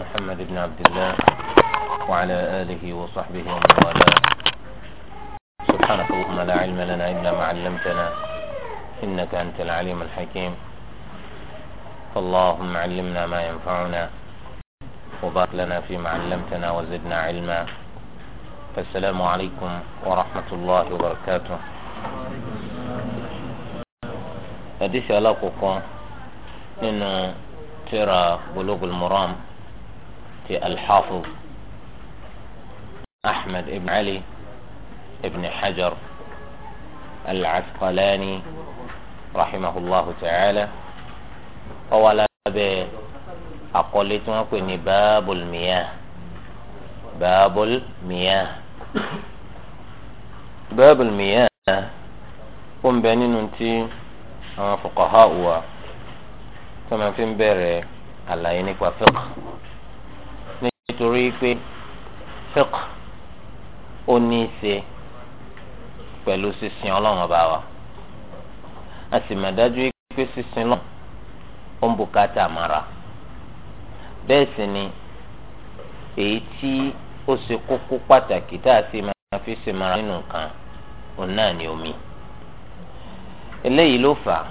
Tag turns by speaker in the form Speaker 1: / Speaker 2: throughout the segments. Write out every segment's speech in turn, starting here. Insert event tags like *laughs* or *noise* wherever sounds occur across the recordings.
Speaker 1: محمد بن عبد الله وعلى آله وصحبه ومن والاه سبحانك اللهم لا علم لنا إلا ما علمتنا إنك أنت العليم الحكيم فاللهم علمنا ما ينفعنا وبارك لنا فيما علمتنا وزدنا علما السلام عليكم ورحمة الله وبركاته hadisi alákọ̀ọ́kọ́ nínú tírà bulugul maram ti alḥafiz ahmed ibn ali ibn hajar alcasqalani rahimahullahu ta'ala ọwọ́ alábẹ́ àkọlé tí wọ́n pè ní baabul miyah baabul miyah baabul miyah ó ń bẹ nínú tí àwọn fuqaha wa tó máa fi ń bẹ̀rẹ̀ àlàyé nípa fiqh nítorí pé fiqh ó ní í ṣe pẹ̀lú sísìn ọlọ́run ọba wa a sì mà dájú pé sísìn náà ó ń bùkátà mara bẹ́ẹ̀ sì ni èyí tí ó ṣe kókó pàtàkì tá a sì máa fi ṣe mara nínú nǹkan òun náà ni omi eléyìí ló fà á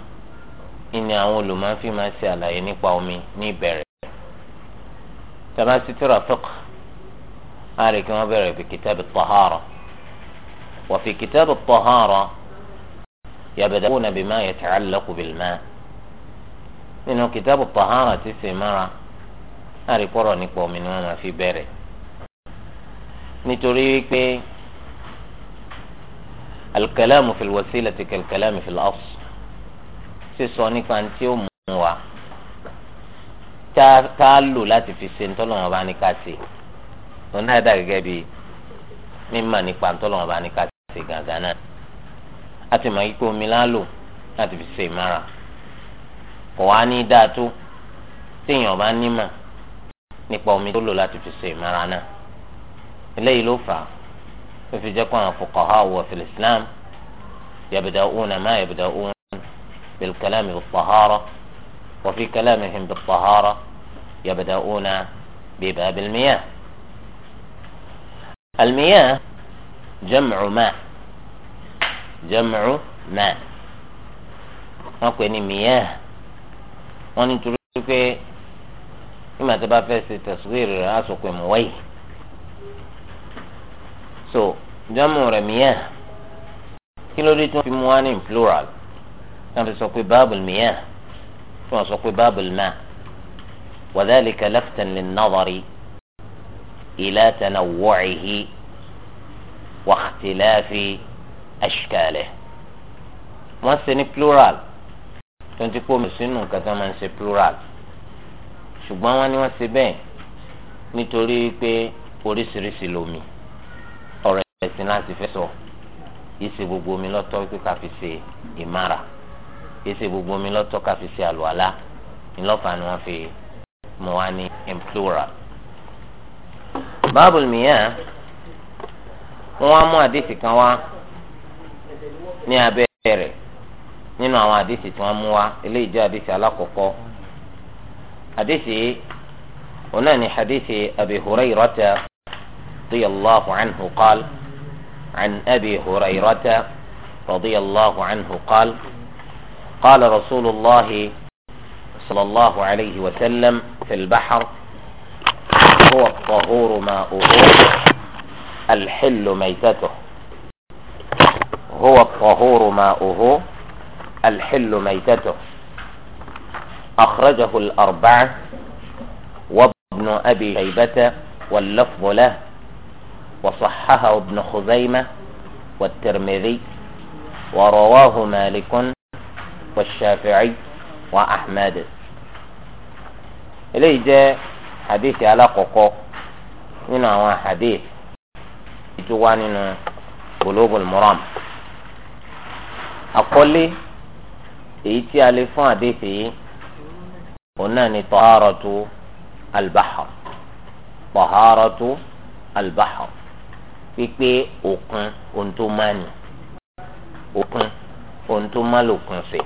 Speaker 1: ìní àwọn olùmọ̀ọ́fin máa ṣe àlàyé nípa omi ní ìbẹ̀rẹ̀ tàbá sí tíra fiqh á rí kí wọ́n bẹ̀rẹ̀ fi kitab at-tahara wa fi kitab at-tahara yabda'una bima yata'allaqu bil-ma' nínú kitab at ti sè mára á rí nípa omi ni wọ́n máa fi bẹ̀rẹ̀ nítorí wípé alikalamu fi wasila ti kalikalamu fi lọ́s sísọ nípa tí ó mú wa tá a lò láti fi ṣe ntọ́lọ́wọ́n bá ní ká ṣe tó náà dà gẹ́gẹ́ bí mímọ̀ nípa ntọ́lọ́wọ́n bá ní ká ṣe gàgán náà láti mọ̀ kíkó omi lálò láti fi ṣe ìmára kò wá ní dáa tó téèyàn bá nímọ̀ nípa omi tó lò láti fi ṣe ìmára náà eléyìí ló fà á. ففي جاكونا فقهاء وفي الإسلام يبدأون ما يبدأون بالكلام بالطهارة وفي كلامهم بالطهارة يبدأون بباب المياه المياه جمع ماء جمع ماء ما كويني مياه وانتو ركي إما تبا فاسي تصوير رأسو كوي مويه so jamu rẹ̀ mìíràn kí ló dé tí wọ́n fi mú wá ní plural tí wọ́n fi sọ pé babul mìíràn tí wọ́n sọ pé babul ma wa dhalika laftan lin-nadari ila tanawwu'ihi wa ikhtilafi ashkalihi wọ́n ṣe ní plural tó ń ti kó mi sínú nǹkan tí máa ń ṣe plural ṣùgbọ́n wọ́n ní wọ́n ṣe bẹ́ẹ̀ nítorí pé oríṣiríṣi lomi ẹ̀sìn láti fẹ́ sọ yìí ṣe gbogbo omi lọ́tọ̀ pé ká fi ṣe ìmára yìí ṣe gbogbo omi lọ́tọ̀ ká fi ṣe àlùwàlá ńlọ́fà ni wọ́n fi mọ̀ wá ní in plural. báàbùl mìíràn wọ́n wá mú àdìsí kan wá ní abẹ́ rẹ̀ nínú àwọn àdìsí tí wọ́n mú wá eléyìí jẹ́ àdìsí alákọ̀ọ́kọ́ àdìsí òun náà ní àdìsí Abi Hurayrata radiyallahu anhu qala. عن أبي هريرة رضي الله عنه قال قال رسول الله صلى الله عليه وسلم في البحر هو الطهور ماؤه الحل ميتته هو الطهور ماؤه الحل ميتته أخرجه الأربعة وابن أبي شيبة واللفظ له وصححه ابن خزيمة والترمذي ورواه مالك والشافعي وأحمد إليه جاء حديث على قوقو من هو حديث جوان بلوغ المرام أقول لي إيتي ألفون حديثي هنا طهارة البحر طهارة البحر wípé òkun ohun tó má nì òkun ohun tó má lòkun sí.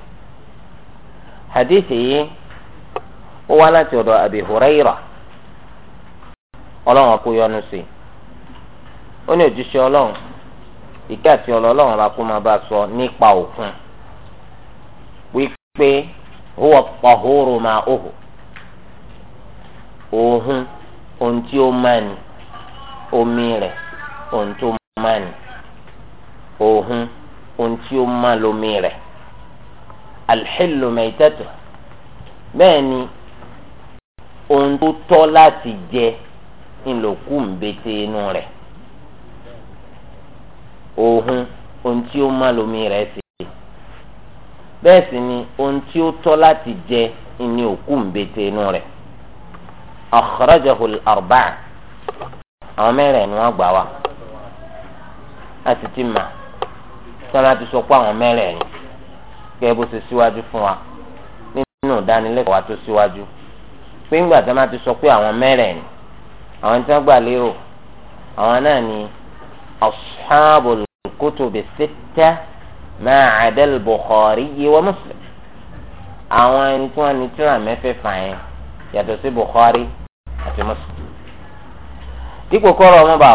Speaker 1: hadithi yìí ó wá láti ọ̀dọ̀ Abi ọlọ́run kó yọ́nú sí i ó ní ọlọ́run àti ọlọ́run ra kó máa sọ nípa òkun wípé òhun ohun tí ó má omi rẹ̀. ohun tó má ni òhun ohun tí ó má lomi rẹ̀ alḥillu maitatu bẹ́ẹ̀ ni ohun tó tọ́ láti jẹ ńlọkù ń bete inú rẹ̀ òhun ohun tí ó má lomi rẹ̀ sí bẹ́ẹ̀ sì ni ohun tí ó tọ́ láti jẹ ní òkú ń inú rẹ̀ akhrajahu al-arba'a àwọn mẹ́rẹ̀ẹ̀rin wọ́n gbà wá a sì ti mà sọlá ti sọ pé àwọn mẹ́rẹ̀ẹ̀rin gẹ́gẹ́ bó ṣe síwájú fún wa nínú ìdánilẹ́kọ̀ọ́ wa tó síwájú pé ńgbà tí wọ́n bá ti sọ pé àwọn mẹ́rẹ̀ẹ̀rin àwọn tí wọ́n gbà lérò àwọn náà ni ashabul kutubi sitta ma'adal Bukhari wa Muslim àwọn ẹni tí wọ́n ní tíra mẹ́fẹ̀ẹ̀fà yẹn yàtọ̀ sí Bukhari àti Muslim dípò kọ́rọ̀ ọmọ bá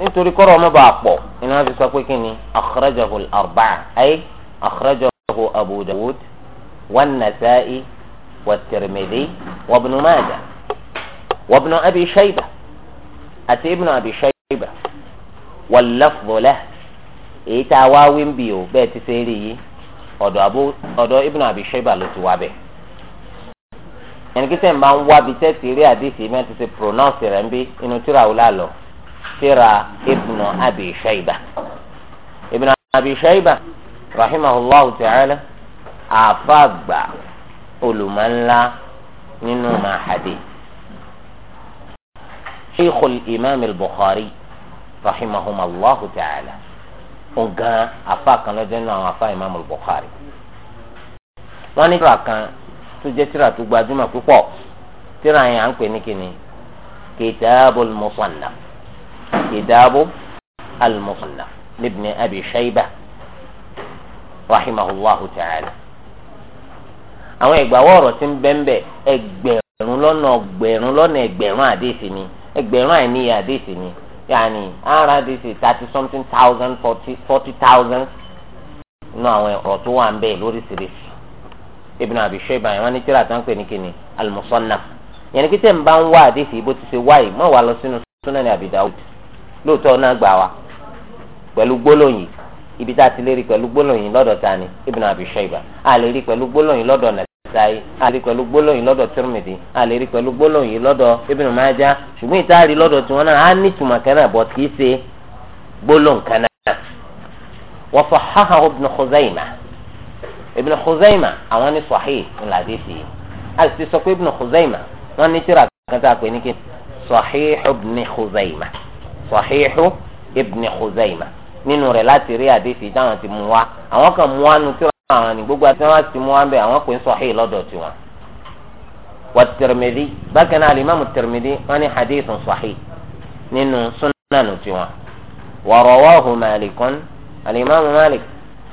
Speaker 1: nítorí kọ́rọ̀ ọmọ bá pọ̀ iná fi sọ pé kí ni akhrajahu al-arba'a ay akhrajahu abu dawud wan-nasa'i wat-tirmidhi wa ibn majah wa ibn abi shayba àti ibn abi shayba wal-lafdhu lahu èyí tá a wá wí ń bì ó bẹ́ẹ̀ ti ṣe rí yìí ọ̀dọ̀ ibn abi shayba ló ti wá bẹ́ẹ̀ ẹni kí sẹ́yìn máa ń wá bí sẹ́ẹ̀sì rí àdéhìí bí wọ́n ti ṣe pronounce rẹ̀ ń bí inú tíra wò lálọ́ tíra ibnu abi shaiba ibnu abi shaiba àfàgbà olùmọ̀ńlá nínú màhàdì sheikhul imam al-bukhari rahimahumallahu ta'ala ọ̀gá afa kan lọ́jọ́ nínú àwọn afa imam bukhari wọ́n ní tíra kan tó jẹ́ tíra tó gbajúmọ̀ púpọ̀ tíra yẹn à ń pè ní kíni kìtàbù al-musannaf kìtàbù al-musannaf libni abi shayba rahimahullahu ta'ala àwọn ìgbàwọ́ ọ̀rọ̀ tí ń bẹ́ńbẹ́ ẹgbẹ̀rún lọ́nà ẹgbẹ̀rún lọ́nà ẹgbẹ̀rún àdéhìí ni ẹgbẹ̀rún àìníye àdéhìí ni yaani ara àdéhìí thirty something thousand forty thousand nínú àwọn ẹ̀rọ tó wà ń bẹ̀ lóríṣiríṣi ibn abi shayba yẹn wọ́n ní tíra tó ń pè ní kíni al-musannaf yẹn ni kí tẹ̀ ń bá ń wá àdéhìí bó ti ṣe wáyé mọ́ wàá lọ sínú sunan abi dawud lóòótọ́ náà gbà wá pẹ̀lú gbólóyìn ibi tá a ti lè rí pẹ̀lú gbólóyìn lọ́dọ̀ ta ni ibn abi shayba a lè rí pẹ̀lú gbólóyìn lọ́dọ̀ nàìjíríà a lè rí pẹ̀lú gbólóyìn lọ́dọ̀ tirmidhi a lè rí pẹ̀lú gbólóyìn lọ́dọ̀ ibn maja ṣùgbọ́n ìtaari lọ́dọ̀ tiwọn náà á ní tùmọ̀ kan bọ̀ kì í ṣe gbólóhìn kan náà wa sahhahahu ibn khuzaimah Ibn Khuzaima àwọn ní sahih ńláde sí i a sì sọ pé Ibn Khuzaima wọn ní tíra kan tá a pè ní kí sahihu Ibn Khuzaima sahihu Ibn Khuzaima nínú rẹ̀ láti rí àdéhìí táwọn ti mú wa àwọn kan mú wa nu tíra àwọn ní gbogbo àti wọn ti mú wa bẹ́ẹ̀ àwọn pè ń sahih lọ́dọ̀ tiwọn. wa Tirmidhi bákan náà alimami Tirmidhi wọn ní hadithun sahih nínú sunnanu tiwọn. wa rawahu alimami Malik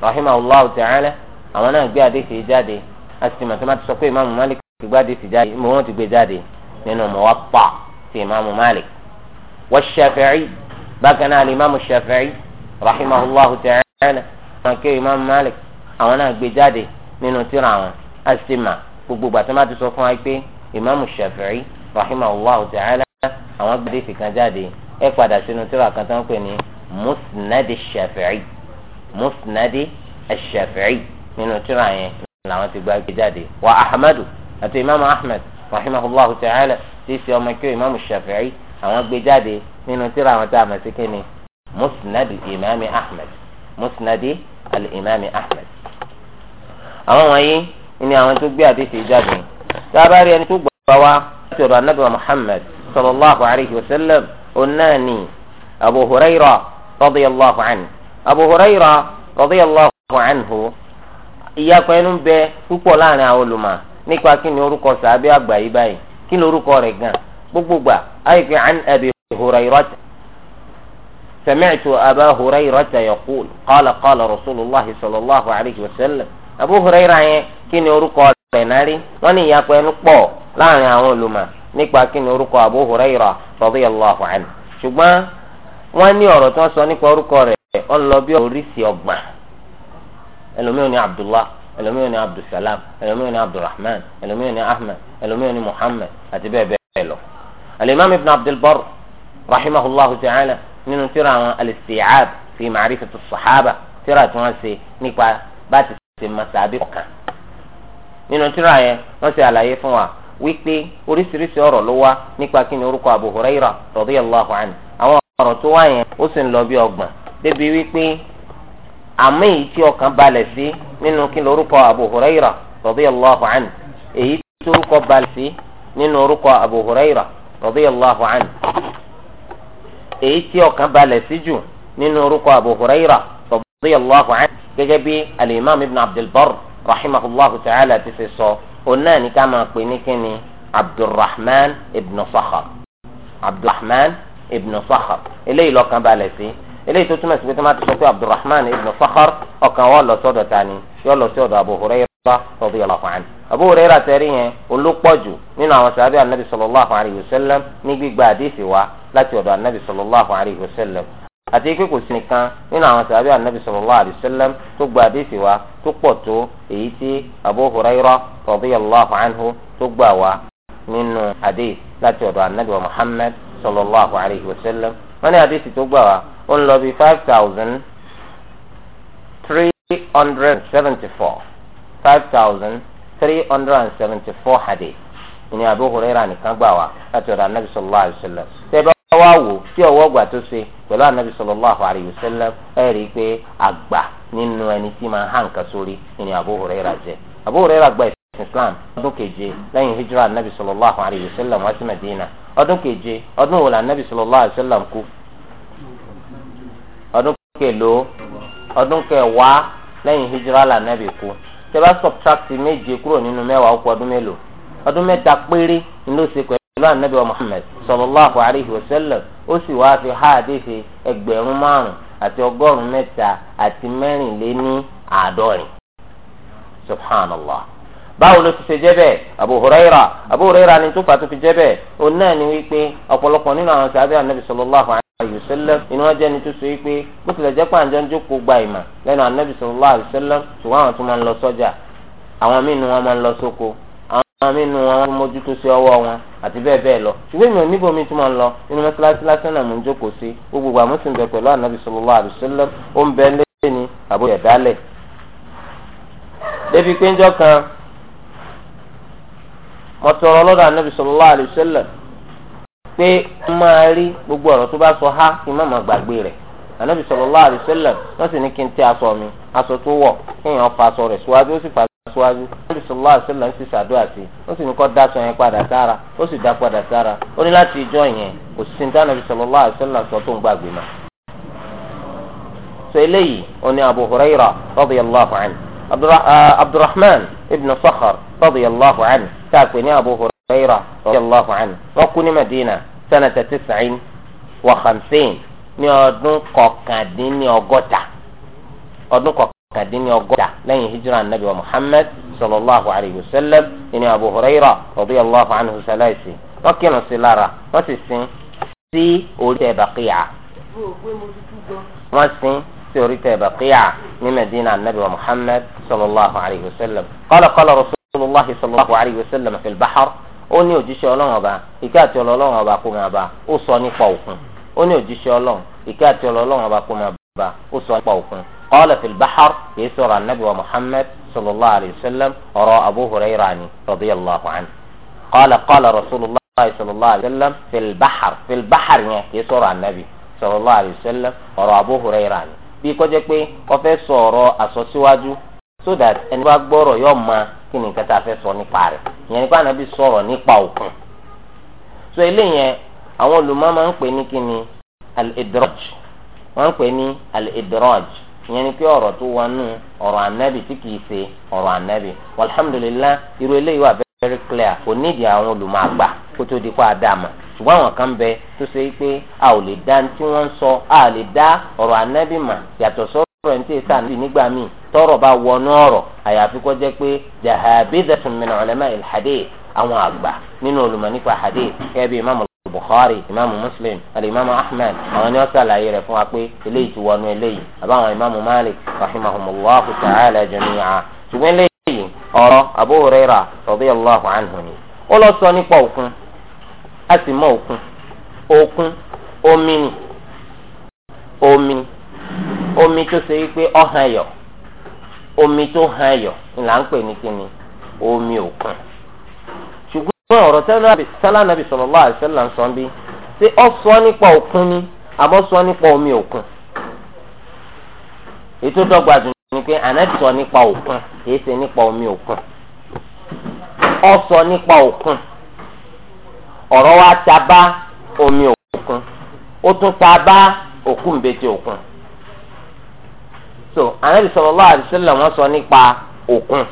Speaker 1: rahimahullahu ta'ala àwọn náà gbé adé fèé jáde àti màtí wọn ti sọ pé ìmáàmù Malik ti gbé adé fèé jáde wọn ti gbé jáde nínú Muwatta ti ìmáàmù Malik. wọ́n Shafi'i bákan náà ìmáàmù Shafi'i rahimahullahu ta'ala wọn ké ìmáàmù Malik àwọn náà gbé jáde nínú tírà wọn àti mà gbogbo gbàtí wọn ti sọ fún wa pé ìmáàmù Shafi'i rahimahullahu ta'ala àwọn gbé adé fèé kan jáde ẹ nínú tíra yẹn làwọn ti gba igi jáde wa ahmadu àti imaamu ahmed rahimahullahu ta'ala ti ṣe ọmọ kí o imaamu shafi'i àwọn gbé jáde nínú tíra àwọn tá a mọ̀ sí kíni musnadi imaami ahmed musnadi al-imaami ahmed. àwọn wọ̀nyí ni àwọn tó gbé àdéhùn jáde sábàárì ẹni tó gbà wá láti ọ̀dọ̀ anabi wa muhammad sallallahu alayhi wa sallam onáni abu huraira radiyallahu anhu abu huraira radiyallahu anhu. ìyapa ẹnu bẹ púpọ̀ láàrin àwọn olùmọ̀ nípa kí ni orúkọ sàábì àgbà yìí báyìí kí ni orúkọ rẹ̀ gan gbogbogbà ayé pé an Abi Hurayrata sami'tu Aba Hurayrata yaqul qala qala Rasulullah sallallahu alayhi wa sallam Abu Hurayrah yẹn kí ni orúkọ rẹ̀ náà rí wọ́n ní ìyapa ẹnu pọ̀ láàrin àwọn olùmọ̀ nípa kí ni orúkọ Abu Hurayrah radiyallahu anhu ṣùgbọ́n wọ́n ní ọ̀rọ̀ tí wọ́n sọ nípa orúkọ rẹ̀ ó ń lọ الأميون عبد الله الأميون عبد السلام الأميون عبد الرحمن الأميون أحمد الأميون محمد أتبعي بيلو الإمام ابن عبد البر رحمه الله تعالى من ترى الاستيعاب في معرفة الصحابة ترى تنسي نكبا بات المسابقة من ترى نسي على يفوى ويكلي وريس ريس أورو لوا نكبا كين يرقوا أبو هريرة رضي الله عنه أمارتوا وين وسن لوبي بيوغما دبي ويكلي àmọ́ èyí tí ọkàn balẹ̀ sí nínú kí lórúkọ Abu Huraira radiyallahu anhu èyí tí orúkọ balẹ̀ sí nínú orúkọ Abu Huraira radiyallahu anhu èyí tí ọkàn balẹ̀ sí jù nínú orúkọ Abu Huraira radiyallahu anhu gẹ́gẹ́ bí al-imam ibn abdulbar rahimahullahu ta'ala ti fi sọ òun náà ní ká máa pè ní kíni abdulrahman ibn sakhar abdulrahman ibn sakhar eléyìí lọ́kàn balẹ̀ sí eléyìí tó túmọ̀ sí pé tó máa ti sọ pé abdulrahman ibn sakhar ọkàn wọn lọ sọ́dọ̀ ta ni yóò lọ sọ́dọ̀ abu hurairah radiyallahu anhu abu hurairah tẹ̀rí yẹn olùpọ̀jù nínú àwọn sàbẹ̀ anabi sallallahu alayhi wa sallam ní gbígba àdéhìí wa láti ọ̀dọ̀ anabi sallallahu alayhi wa sallam àti pé kò sí nìkan nínú àwọn sàbẹ̀ anabi sallallahu alayhi wa sallam tó gba àdéhìí wa tó pọ̀ tó èyí tí abu hurairah radiyallahu anhu wọ́n ní àdéhùn tó gbà wá ó ń lọ bí five thousand three hundred and seventy four five thousand three hundred and seventy four hadith ìní Abu Hurairah nìkan gbà wá láti ọ̀dọ̀ anabi sallallahu alayhi wa sallam tẹ́bá wá wò tí ọwọ́ gbà tó ṣe pẹ̀lú anabi sallallahu alayhi wa sallam ẹ̀ rí i pé àgbà nínú ẹni tí máa hàn kan sórí ìní Abu Hurairah jẹ́ Abu Hurairah gba ìsìn Islam ọdún keje lẹ́yìn hijra anabi sallallahu alayhi wa sallam wá sí Madina ọdún keje ọdún wo la nabi sallallahu alaihi wasallam kú ọdún kẹlò ọdún kẹwàá lẹ́yìn hijira la nabi kú tẹ́lá subtract méje kúrò nínú mẹ́wàá ó ọdún mélòó ọdún mẹ́ta péré ló ṣe pẹ̀lú anabi wa muhammed sallallahu alaihi wasallam ó sì fi háàdéfé márùn àti àti subhanallah. báwo ló ti ṣe jẹ́ bẹ́ẹ̀ Abu Huraira Abu ni tó fàtó fi jẹ́ bẹ́ẹ̀ òun náà ni wípé ọ̀pọ̀lọpọ̀ nínú àwọn sàbẹ anabi sallallahu alayhi inú wọn jẹ́ ni tó so wípé bó tilẹ̀ jẹ́ gba ìmọ̀ lẹ́nu anabi sallallahu alayhi wa sallam ṣùgbọ́n àwọn tó máa ń lọ sọ́jà àwọn míì mo tọrọ lọ́dọ̀ anabi sallallahu alaihi wasallam pé n máa rí gbogbo ọ̀rọ̀ tó bá sọ ha kí n má máa gbàgbé rẹ̀ anabi sallallahu alaihi wasallam wọ́n sì ní kí n tẹ́ aṣọ mi aṣọ tó wọ̀ kéèyàn fa aṣọ rẹ̀ síwájú ó sì fa síwájú anabi sallallahu alaihi wasallam sì ṣàdúrà sí ó sì ní kó dá aṣọ yẹn padà sára ó sì dá padà sára ó ní láti ìjọ yẹn kò sí ní anabi sallallahu alaihi sọ tó ń gbàgbé ma. sọ eléyìí ó ní abu huraira radiyallahu anhu tá a pè ní Abu Hurayra radiyallahu anhu wọ́n kú ní Madina sanata tis'in wa khamsin ní ọdún kọkàndínlọ́gọ́ta ọdún kọkàndínlọ́gọ́ta lẹ́yìn hijira nabi wa Muhammad sallallahu alayhi wa sallam ní Abu Hurayra radiyallahu anhu sàlàyé wọ́n kírun sí lára wọ́n sì sin sí orí ẹ̀ bàkìyà wọ́n sin sí orí ẹ̀ bàkìyà ní Madina nabi wa Muhammad sallallahu alayhi wa sallam qala qala rasul rasulillah sallallahu alayhi wa sallam fil bahar ó ní òjíṣẹ́ ọlọ́run ọba ìkẹ́ àti ọlọ́run ọba kó máa bá ó sọ nípa òkun ó ní òjíṣẹ́ ọlọ́run ìkẹ́ àti ọlọ́run ọba kó máa bá ó sọ nípa òkun qala fil bahar kìí sọ̀rọ̀ anabi wa muhammad sallallahu alayhi wa sallam ọ̀rọ̀ abu hurayra ni radiyallahu anhu qala qala rasulillah sallallahu alayhi wa sallam fil bahar fil bahar yẹn kìí sọ̀rọ̀ anabi sallallahu alayhi wa sallam ọ̀rọ̀ abu hurayra ni bí kọjá so that ẹni bá gbọ́rọ̀ yóò máa kí ni nǹkan tá a fẹ́ sọ nípa rẹ̀ ìyẹn nípa ànábì sọ̀rọ̀ nípa òkun so eléyẹn àwọn olùmọ̀ máa ń pè ní kí ni al-idraj wọ́n ń pè ní al-idraj ìyẹn ni pé ọ̀rọ̀ tó wọnú ọ̀rọ̀ ànábì tí kìí ṣe ọ̀rọ̀ ànábì alhamdulillah irú eléyìí wà very clear kò nídìí àwọn olùmọ̀ àgbà kó tó di kó a dá a mọ̀ ṣùgbọ́n àwọn kan bẹ tó ṣe pé a ò lè dá tí wọ́n ń sọ a lè dá ọ̀rọ̀ ànábì mà yàtọ̀ sọ́rọ̀ ẹni tí èsà tọrọ bá wọnú ọ̀rọ̀ àyàfi kó jẹ́ pé jahabizatun min ulama al-hadith àwọn àgbà nínú olùmọ̀ nípa hadith kẹ́ bí imaamu bukhari imaamu muslim alimaamu ahmed àwọn ni wọ́n ṣàlàyé rẹ̀ fún wa pé eléyìí ti wọnú eléyìí àbáwọn imaamu malik rahimahumullahu ta'ala jami'a ṣùgbọ́n eléyìí ọ̀rọ̀ abu huraira radiyallahu anhu ni ó lọ sọ nípa òkun a sì mọ òkun òkun omi ni omi omi tó ṣe wípé ọ̀hán yọ̀ omi tó hàn yọ là ń pè ní kíni omi òkun ṣùgbọ́n ọ̀rọ̀ sálá nàbì sallallahu alaihi wasallam ń bí ṣé ọ sọ nípa òkun ni àbọ̀ sọ nípa omi òkun ètò dọ́gba dùn ni pé ànábì sọ nípa òkun kìí ṣe nípa omi òkun ọ sọ nípa òkun ọ̀rọ̀ wa ta bá omi òkun ó tún ta bá òkú ńbẹ́tẹ̀ òkun. so anabi sallallahu alaihi wasallam wọ́n sọ nípa òkun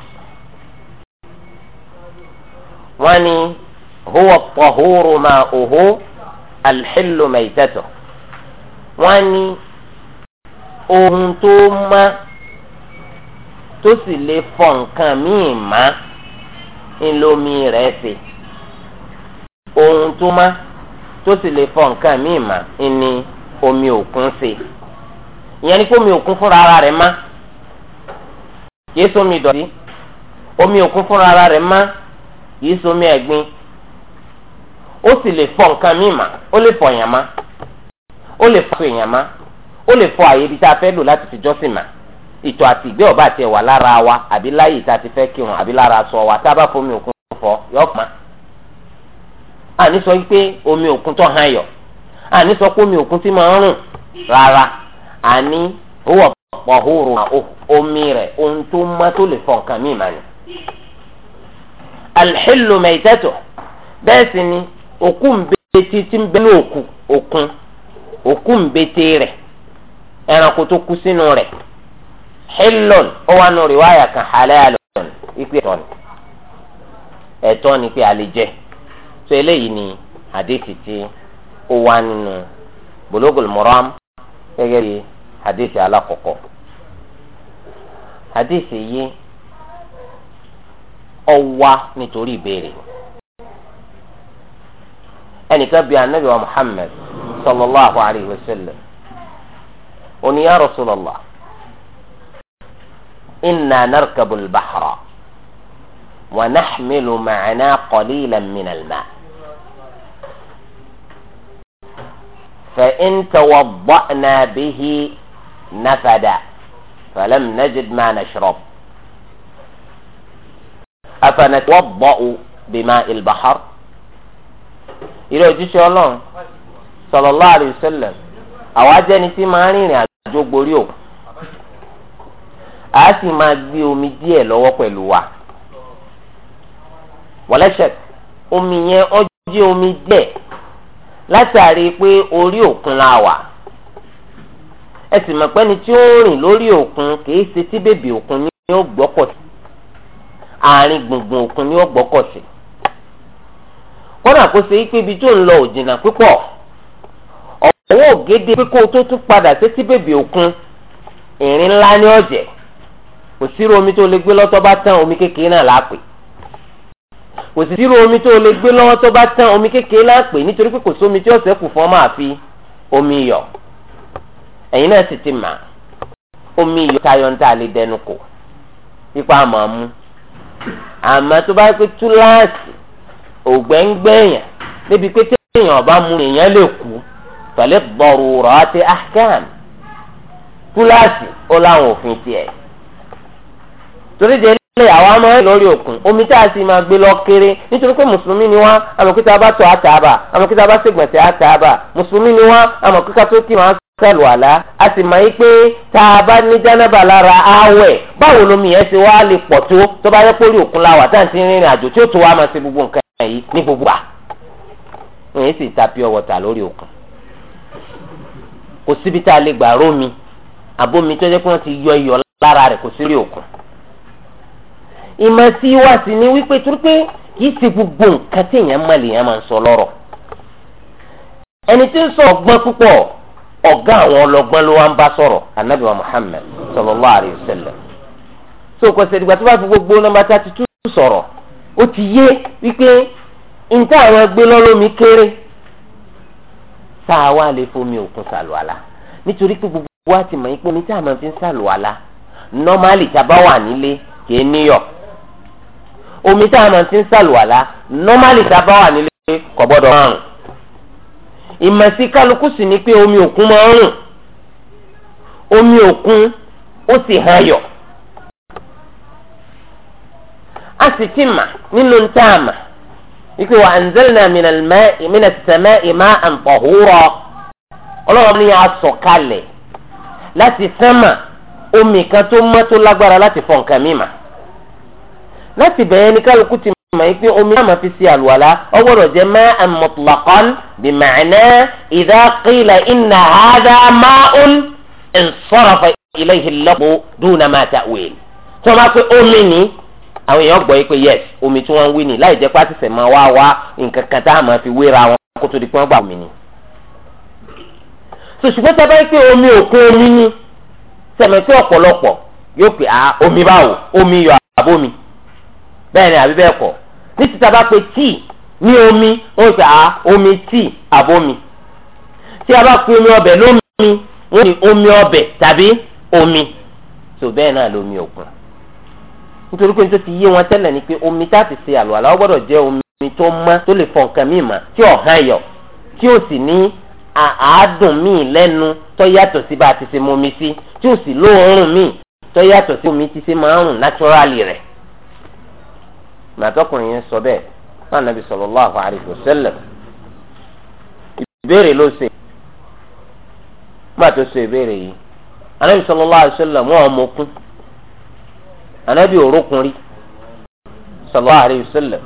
Speaker 1: wọ́n ní huwa at-tahuru ma'uhu al-hillu maytatuhu wọ́n ní ohun tó má tó sì lè fọ nǹkan míì má ńlọmi rẹ̀ ṣe ohun tó má tó sì lè fọ nǹkan míì má ní omi òkun ṣe ìyẹn ni kó omi òkun fúnra ara rẹ̀ má kìí omi ìdọ̀tí omi òkun fúnra ara rẹ̀ má kìí so omi ẹ̀gbin ó sì lè fọ nǹkan míì mà ó lè fọ èèyàn ó lè fọ èèyàn ó lè fọ àyè ibi tá a fẹ́ lò láti fi jọ́sìn mà ìtọ̀ àti ìgbẹ́ ọ̀bá àti ẹ̀wà lára wa àbí láyè tá a ti fẹ́ kírun àbí lára aṣọ wa tá a bá fomi òkun fọ yọ pa àní sọ pé omi òkun tó hàn yọ àní sọ pé omi òkun ti máa ń rùn rárá. ani owó ọ̀pọ̀ hóró omi rẹ̀ ohun tó má tó lè fọ nǹkan mí màní. alḥilu mẹ́tẹ́tọ̀ bẹ́ẹ̀ sì ni òkú ń ń ní ẹranko tó kú sínú rẹ̀ hilon ó wà nù rìwáyà kan halalon ìpè ẹ̀tọ́ ni ẹ̀tọ́ ni pé a ni àdéhìí ó wà nínú gẹ́gẹ́ hadithi alakoko hadithi yìí ọwa nítorí ìbéèrè ẹnìkan bíi anabi wa muhammed sallallahu alayhi wa sallam oni ya rasulallah inna narkabu albahra wa naxmilu macna qaliilan min almaa. فإن توضأنا به نفد فلم نجد ما نشرب أفنتوضأ بماء البحر إلى جيش الله صلى الله عليه وسلم àwọn ajẹni tí máa ń rìnrìn àjò gborí o a sì máa gbé omi díẹ̀ lọ́wọ́ pẹ̀lú wa wọlẹsẹ omi yẹn ó jẹ́ omi díẹ̀ látàrí pé orí òkun la wà. ẹ sì mọ̀ pé ẹni tí ó ń rìn lórí òkun kìí ṣe tí bèbè òkun ni ó gbọ́kọ̀ sí àárín gbùngbùn òkun ni ó gbọ́kọ̀ sí kó ṣe pé ibi jo ń lọ òjìnà púpọ̀ ọ̀wọ́ ògede pé kó o tó tún padà sí tí bèbè òkun ìrìn ńlá ní ọ̀jẹ̀ kò sírò omi tó lè gbé lọ́tọ́ bá tán omi kékeré náà lápè kò omi tó lè gbé lọ́wọ́ tó bá tán omi kékeré lápè nítorí pé kò sómi omi yọ̀ ẹ̀yin náà sì ti mà omi iyọ̀ tayọ̀ ń tà lè dẹnu kò ipa àmọ́ mú àmọ́ tó bá pé túláàsì ògbẹ́ngbẹ́yàn níbi pé téèyàn ọba mú èèyàn lè kú pẹ̀lú bọ̀rùrọ̀ àti ahkam túláàsì ó láwọn òfin tiẹ̀ torí de ilé àwa máa ń lórí òkun omi tá a sì máa gbé lọ kéré nítorí pé mùsùlùmí ni wá àmọ̀kíta bá tọ̀ àtàbà àmọ̀kíta bá ṣègbọ̀nsẹ̀ àtàbà mùsùlùmí ni wá àmọ̀kíta tó kí máa sàlùwàlá a sì mọ̀ yín pé tá a bá ní jánábà lára àwẹ̀ báwo lomi yẹn ti wá lè pọ̀ tó tó bá yẹ pé orí òkun láwà tá à ń ti rìnrìn àjò tí ó tó wá máa ṣe gbogbo nǹkan yìí ní gbogbo à. òun sì ta pure water lórí òkun kò síbi tá a lè gbà rómi àbomi tó jẹ́ pé wọ́n ti yọ iyọ̀ lára rẹ̀ kò sí rí òkun. ìmọ̀ tí wà sí ni wípé torí pé kì í ṣe gbogbo nǹkan tí èèyàn mọ̀ ọ̀gá àwọn ọlọ́gbọ́n ló wá ń bá sọ̀rọ̀ anabi wa muhammed sallallahu alayhi wa so kò sẹ́dìgbà tó fi gbogbo nọ́mbà thirty sọrọ. ó ti yé wípé nta àwọn ẹgbẹ́ lọ́lọ́mi kéré tá a wá lè gbogbo wa ti mọ̀ ipò ní tí a máa fi ń sàlùwàlà nọ́málì tá a bá wà nílé fi ń tá a bá wà nílé kò gbọ́dọ̀ ìmọ̀sí kálukú sì ni pé omi òkun máa ń rùn omi òkun ó sì hàn yọ. a sì ti mà nínú tá a mà wípé wa anzalna minas samai ma'an tahura ọlọ́run ní a sọ̀ kalẹ̀ láti sánmà omi kan tó mọ́ tó lágbára láti fọ mímà láti bẹ̀yẹn ní kálukú ti mọ̀ yìí pé omi náà máa fi ṣe àlùwàlá ó gbọ́dọ̀ jẹ́ ma'an mutlaqan bi ma'na idha qila inna hadha ma'un insarafa ilayhi al-lafzu duna ma ta'wil omi ni àwọn èèyàn gbọ́ yìí pé yes omi tí wọ́n ń wí ni láì jẹ́ pàṣẹsẹ̀ máa wá wá nǹkan kan tá a máa fi wéra wọn kó tó di pé wọ́n gbà omi ni. sòṣùpẹ́ tá a bá yẹ pé omi òkun omi ni sẹ̀mẹ̀tì ọ̀pọ̀lọpọ̀ yóò pè á ah, omi báwo omi yọ àbómi bẹ́ẹ̀ ni àbí bẹ́ẹ̀ kọ́ ní títa bá pe tíì ní omi wọ́n sọ à omi tíì àbomi tí a bá pe omi ọbẹ̀ lómi wọ́n ní omi ọbẹ̀ tàbí omi tó bẹ́ẹ̀ náà lómi òkun nítorí pé nítorí ti yé wọn tẹ́lẹ̀ ni pé omi tá a ti ṣe àlùwàlá ó gbọ́dọ̀ jẹ́ omi tó mọ́ tó lè fọ nǹkan míì mọ́ tí ọ̀hán yọ tí ó sì ní àádùn míì lẹ́nu tó yàtọ̀ sí bá a ti ṣe momi sí tí ó sì lóòórùn míì tó yàtọ̀ sí omi ti ṣe máa ń rùn náturali rẹ̀ gbàtọ́kùnrin yẹn sọ bẹ́ẹ̀ náà nàbì sallallahu alaihi wasallam ìbéèrè ló ṣe nígbà tó ṣe ìbéèrè yìí anabi sallallahu alaihi wasallam wọn ọmọ okun anabi òrókun rí sallallahu alaihi wasallam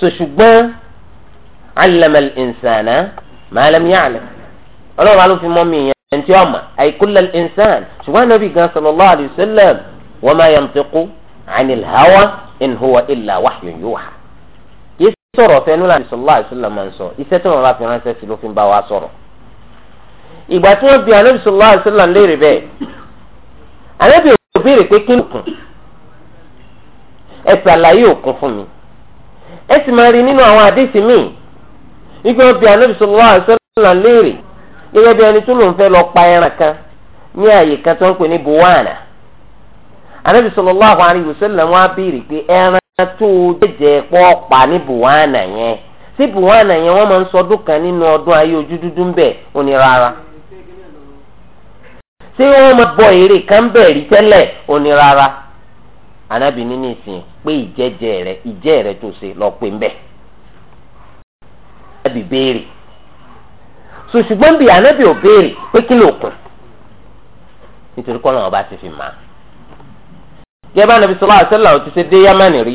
Speaker 1: so ṣùgbọ́n allama al-insana ma lam ya'lam ọlọ́run wa ló fi mọ́ mi yẹn ẹnití ọmọ àìkúlẹ̀ ìnsán ṣùgbọ́n anabi gan sallallahu alaihi wasallam wa ma yantiqu anil hawa in huwa illa wahyun yuha kì í sọ̀rọ̀ ọ̀fẹ́ nínú àdìsọ lọ́wọ́ àdìsọ lọ́wọ́ máa ń sọ iṣẹ́ tó wọn bá fi ránṣẹ́ sí ló fi ń bá wa sọ̀rọ̀ ìgbà tí wọ́n bi ànábì sọ̀rọ̀ àdìsọ lọ́wọ́ léèrè bẹ́ẹ̀ ànábì ò béèrè pé kí nìkan ẹ ṣàlàyé òkun fún mi ẹ sì máa rí nínú àwọn àdìsí míì wípé bi ànábì sọ̀rọ̀ àdìsọ lọ́wọ́ léèrè gẹ́gẹ́ bí ẹni tó lòun fẹ́ lọ pa ẹran kan ní àyè kan tó ń pè ní buwana anabi sallallahu alayhi wa sallam wá béèrè pé ẹran tó jẹjẹ pọ pa ní buwana yẹn sí buwana yẹn wọ́n máa ń sọdún kan nínú ọdún ayé ojú dúdú ń bẹ̀ ó rárá wọ́n máa bọ èrè kan bẹ̀ rí tẹ́lẹ̀ ó rárá anabi pé ìjẹjẹ rẹ ìjẹ rẹ tó ṣe lọ pé ń bẹ anabi béèrè so anabi ò béèrè pé kí ló nítorí bá ti fi máa. gẹ́gẹ́ anabi sọlá àṣẹlá ò ti ṣe dé yámánì rí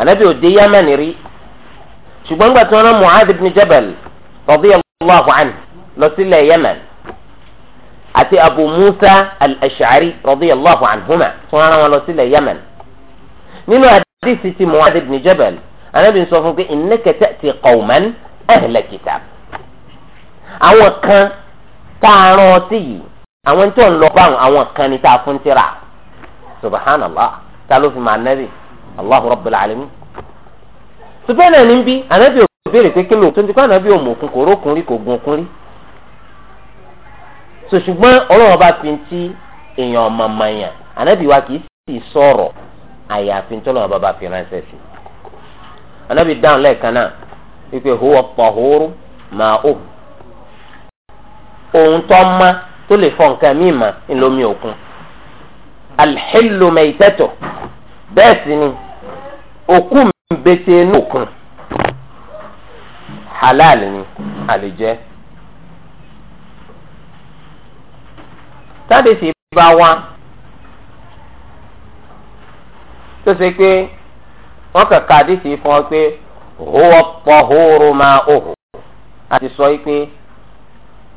Speaker 1: anabi ò dé yámánì rí ṣùgbọ́n gbàtí wọn rán mu'adh ibn jabal radiyallahu anhu lọ sílẹ̀ yaman àti abu musa al-ash'ari radiyallahu anhuma tí wọn rán wọn lọ sílẹ̀ yaman nínú àdìsí ti mu'adh ibn jabal anabi sọ fún pé innaka ta'ti qawman ahla kitab àwọn kan tá a rán ọ yìí àwọn tó ń lọ bá àwọn kan ní tá a fún tírà subhanallah ta ló fi máa nẹ́bì allahu rabbil alamin. sùpẹ́nà ní bí ànábì ò béèrè pé kílò tó ń tipa ànábì ò mọ̀ òkun kò rókun rí kò gun okun rí. sòṣùgbọ́n ọlọ́run ọba fi ti èèyàn ọmọ mayàn ànábì wa kì í sì sọ̀rọ̀ àyàfi tọ́lọ́run ọba fi ránṣẹ́ sí. ànábì dáhùn lẹ́ẹ̀kan náà wípé huwa tahuru ma'uhu ohun tó máa tó lè fọ nǹkan míì mà ńlọmi òkun alḥilu maitẹtọ sì ni òkú mbese inú òkun halal ni àlejẹ táde sì bá wa tó ṣe pé wọn kàkà àdìsí fún ọ pé òwò pọ̀ hóró máa hò àti sọ pé.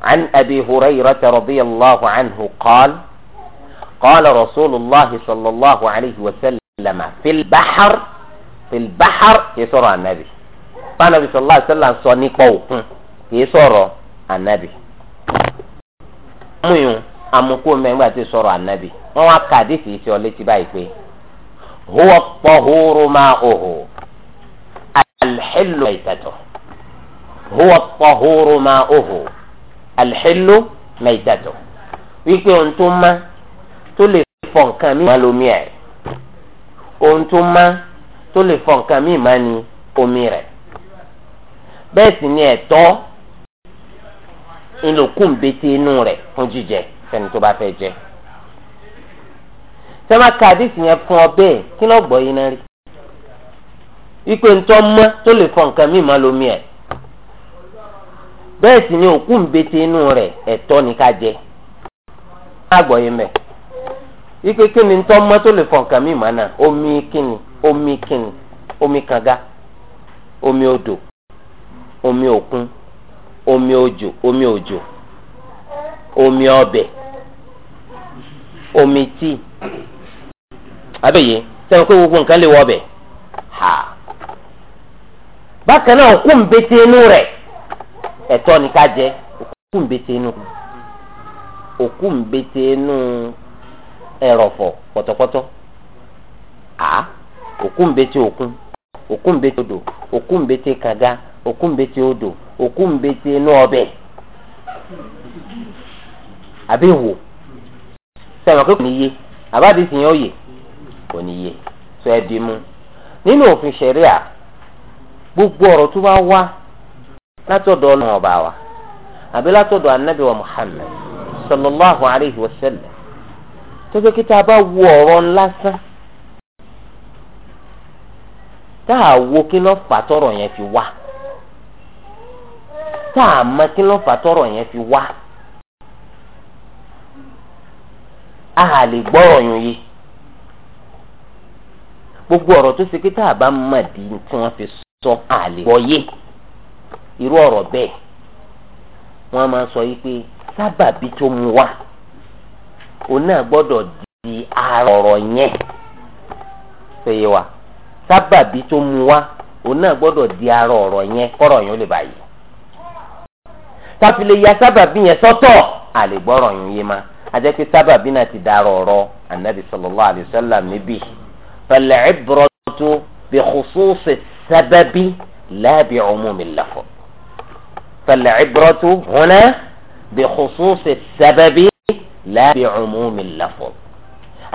Speaker 1: عن أبي هريرة رضي الله عنه قال قال رسول الله صلى الله عليه وسلم في البحر في البحر يسر النبي قال النبي صلى الله عليه وسلم صنقوا يسر النبي مو أمكو من بعد يسر النبي ما هو قديس يسر لتباي هو الطهور ماؤه الحل بيته هو الطهور ماؤه alḥílù mẹ́tàtọ̀ wípé ohun tó má tó lè fọ nǹkan míì má lomi ẹ̀ ohun tó má tó lè fọ nǹkan míì má ni omi rẹ̀ bẹ́ẹ̀ sì ni ẹ̀tọ́ ńlọkùn bẹ́tẹ̀ inú rẹ̀ fún jíjẹ fẹ́ni tó bá fẹ́ jẹ sẹ́mà kàdísì yẹn fún ọ bẹ́ẹ̀ kí ló gbọ́ yín náà rí wípé ntọ́ mọ́ tó lè fọ nǹkan míì má lomi ẹ̀ bẹ́ẹ̀ sì ni òkú ń inú rẹ̀ ni ká jẹ. àgbọ̀ yìí mẹ́ ike kíni ń tọ́ mọ́ tó lè fọ nǹkan mi màá náà omi kíni omi kíni omi kànga omi odò omi òkun omi òjò omi òjò omi ọbẹ̀ omi tíì abẹ́yẹ sẹ́wọ́n pé gbogbo ha bákan náà òkú inú ẹtọ ni ká jẹ òkú ń inú òkú ń inú ẹ̀rọ̀fọ̀ pọ̀tọ̀pọ̀tọ̀ à òkú ń bete òkú odò òkú ń bete òkú ń odò òkú ń inú ọbẹ àbí wò ní sì yẹn ó yè kò ní gbogbo tó látọ̀dọ̀ ọlọ́run ọba wa àbí látọ̀dọ̀ anabi wa muhammed sallallahu alayhi wa sallam tó kí tá a bá wo ọ̀rọ̀ lásán tá a wo kí ló fà tọ́rọ̀ yẹn fi wá tá a mọ̀ kí ló fà tọ́rọ̀ yẹn fi wá a hà lè gbọ́rọ̀ yun yìí gbogbo ọ̀rọ̀ tó ṣe kí tá a bá mọ̀ di tí wọ́n fi sọ a lè gbọ́ yìí. irú ọ̀rọ̀ bẹ́ẹ̀ wọ́n máa sọ yìí pé sábàbí tó mu wá òun náà gbọ́dọ̀ di ara ọ̀rọ̀ yẹn péye wa sábàbí tó mu wá òun náà gbọ́dọ̀ di ara ọ̀rọ̀ yẹn kọ́rọ̀ yẹn ó lè báyìí táfi lè ya sábàbí yẹn sọ́tọ̀ àlè yẹn yé ma ajẹ́ pé sábàbí náà ti dàrọ̀ ọ̀rọ̀ anabi sallallahu alayhi wa sallam níbí fal-ibratu bi khususi sábàbí la bi umumi al فالعبرة هنا بخصوص السبب لا بعموم اللفظ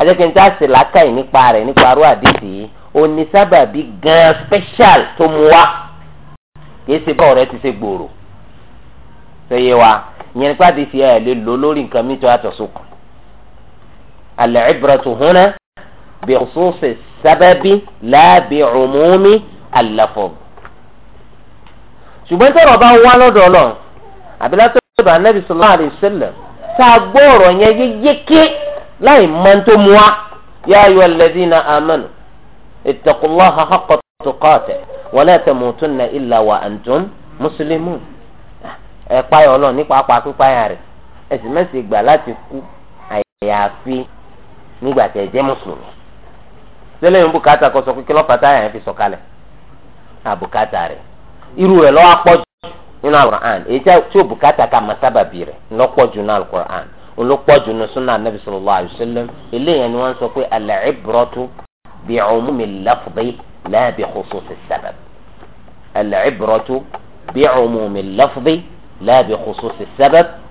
Speaker 1: àjẹkẹ́ ní tí a sì làákàyè nípa rẹ̀ nípa arú àdìsí yìí onísábàbí gan special tó mu wá kìí ṣe bọ́ọ̀ rẹ ti ṣe gbòòrò ṣèyí wa ìyẹn nípa àdìsí ẹ̀ lè lò lórí nǹkan mi tó yàtọ̀ sókun. al-ibratu huna bi khususi sababi la bi umumi al-lafz ṣùgbọ́n tọ̀rọ̀ bá wá lọ́dọ̀ Ọlọ́run àbí látọ̀dọ̀ anabi sallallahu alaihi wasallam tá a gbọ́ ọ̀rọ̀ yẹn yékéké láì mọ tó mu wa ya ayyuhal ladhina amanu ittaqullaha haqqa tuqatihi wa la tamutunna illa wa antum muslimun ẹ páyà Ọlọ́run nípa apá pípáyà rẹ̀ ẹ sì mẹ́sì gbà láti kú àyàfi nígbà tẹ̀ jẹ́ mùsùlùmí irú rẹ̀ lọ́wọ́ pọ̀jù nínú alukur'an èyí tí ó bùkátà ká máa sábàbí rẹ̀ lọ́pọ̀jù nínú alukur'an olùpọ̀jù nínú sunna anabi sallallahu alayhi wa sallam eléyàn ni wọ́n sọ pé al-ibratu bi'umumi al-lafzi la bi khususi as-sabab al-ibratu bi'umumi al-lafzi la bi khususi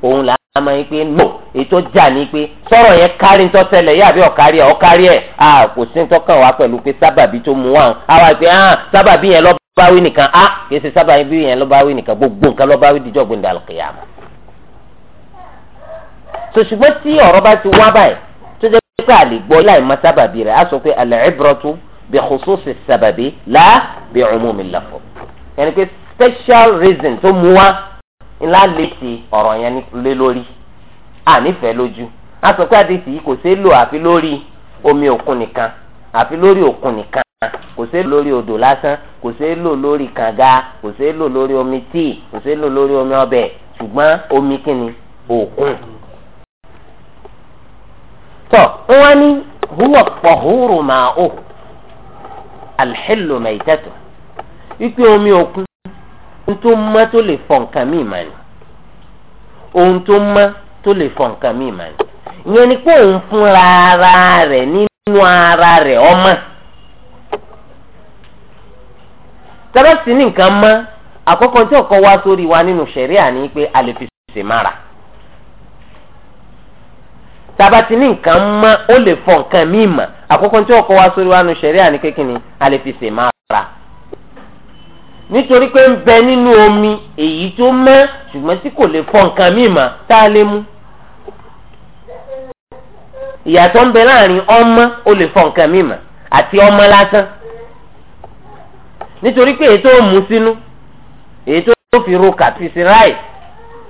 Speaker 1: òun là àmọ́ yín pé no ètò jà ní pé sọ̀rọ̀ yẹn kárí ń tọ́sẹ̀lẹ̀ yá àbí ọ̀kárí ẹ̀ ọ̀kárí ẹ̀ à kò sí ń tọ́kàn wá pẹ̀lú pé sábàbí tó mú wa hàn àwa pé ah sábàbí yẹn lọ́ba wí nìkan ah kì í ṣe sábàbí yẹn lọ́ba wí nìkan gbogbo nǹkan lọ́ba wí díjọ́ gbòǹda àlùkìyàmù. sọ ṣùgbọ́n tí ọ̀rọ̀ bá ti wá báyìí tó jẹ́ pé a lè gbọ́ láì má sábàbí rẹ̀ á sọ pé al-ibratu bi khususi special reason tó mú ńlá lè ti ọ̀rọ̀ yẹn lé lórí ànífẹ̀ẹ́ lójú a sọ pé àdìsí yìí kò ṣeé lò àfi lórí omi òkun nìkan àfi lórí òkun nìkan kò ṣeé lò lórí odò lásán kò ṣeé lò lórí kànga kò ṣeé lò lórí omi tíì kò ṣeé lò lórí omi ọbẹ̀ ṣùgbọ́n omi kíni òkun. tọ́ wọ́n ní huwa pọ̀húrù màá ò alḥìlù mẹ̀tẹ́tù wípé omi òkun ohun tó mọ́ tó lè fọ nǹkan míì mà ní ohun tó mọ́ tó lè fọ nǹkan míì mà ní ìyẹn ni pé òun fúnra ara rẹ̀ nínú ara rẹ̀ ọmọ tẹ́lẹ̀sì ní nǹkan mọ́ àkọ́kọ́ tí ọkọ wá sórí wa nínú ṣẹ̀ríà ni pé a lè fi ṣe mára tabati ní nǹkan mọ́ ó lè fọ nǹkan míì mà àkọ́kọ́ tí ọkọ wá sórí wa nínú ṣẹ̀ríà ni pé kí ni a lè fi ṣe mára nítorí pé ń bẹ nínú omi èyí tó mẹ́ ṣùgbọ́n tí kò lè fọ nǹkan míì mà tá a lè mú ìyàtọ̀ ń bẹ láàrin ọmọ ó lè fọ nǹkan míì mà àti ọmọ lásán nítorí pé èyí tó mú sínú èyí tó fi ro kàfi sí ráì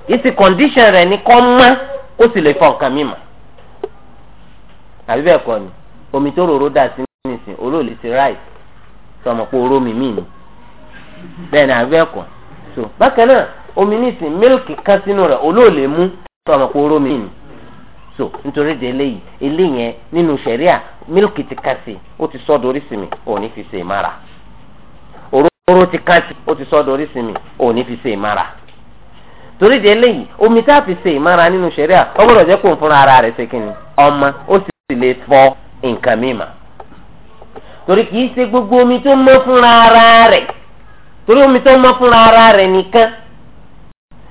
Speaker 1: ìsì kọ̀ǹdíṣàn rẹ̀ ní kọ́ mọ́ kó sì lè fọ nǹkan míì mà àbí bẹ́ẹ̀ kọ́ ni omi tó rorò dà sí nísìn olóòlì sí ráì sọmọ pé oró mi míì ni. bẹ́ẹ̀ ni àbí so bákan náà omi ní ìsìn mílìkì kan sínú rẹ̀ olóòlè mú tó ọmọ pé oró mi nì so nítorí de eléyìí eléyẹn nínú sẹ̀ríà mílìkì ti kasi sí ó ti sọ́dọ̀ orísìí mi o ní fi ṣe ìmára oró ti kasi ó ti sọ́dọ̀ orísìí mi ní fi se mara torí de eléyìí omi tá a fi se mara nínú sẹ̀ríà ó gbọ́dọ̀ kó fúnra ara rẹ̀ ṣe ọmọ ó sì lè fọ nǹkan mímà torí kì í gbogbo omi tó mọ́ fúnra ara torí omi tó mọ́ fúnra ara rẹ̀ nìkan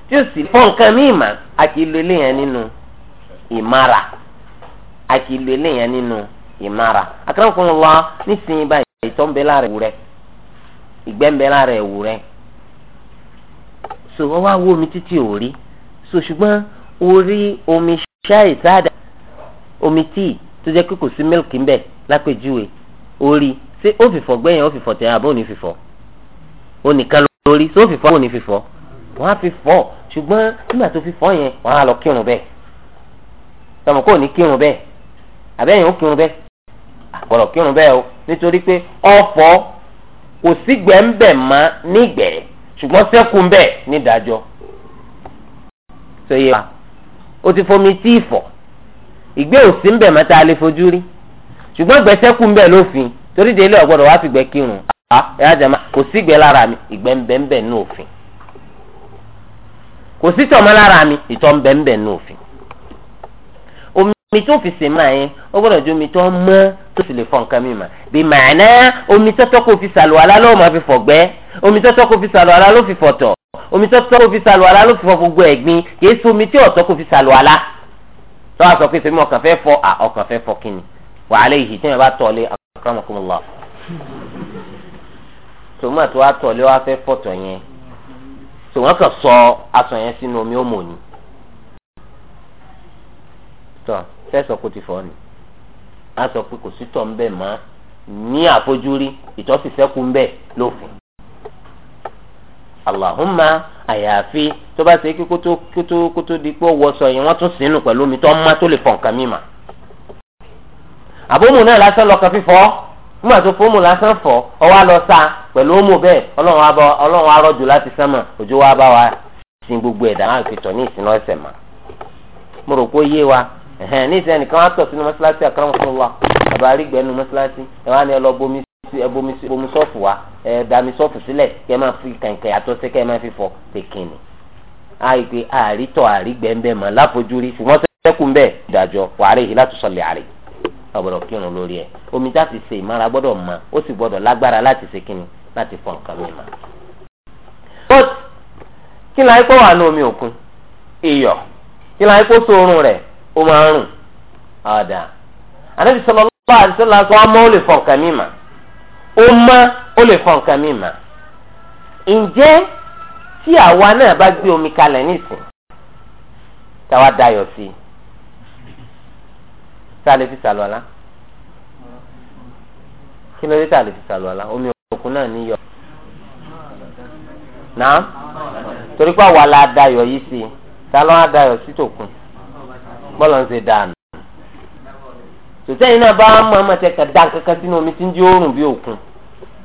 Speaker 1: tí ó sì fọ́ nǹkan mí ìmà a kì í lo eléyàn nínú ìmára a kì í lo eléyàn nínú ìmára akẹ́kọ̀ọ́ wa nísìnyí báyìí ìtọ́ ń bẹ lára ẹ̀wù rẹ̀ ìgbẹ́ ń bẹ lára ẹ̀wù rẹ̀ so wọ́n wá wó omi títí ò so ṣùgbọ́n orí omi ṣáì sáàdà omi tíì tó jẹ́ pé kò sí mílìkì ń bẹ lápèjúwe orí ṣé ó fìfọ̀ gbẹ́yìn ó fìfọ̀ tẹ̀yìn àbọ̀ ò ní fìfọ̀ onìkan lórí tó fìfọ́ òní fìfọ́ wọ́n á fi fọ́ ṣùgbọ́n nígbà tó fi fọ́ yẹn wọ́n á lọ kírun bẹ́ẹ̀ sọmọ kò ní kírun bẹ́ẹ̀ àbẹ́yìn ó kírun bẹ́ẹ̀ àkọlọ̀ kírun bẹ́ẹ̀ o nítorí pé ọ̀fọ̀ kò sígbẹ́ ń bẹ̀ mọ́ nígbẹ̀ẹ́ ṣùgbọ́n sẹ́kù ń bẹ̀ nídàájọ́ sọyẹ wa o ti fomi tí ìfọ̀ ìgbé òsì ń bẹ̀ mọ́ tá a lè fojú rí ṣùgbọ́n ìgbẹ́ sẹ́kù ń bẹ̀ lófin torí délé ọ̀gbọ́dọ̀ wá fìgbẹ́ kírun ẹ̀ kò sí ìgbẹ́ lára mi ìgbẹ́ ń bẹ ń bẹ nínú òfin kò sí ìtọ̀ mọ́ lára mi ìtọ̀ ń bẹ ń bẹ nínú òfin omi tó fi sè máa yẹn ó gbọ́dọ̀ ju omi tó mọ́ tó sì lè fọ nǹkan mi mà bí màánà omi tọ́tọ́ kò fi sàlù àlá ló máa fi fọ̀gbẹ́ omi tọ́tọ́ kò fi sàlù àlá ló fi fọ̀tọ̀ omi tọ́tọ́ kò fi sàlù àlá ló fi fọ gbogbo ẹ̀gbin kì í sí omi tí ọ̀tọ́ kò fi sàlù àlá tọ́ àsọ pé sẹ́mi ọkàn fẹ́ fọ ọkàn fẹ́ fọ kíni wàhálà ìhì tí wọ́n bá tọ́ lé akramakumullah tòun àti wàá tọ̀lé wàá fẹ́ fọ̀tọ̀ yẹn tòun kàn sọ aṣọ yẹn sínú omi òmò ni tọ fẹsọ kò ti fọ ni a sọ pé kò sí tọ̀ ń bẹ̀ mọ́ ní àfojúrí ìtọ́sí ń bẹ̀ lófin Allahumma àyàfi tó bá ṣe kí kótó kótó kótó di pé ó wọṣọ yẹn wọ́n tún sínú pẹ̀lú omi tó ń má tó lè fọ̀ nǹkan mímà àbómù náà lásán lọ́kàn fífọ́. nígbà tó fóòmù lásán fọ ọwọ́ ọmọ wa láti sánmà òjò wa bá wa sin gbogbo ẹ̀dá náà fi tọ̀ ní ìsinú ọ̀sẹ̀ mà mo rò pé ó yé wa ẹ̀hẹ́n ní ìsẹ́yìn nìkan wá tọ̀ sínú mọ́ṣáláṣí àkàrà wọn fún wa bàbá nu ẹ wá ní ẹ lọ bomi bomi wa ẹ dami máa fi fọ àìpé ń láfojúrí ọ̀gbọ́dọ̀ kírun lórí ẹ̀ omi tá a fi ṣe ìmára gbọ́dọ̀ mọ ó sì gbọ́dọ̀ lágbára láti ṣe kíni láti fọ nǹkan mi mọ. kí ni omi òkun iyọ̀ kí ni àìkú sórun rẹ̀ ó máa ń rùn ọ̀dà ànábi sọlọ lọ́wọ́ àti sọlọ sọ ọmọ ó lè fọ nǹkan mi mọ ó mọ ó lè fọ nǹkan mi omi kalẹ̀ tá a lè fi sàlùwàlá kí ló dé tá a lè fi sàlùwàlá omi òkun náà níyọ náà
Speaker 2: torí pé àwa la
Speaker 1: dayọ̀ yìí sí i ta ló ń dayọ̀ sí tòkun bọ́lá ń ṣe dànù sòtẹ́yìn náà bá mọ ọmọ tẹ kàdá kankan sínú omi tí ń di oòrùn bí òkun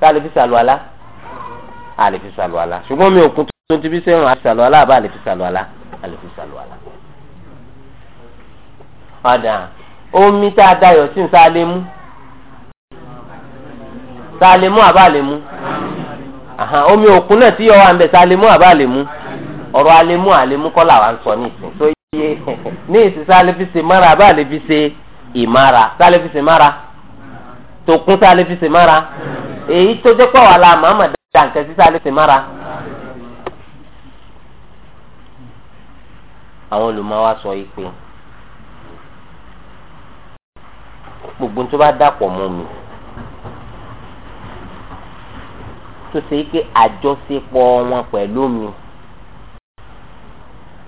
Speaker 1: tá fi sàlùwàlá a lè fi sàlùwàlá ṣùgbọ́n omi òkun tó ti bí sẹ́rùn a lè fi sàlùwàlá àbá a fi sàlùwàlá a lè fi sàlùwàlá. ọ̀dà omi tá a dayọ̀ sí nsa lè mú sa lè mú àbá lè mú omi òkun náà tí yọ wà ń bẹ sa lè mú àbá lè mú ọ̀rọ̀ alẹ́mú alẹ́mú kọ́ làwa ń sọ nísìn tó yé *laughs* ní ìsìn sálẹ̀ fi ṣe mára àbá lè fi ṣe ìmára sálẹ̀ fi ṣe mára tó sálẹ̀ fi ṣe mára èyí tó jẹ́ pọ̀ wà la màmá dáadáa nǹkan sí sálẹ̀ fi ṣe mára. àwọn olùmọ̀ wa sọ yìí pé. gbogbo tó bá dàpọ̀ mọ́ mi tó ṣe pé àjọṣepọ̀ wọn pẹ̀lú mi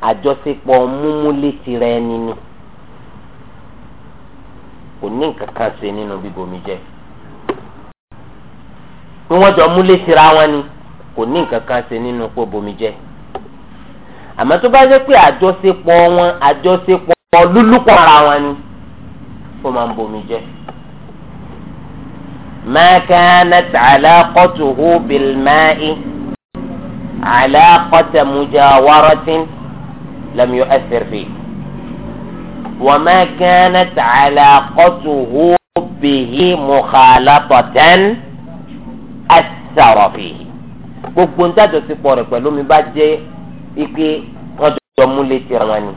Speaker 1: àjọṣepọ̀ múmúlé tira ẹni ni kò ní nǹkan kan ṣe nínú bíbomi jẹ́ pé wọ́n jọ múlé tira wọn ni kò ní nǹkan kan ṣe nínú pé bomi jẹ́ àmọ́ tó bá jẹ́ pé àjọṣepọ̀ wọn àjọṣepọ̀ lúlúpọ̀ ara wọn ni ó máa ń bomi jẹ. ما كانت علاقته بالماء علاقة مجاورة لم يؤثر فيه وما كانت علاقته به مخالطة أثر فيه gbogbo ń dájọ́ sí pọ̀ rẹ̀ pẹ̀lú mi bá jẹ́ ike wọ́n jọ mú létí ara wọn ni.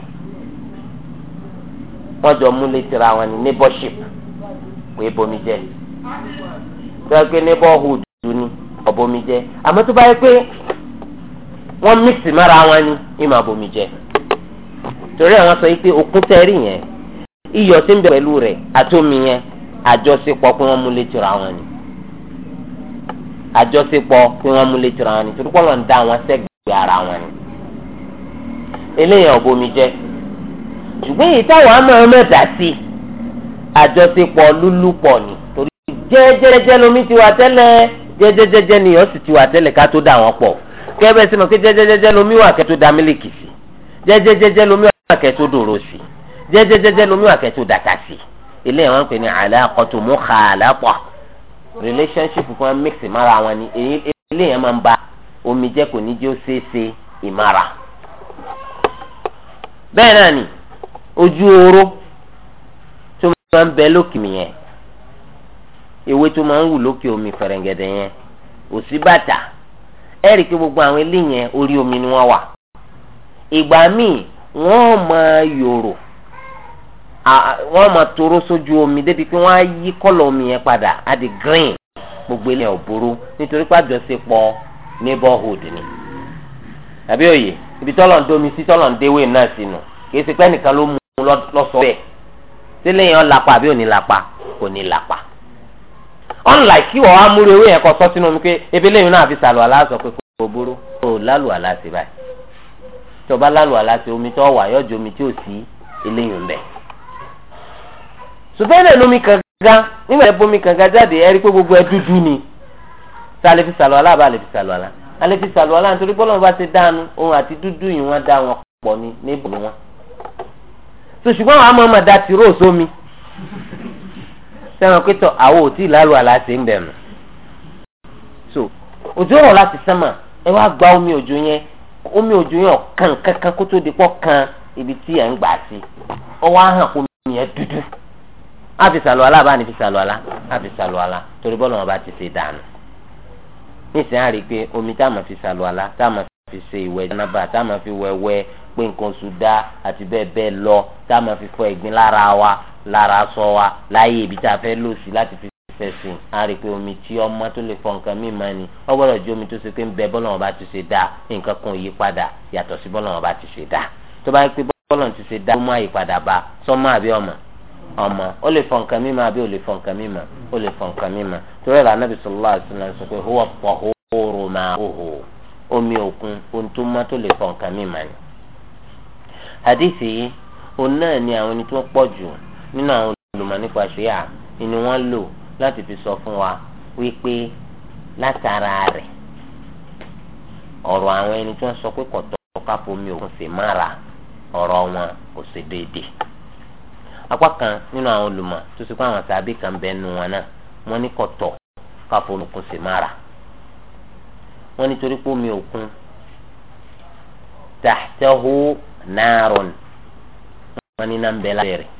Speaker 1: wọ́n jọ múlẹ̀ tira wọn ní neighborship wọ́n ebomi jẹ́ tó neighborhood ni ọ̀bomi jẹ́ àmọ́ tó bá yẹ pé wọ́n mix wọn ní ìmọ̀ torí àwọn sọ yìí pé òkú tẹ́rì yẹn iyọ̀ tí ń bẹ pẹ̀lú rẹ̀ yẹn àjọṣepọ̀ pé wọ́n wọn àjọṣepọ̀ pé wọ́n wọn ṣùgbọ́n èyí táwọn amọ̀ mẹ́ta sí àjọṣepọ̀ lúlú pọ̀ ni torí jẹ́jẹ́jẹ́ lomi ti wà tẹ́lẹ̀ jẹ́jẹ́jẹ́jẹ́ ni ọ̀sì ti wà tẹ́lẹ̀ ká tó dà wọ́n pọ̀ kẹ́bẹ́ sí mọ̀ pé jẹ́jẹ́jẹ́jẹ́ lomi wà kẹ́ tó da mílíkì sí jẹ́jẹ́jẹ́jẹ́ lomi wà kẹ́ tó dòrò sí jẹ́jẹ́jẹ́jẹ́ lomi wà kẹ́ tó dàtà sí eléyìí wọ́n pè ní àlàkọ́tò mú xaalapọ̀ relationship kan mix mara wọn ni eléyìí máa ń ba omi jẹ́ kò ní jẹ́ ó ṣeé ṣe ìmára bẹ́ẹ̀ náà ni ojú oró tó máa ń bẹ lókè mi yẹn ewé tó máa ń wù lókè omi fẹrẹngẹdẹ yẹn òsì bàtà ẹ̀rì pé gbogbo àwọn ilé yẹn orí omi ni wọ́n wà ìgbà míì wọ́n máa yòrò wọ́n máa toró sójú omi débi pé á yí omi yẹn padà á di green gbogbo ilé ò burú nítorí pé neighborhood ni àbí òye ibi tọ́lọ̀ ń domi sí tọ́lọ̀ ń déwé náà sínú kì í ṣe ló mú lọ́sọ̀ bẹ́ẹ̀ sílẹ̀ yẹn lápá àbí òní lápá kò ní lápá unlike kí wọ́n á múlò owó yẹn kọ sọ sínú omi pé ebi lẹ́yìn náà fi sàlù aláṣọ pé kò burú kò lálù aláṣẹ báyìí tí o bá lálù aláṣẹ omi tó wà yọjọ omi tí ò sí eléyìn bẹ́ẹ̀. ṣùgbọ́n ilé lómi kankan nígbà tí bomi kankan jáde ẹ rí pé gbogbo ẹ dúdú ni tá a lè fi sàlù alá bá a lè fi sàlù alá a lè fi sàlù alá nítorí bọ́lá wọn bá ti dánu òun àti dúdú yìí wọ́n dá wọn pọ̀ ní níbùdó wọn so ṣùgbọ́n àwọn amọ̀ọ́mọ̀ da tìró sómi sẹ́wọ̀n pétọ́ àwọn ò tí ì lálù àlàáṣe ń bẹ̀rù so òjò rọ̀ láti sánmà ẹ wá gba omi òjò yẹn omi òjò yẹn ọ̀kan kankan kó tó di pọ̀ kan ibi tí ẹ̀ ń gbà sí ọwọ́ ahàn kó omi yẹn dúdú á fi sàlù alá bá ní fi sàlù alá á sàlù alá torí bọ́ọ̀lù wọn bá ti ṣe dànù nísìnyí á pé omi tá fi sàlù alá tá fi ṣe ìwẹ̀ janaba tá a máa fi wẹ̀wẹ̀ pé nǹkan oṣù dá àti bẹ́ẹ̀ bẹ́ẹ̀ lọ tá a máa fi fọ ẹ̀gbin lára wa lára sọ wa láàyè ibi tá a fẹ́ lò sí láti fi fẹ̀sìn a rí pé omi tí ọmọ tó lè fọ nǹkan máa ni ó gbọ́dọ̀ jẹ́ omi tó ṣe pé ń bẹ bọ́lọ̀ wọn bá ti ṣe dá nǹkan kan yí padà yàtọ̀ sí bọ́lọ̀ wọn bá ti ṣe dá tó bá yẹ pé bọ́lọ̀ ti ṣe dá ó mú àyípadà bá omi òkun ohun tó má tó lè fọ nǹkan mi mà ní. hadithi yìí òun náà ni àwọn ẹni tó pọ̀ jù nínú àwọn olùmọ̀ nípa ṣíà ni wọ́n lò láti fi sọ fún wa wípé látara rẹ̀ ọ̀rọ̀ àwọn ẹni tó ń sọ pé kọ̀tọ́ kápò omi òkun sì mára ọ̀rọ̀ wọn kò sì déédéé. apá kan nínú àwọn olùmọ̀ tó sì pé àwọn sàbí kan bẹ́ẹ̀ nu wọn náà wọ́n ní kọ̀tọ́ kápò omi òkun sì mára. wọ́n nítorí pé omi òkun tàhtẹ́hó náàrún wọ́n ní nàmbẹ́ lábẹ́rẹ́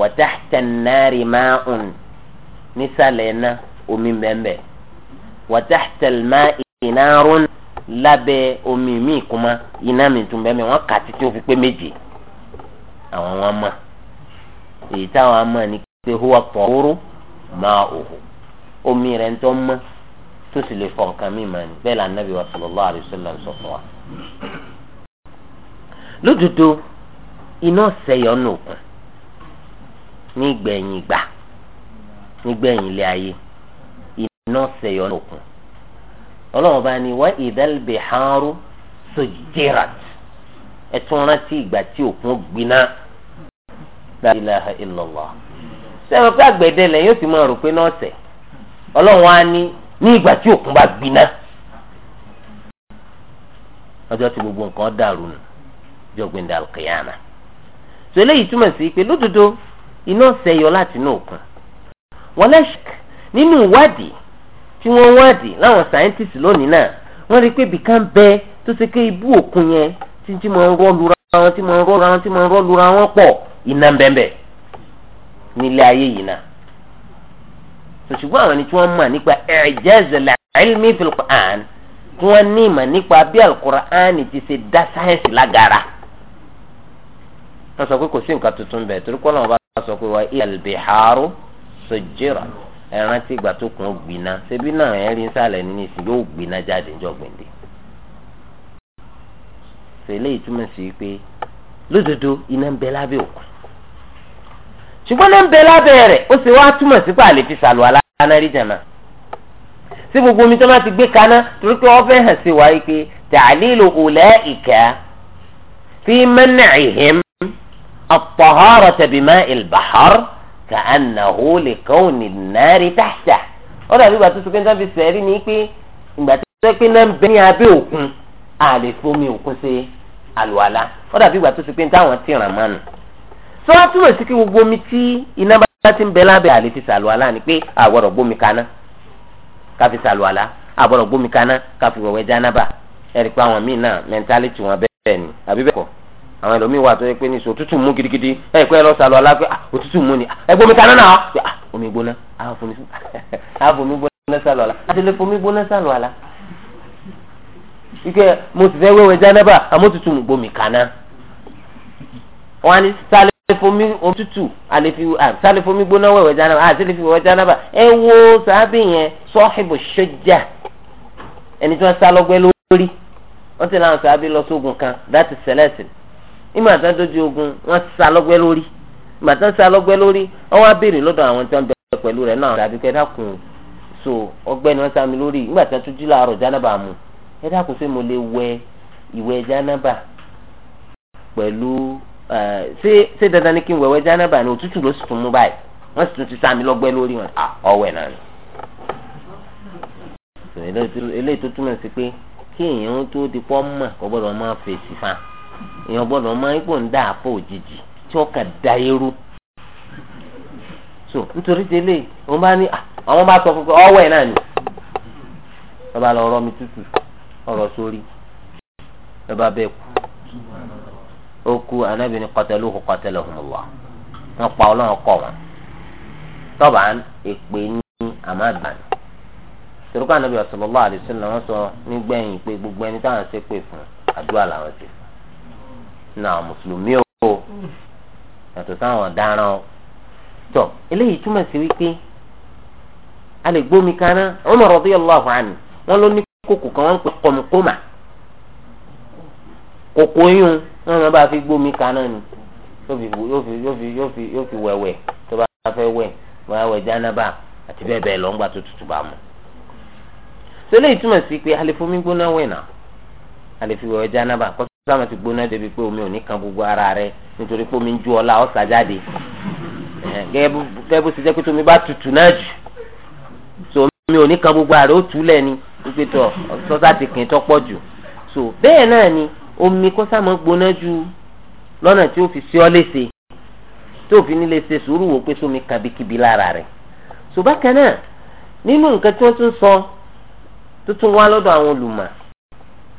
Speaker 1: wàtàhtẹ́ náàrí máàún nísàlẹ̀ náà omi bẹ́ẹ̀ wàtàhtẹ́ máà ìnáàrún lábẹ́ omi míì kuma iná mi tún bẹ́ẹ̀ wọ́n kà títí ó fi pé méje àwọn wọn mọ̀ èyí táwọn mọ̀ ní pé huwa pọ̀ hóró máa òhò omi rẹ̀ ń tọ́ mọ́ tó sì lè fọ nǹkan mí mọ ni bẹ́ẹ̀ la nàbí wa sallallahu alaihi wasallam sọ fún wa. lódodo iná sẹyọ nù òkun nígbẹ̀yìn ìgbà nígbẹ̀yìn ilé ayé iná sẹyọ nù òkun ọlọ́run bá ní wá idhal biharu sujjirat ẹ tún rántí ìgbà tí òkun gbiná la ilaha illallah sẹ́wọ̀n pé àgbẹ̀dẹ lẹ́yìn ó ti máa rò pé náà sẹ̀ ọlọ́run á ní. ní ìgbà tí òkun bá gbiná ọjọ́ tí gbogbo nǹkan dàrú nù jọ̀gbìn dàlùkìyàmà tó eléyìí túmọ̀ sí pé lódodo iná ṣẹyọ láti inú òkun wọn lẹ́sìk nínú ìwádìí tí wọ́n wádìí láwọn sáyẹ́ntìsì lónìí náà wọ́n rí i pé bìkan bẹ tó ṣe pé ibú òkun yẹn títí ti tí ń rọ́ lura wọn tí mo ń rọ́ lura wọn pọ̀ iná bẹ́ẹ̀ bẹ́ẹ̀ nílé ṣùgbọ́n àwọn ẹni tí wọ́n mọ̀ nípa ẹ̀jẹ̀zẹ̀lẹ̀ ilmi fil Qur'an tí wọ́n ní ìmọ̀ nípa bí al-Qur'an ti ṣe dá sáyẹ́nsì lágara. wọ́n sọ pé kò sí nǹkan tuntun bẹ́ẹ̀ torí kọ́ làwọn bá sọ pé wà á al-biharu ẹran tí ìgbà tó kàn gbiná ṣebí náà ẹ̀ rí nsàlẹ̀ nínú ìsìn yóò gbiná jáde níjọ́ gbèǹde. ṣèlè ìtumọ̀ sí pé lódodo iná ń bẹ lábẹ́ òkun ṣùgbọ́n ní bẹ lábẹ́ rẹ̀ ó sì wá túmọ̀ sí pé àlè fi sàlù aláná rí jàmá sí gbogbo omi tó má ti gbé kaná torí pé wọ́n fẹ́ hàn sí wa yìí pé ta'lilu ulaika fi man'ihim at-taharata bima'il bahr ka'annahu likawni an-nari tahta ó dàbí ìgbà tó sọkẹ́ ń dábì sẹ́rí ni pé ìgbà tó sọ pé náà ní abẹ́ òkun àlè fomi òkun ṣe àlùwàlá ó dàbí ìgbà tó sọkẹ́ ń táwọn ti ràn mánu tó wá túmọ̀ sí kí gbogbo omi tí iná bá ti ń bẹ lábẹ́ àlè fi sàlùwàlá ni pé àgbọ̀dọ̀ gbómi kaná ká fi sàlùwàlá àgbọ̀dọ̀ gbómi kaná ká fi wẹ̀wẹ̀ jánábà ẹ̀rí pé àwọn míì náà mẹ́ńtálítì wọn bẹ́ẹ̀ ni àbí bẹ́ẹ̀ kọ́ àwọn ẹlòmíì wà tó yẹ pé ní sọ òtútù mú gidigidi ẹ pé ẹ lọ sàlùwàlá pé òtútù mú ni ẹ gbómi kaná náà omi gbóná àfomi *laughs* gbóná sàlùwàlá àti lè sálífomi òtútù àlefi sálífomi gbóná wẹ̀wẹ̀ jánába àtẹlẹfi wẹ̀wẹ̀ jánába ẹ wo sàábì yẹn sọ́ọ̀hìbù ṣọ́jà ẹni tí wọ́n sá lọ́gbẹ́ lórí wọ́n ti láwọn sàábì lọ sógun kan that is sẹlẹ̀sìn dojú ogun wọ́n sá lọ́gbẹ́ lórí ìmọ̀ sá lọ́gbẹ́ lórí wọ́n wá béèrè lọ́dọ̀ àwọn tí wọ́n bẹ pẹ̀lú rẹ̀ náà tàbí kẹ́ dákun so ọgbẹ́ ni wọ́n sá mi lórí ìmọ̀ tó jí láàárọ̀ jánába mu ẹ dákun ṣé mo lè wẹ ìwẹ̀ jánába pẹ̀lú ṣé ṣé dandan ni kí n wẹ̀wẹ̀ jánábà ni òtútù ló sì tún mú báyìí wọ́n sì tún ti sá mi lọ́gbẹ́ lórí wọn ọ̀wẹ̀ náà ni. eléyìí tó túmọ̀ sí pé kí èèyàn tó di pọ́ mọ̀ kó gbọ́dọ̀ máa fèsì fa èèyàn gbọ́dọ̀ máa ipò ń dà àpò òjijì tí ó kà da irú. so nítorí délé òun bá ní àwọn bá sọ fún pé ọ̀wẹ̀ náà ni wọ́n bá lọ rọ́ mi tútù ọ̀rọ̀ sórí ẹ bá bẹ́ẹ̀ kú ó kú anábì ní qataluhu qatalahumullah wọ́n pa ọlọ́run kọ̀ wọ́n tọ́ba èpè ní àmàdàn torúkọ anábì sallallahu alaihi wasallam wọ́n sọ nígbẹ̀yìn pé gbogbo ẹni táwọn ṣe pè fún àdúrà làwọn ṣe náà mùsùlùmí o yàtọ̀ sáwọn ọ̀daràn o tọ́ eléyìí túmọ̀ sí wípé a lè gbómi kaná Umar radiyallahu anhu wọ́n ló ní kókò kan wọ́n pè kọ̀mùkọ́mà kókó yún náà má bàa fi gbómi kaná ni yóò fi wẹ̀wẹ̀ tó bá fẹ́ wẹ̀ wọ́n á wẹ̀ jánábà àti bẹ́ẹ̀ bẹ́ẹ̀ lọ́ngbà tó tutù bá mu. sọlẹ́ ìtumọ̀ sí pé àlefomi gbóná wẹ̀ náà àlefi wẹ̀ jánábà kọ́ sáwọn ti gbóná débi pé omi ò ní kan gbogbo ara rẹ nítorí pé omi ń ju ọlá ọ̀sà jáde gẹ́gẹ́ bó ti jẹ́ pé tómi bá tutù náà jù so omi ò ní kan gbogbo ara rẹ ó tú lẹ́ni wípé tọ́ sọ́sà ti kìn tọ́pọ̀ jù so bẹ́ẹ̀ náà ni omi kó sá máa gbóná ju lọ́nà tí ó fi sí ọ léṣe tí òfin nílé ṣe sùúrù wò pé sómi kàbíkìbí lára rẹ̀ ṣùgbọ́n kan náà nínú nǹkan tí wọ́n tún sọ tó tún wá lọ́dọ̀ àwọn olùmọ̀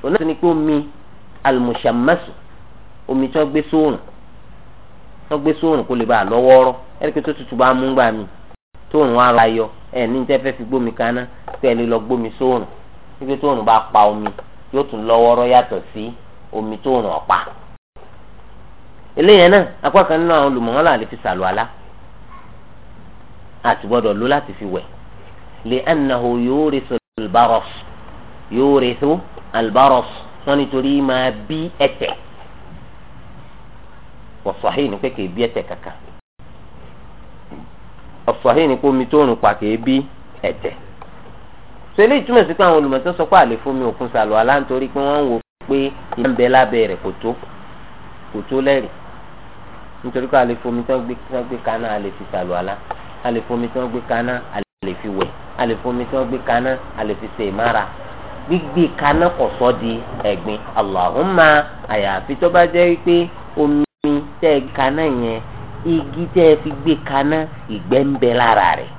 Speaker 1: òun náà tún ni pé omi alùmùsàmásù omi tí wọ́n gbé sóòrùn wọ́n gbé sóòrùn kó lè bá a lọ́wọ́ọ́rọ́ ẹni pé tó tutù bá mú gbà mí tóòrùn wá ra yọ ẹ ní tẹ́ fẹ́ fi gbómi kaná pé ẹ lè lọ gbómi sóòrùn wípé tóòrùn bá pa omi yóò tún lọ́wọ́ọ́rọ́ yàtọ̀ sí omi tó rùn ọ̀pá eléyẹn náà apá kan nínú àwọn olùmọ̀ọ́lá lè fi sàlù àlá àti gbọ́dọ̀ ló láti fi wẹ̀ li'annahu yurisu albaros yurisu albaros wọn nítorí máa bí ẹ̀tẹ̀ ọ̀sọ̀hìn ní pé kì í kankan ọ̀sọ̀hìn ní pé omi tó rùn pa kì í so eléyìí túmọ̀ sí pé àwọn olùmọ̀tò sọ pé àlè fún mi òkun sàlù àlá nítorí pé wọ́n ń wo pé iná ń bẹ lábẹ́ rẹ̀ kò tó kò tó lẹ́rìí nítorí pé àlè fomi tí wọ́n gbé kaná àlè fi sàlùwàlá àlè fomi tí wọ́n gbé kaná àlè fi wẹ̀ àlè fomi tí wọ́n gbé kaná àlè fi ṣe ìmára gbígbé kaná kò sọ di ẹ̀gbin Allahumma àyàfi tó bá jẹ́ pé omi tẹ́ kaná yẹn igi tẹ́ fi gbé kaná ìgbẹ́ ń bẹ lára rẹ̀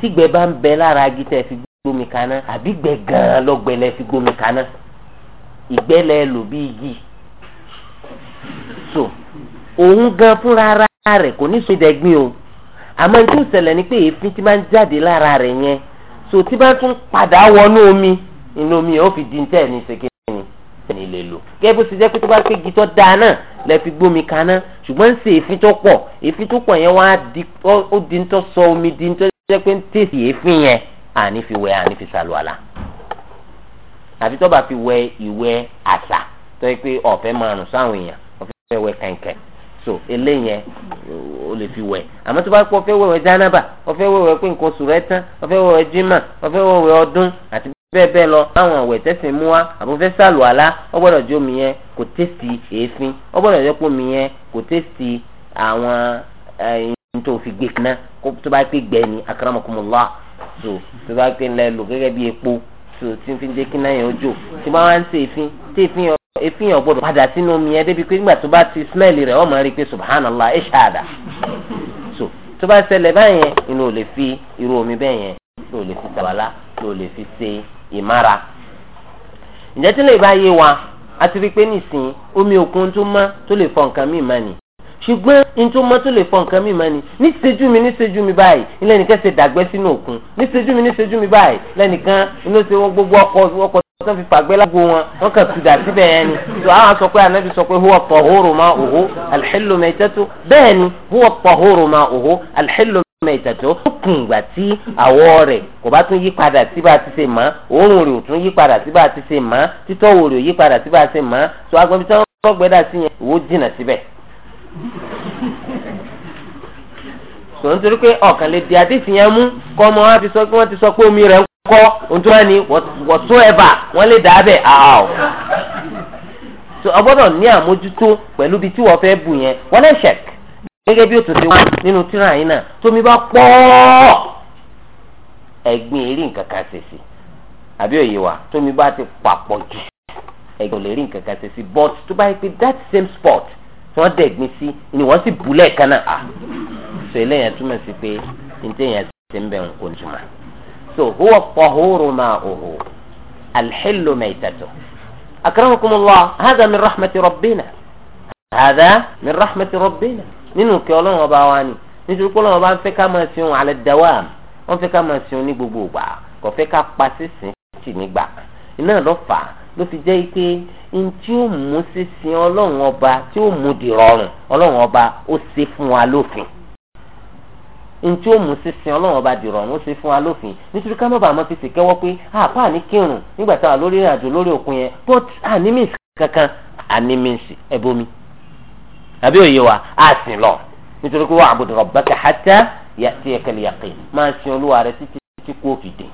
Speaker 1: tígbẹ́ bá ń bẹ lára igi tẹ́ fi gbómi kaná àbí gbẹ gan lọgbẹlẹ fi gbómi kaná ìgbẹlẹ lò bí igi so òun gan fúnra ara kò ní sọ ìdẹgbin o àmọ́ tí ó ṣẹlẹ̀ ni pé èéfín tí máa ń jáde lára rẹ̀ yẹn so tí bá tún padà wọnú omi inú omi yẹn ó fi di ntẹ ní seke ní ní lè lò gẹ́gẹ́ bó ṣe jẹ́ pé tó bá pé igi tó dáa náà lẹ fi gbómi kaná ṣùgbọ́n ń ṣe èéfín tó pọ̀ èéfín tó pọ̀ yẹn wọ́n á di ó di ń tọ́ sọ omi di ń tọ́ jẹ́ pé ń tèsì èéfín yẹn àní fi wẹ̀ àní fi sàlùwàlà àfi tó bá fi wẹ̀ ìwẹ̀ àṣà tó yẹ pé ọ̀fẹ́ márùn sáwọn èèyàn ọ̀fẹ́ wẹ̀ kẹ̀kẹ́ so eléyẹn o lè fi wẹ̀ àmọ́ tó bá kó ọ̀fẹ́ wẹ̀wẹ̀ jánábà ọ̀fẹ́ wẹ̀wẹ̀ pé nǹkan oṣù rẹ̀ tán ọ̀fẹ́ wẹ̀wẹ̀ jimá ọ̀fẹ́ wẹ̀wẹ̀ ọdún àti bẹ́ẹ̀ bẹ́ẹ̀ lọ àwọn ọ̀wẹ̀ tẹ̀sìn mú wa àbúfẹ́ sàlùwàlá ọgbọ́dọ̀ jó mi yẹn kò tẹ́sì èéfín ọgbọ́dọ̀ yẹ kó mi yẹn kò tẹ́sì àwọn ẹ̀yìn tó fi gbé kaná tó bá gbé gbẹ ni akaramakumullah so tó bá pé ńlẹ lò gẹ́gẹ́ bí epo so tí n fi jẹ́ kí náà yẹn ó jò tí bá wá ń ṣe èéfín tí èéfín yẹn èéfín yẹn gbọ́dọ̀ padà sínú omi yẹn débi pé nígbà tó bá ti smell rẹ̀ ọmọ rí i pé subhanallah ẹ̀ ṣáàdà so tó bá ṣẹlẹ̀ báyẹn inú ò lè fi irú omi bẹ́ẹ̀ yẹn ló lè fi sàbàlá ló lè fi ṣe ìmára ǹjẹ́ tí lè bá yé wa a ti rí i pé nìsín omi òkun tó mọ́ tó lè fọ nǹkan míì mọ́ ni ṣùgbọ́n nítorí mọ́tò lè fọ nǹkan mi máa ni níṣẹ́jú mi níṣẹ́jú mi báyìí ilé nìkan ṣe dàgbẹ́ sínú òkun níṣẹ́jú mi níṣẹ́jú mi báyìí lẹ́nìkan ló ṣe wọ́n gbogbo ọkọ̀ ọkọ̀ tó sàn fi pàgbẹ́ lágbo wọn wọ́n kàn tùdà síbẹ̀ yẹn ni tó àwọn sọ pé anabi sọ pé huwa tahuru ma òhó alḥilu mẹ́tẹ́tù bẹ́ẹ̀ ni huwa tahuru ma òhó alḥilu mẹ́tẹ́tù ó kùn ìgbà tí àwọ̀ rẹ̀ kò bá tún yí padà sí bá a ti ṣe mọ́ òórùn rẹ̀ ò tún yí padà sí bá a ti ṣe mọ́ títọ́wò rẹ̀ ò yí padà sí bá a ṣe mọ́ tó agbẹ́bí tí wọ́n gbẹ́dà sí yẹn òwò jìnnà síbẹ̀ sọ nítorí pé ọ̀kan lè di àdéhùn yẹn mú kọ́ ọmọ wa fi sọ pé wọ́n ti sọ pé omi rẹ̀ ń kọ́ ohun wá ní whatsoever wọ́n lè dà á bẹ̀ àá o. so ọgbọ́dọ̀ ní àmójútó pẹ̀lú ibi tí wọ́n fẹ́ bù yẹn wọ́n lè ṣẹ̀k gẹ́gẹ́ bí òtún ti wá nínú tíra yìí náà tómi bá pọ̀ ẹ̀gbin eré nǹkan kan ṣe sí àbí òye wa tómi bá ti papọ̀ jù ẹ̀gbin ò lè rí nǹkan kan ṣe sí but tó bá yẹ pé that same spot tí wọ́n dẹ̀gbin sí ni wọ́n sì bú lẹ́ẹ̀kan náà ah sọ eléyàn túmọ̀ sí pé ntẹ̀yàn ti ń bẹ̀ ń kó jùmọ̀ so huwa tahuru ma'uhu alḥillu maytatu akramakumullah hadha min rahmati rabbina hadha min rahmati rabbina nínú kí ọlọ́run ọba wa ni nítorí pé ọlọ́run ọba ń fẹ́ ká máa sin ala dawam wọ́n fẹ́ ká máa sin ní gbogbo ìgbà kò fẹ́ ká pa sísìn tì nígbà iná ló fà á ló fi jẹ́ pé n tí ó mú sísin ọlọ́run ọba tí ó mú di rọrùn ọlọ́run ọba ó ṣe fún wa lófin n tí ó mú sísin ọlọ́run ọba di rọrùn ó ṣe fún wa lófin nítorí ká má bàa mọ́ tètè kẹ́wọ́ pé àpá ní kírun nígbà táwa lórí ìrìn àjò lórí òkun yẹn but àní mí kankan àní mí ẹbomi àbí òye wa á sìn lọ nítorí pé wa'bud rabbaka hatta ya'tiyakal yaqin máa sin olúwa rẹ títí tí fi dé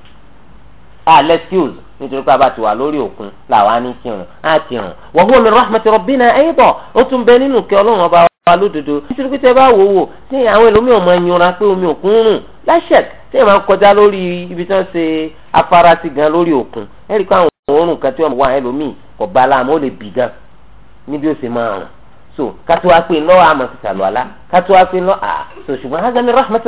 Speaker 1: a lẹ́síùs nítorí pé a bá ti wà lórí òkun làwa ní tirun á tirun wọ́n hó mi rahmat rabbina ẹ̀yìn bọ̀ ó tún bẹ nínú kí ọlọ́run ọba wa lódodo nítorí pé tẹ bá wò wò tí àwọn ẹlòmíràn máa ń yanra pé omi òkun ń rùn láṣẹk tí èèyàn máa ń kọjá lórí ibi tí wọ́n ṣe afárá sí gan lórí òkun ẹ̀rí pé àwọn òórùn kan tí wọ́n wà ẹlòmíì kò bá láàmú ó lè bì gan níbi ó ṣe máa rùn so kátó wá pé lọ́wọ́ àmọ̀ ti sàlùwàlá kátó wá pé lọ́wọ́ à so ṣùgbọ́n hazami rahmat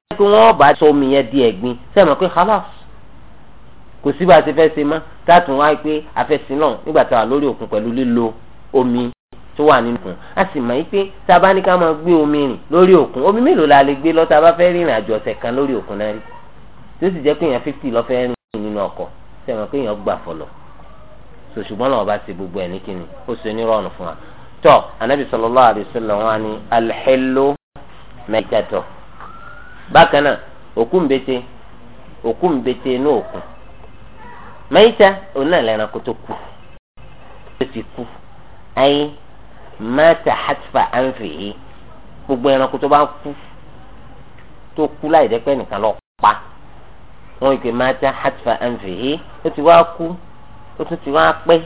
Speaker 1: pé wọ́n bá sọ omi yẹn di ẹ̀gbin sẹ́mi pé khalas kò sí bá a ti fẹ́ ṣe wáyé pé afẹ́sìn náà nígbà tá a wà lórí òkun pẹ̀lú lílo omi tó wà nínú òkun a sì mọ̀ pé tá a bá ní ká máa gbé omi rìn lórí òkun omi mélòó la lè gbé lọ tá a bá fẹ́ rìnrìn àjò ọ̀sẹ̀ kan lórí òkun náà rí tí ó sì jẹ́ pé èèyàn fifty lọ fẹ́ rìn nínú ọkọ̀ sẹ́mi pé èèyàn gbà fọlọ̀ sòṣùgbọ́n náà bá ṣe gbogbo ẹ̀ ní kíni ó ṣe onírọ̀rùn fún wa tọ́ anabi sallallahu alaihi wasallam wa ni alḥẹ́lò mẹ́tẹ́tọ̀ bákan náà òkú ńbete òkú ńbete inú òkun mẹ́yìíta òun náà lẹ́ran kó tó kú tó ti kú ayé mẹ́ta hatfa ànfìhí gbogbo ẹranko tó bá kú tó kú láì dẹ́pẹ́ nìkan lọ pa wọn ìpè mẹ́ta hatfa ànfìhí ó ti wá kú ó tún ti wá pẹ́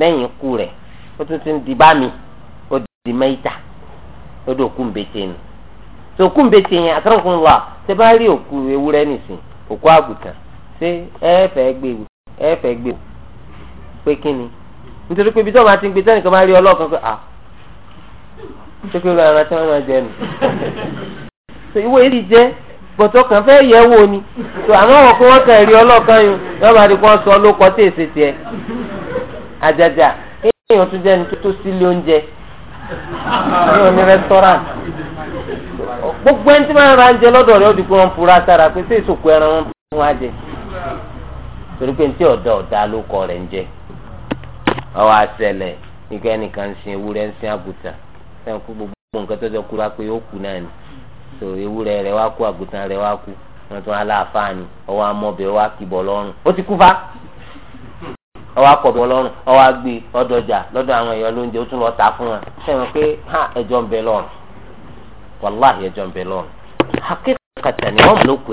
Speaker 1: lẹ́yìn ikú rẹ̀ ó tún ti ń di bá mi ó di mẹ́yìíta ó dòkú ńbete nù. sòkú ń bẹ ti yẹn àtàràkùn wà ṣe bá rí òkú ewúrẹ́ nìsín òkú àgùntàn ṣé ẹ fẹ́ gbé wò ẹ fẹ́ gbé wò pé kí ni nítorí pé ibi tí wọ́n máa ti ń gbé sẹ́nìkan máa rí ọlọ́ọ̀kan pé ah ṣé pé ara tí wọ́n máa jẹ nù. sọ ìwé yìí jẹ́ gbọ̀tọ̀ kan fẹ́ yẹ wò ni sọ àmọ́ wọn kó wọ́n kàn rí ọlọ́ọ̀kan yìí wọ́n máa di kó wọ́n sọ lóko tí èsì tiẹ̀ àjàjà kéèyàn tún jẹ́ ni tó sílé oúnjẹ ní òní restaurant gbogbo ẹni tí wọ́n ra ń jẹ lọ́dọ̀ rẹ̀ ó di pé wọ́n fura sára pé sí ìsòkò ẹran wọn fún wa jẹ torí pé ntí ọ̀dà ọ̀dà ló kọ rẹ̀ ń jẹ ẹnìkan ń sin ń sin gbogbo nǹkan tó jọ pé ó kú náà ni so wá kú àgùtà wá kú ọwọ́ akọ̀dọ̀ ọlọ́run ọwọ́ agbè ọdọjà àwọn èèyàn lóúnjẹ ó tún lọ ta fún wọn pé ha ẹjọ́ ń bẹ lọ́run wàláhì ẹjọ́ ń bẹ ni wọ́n mọ̀ lóko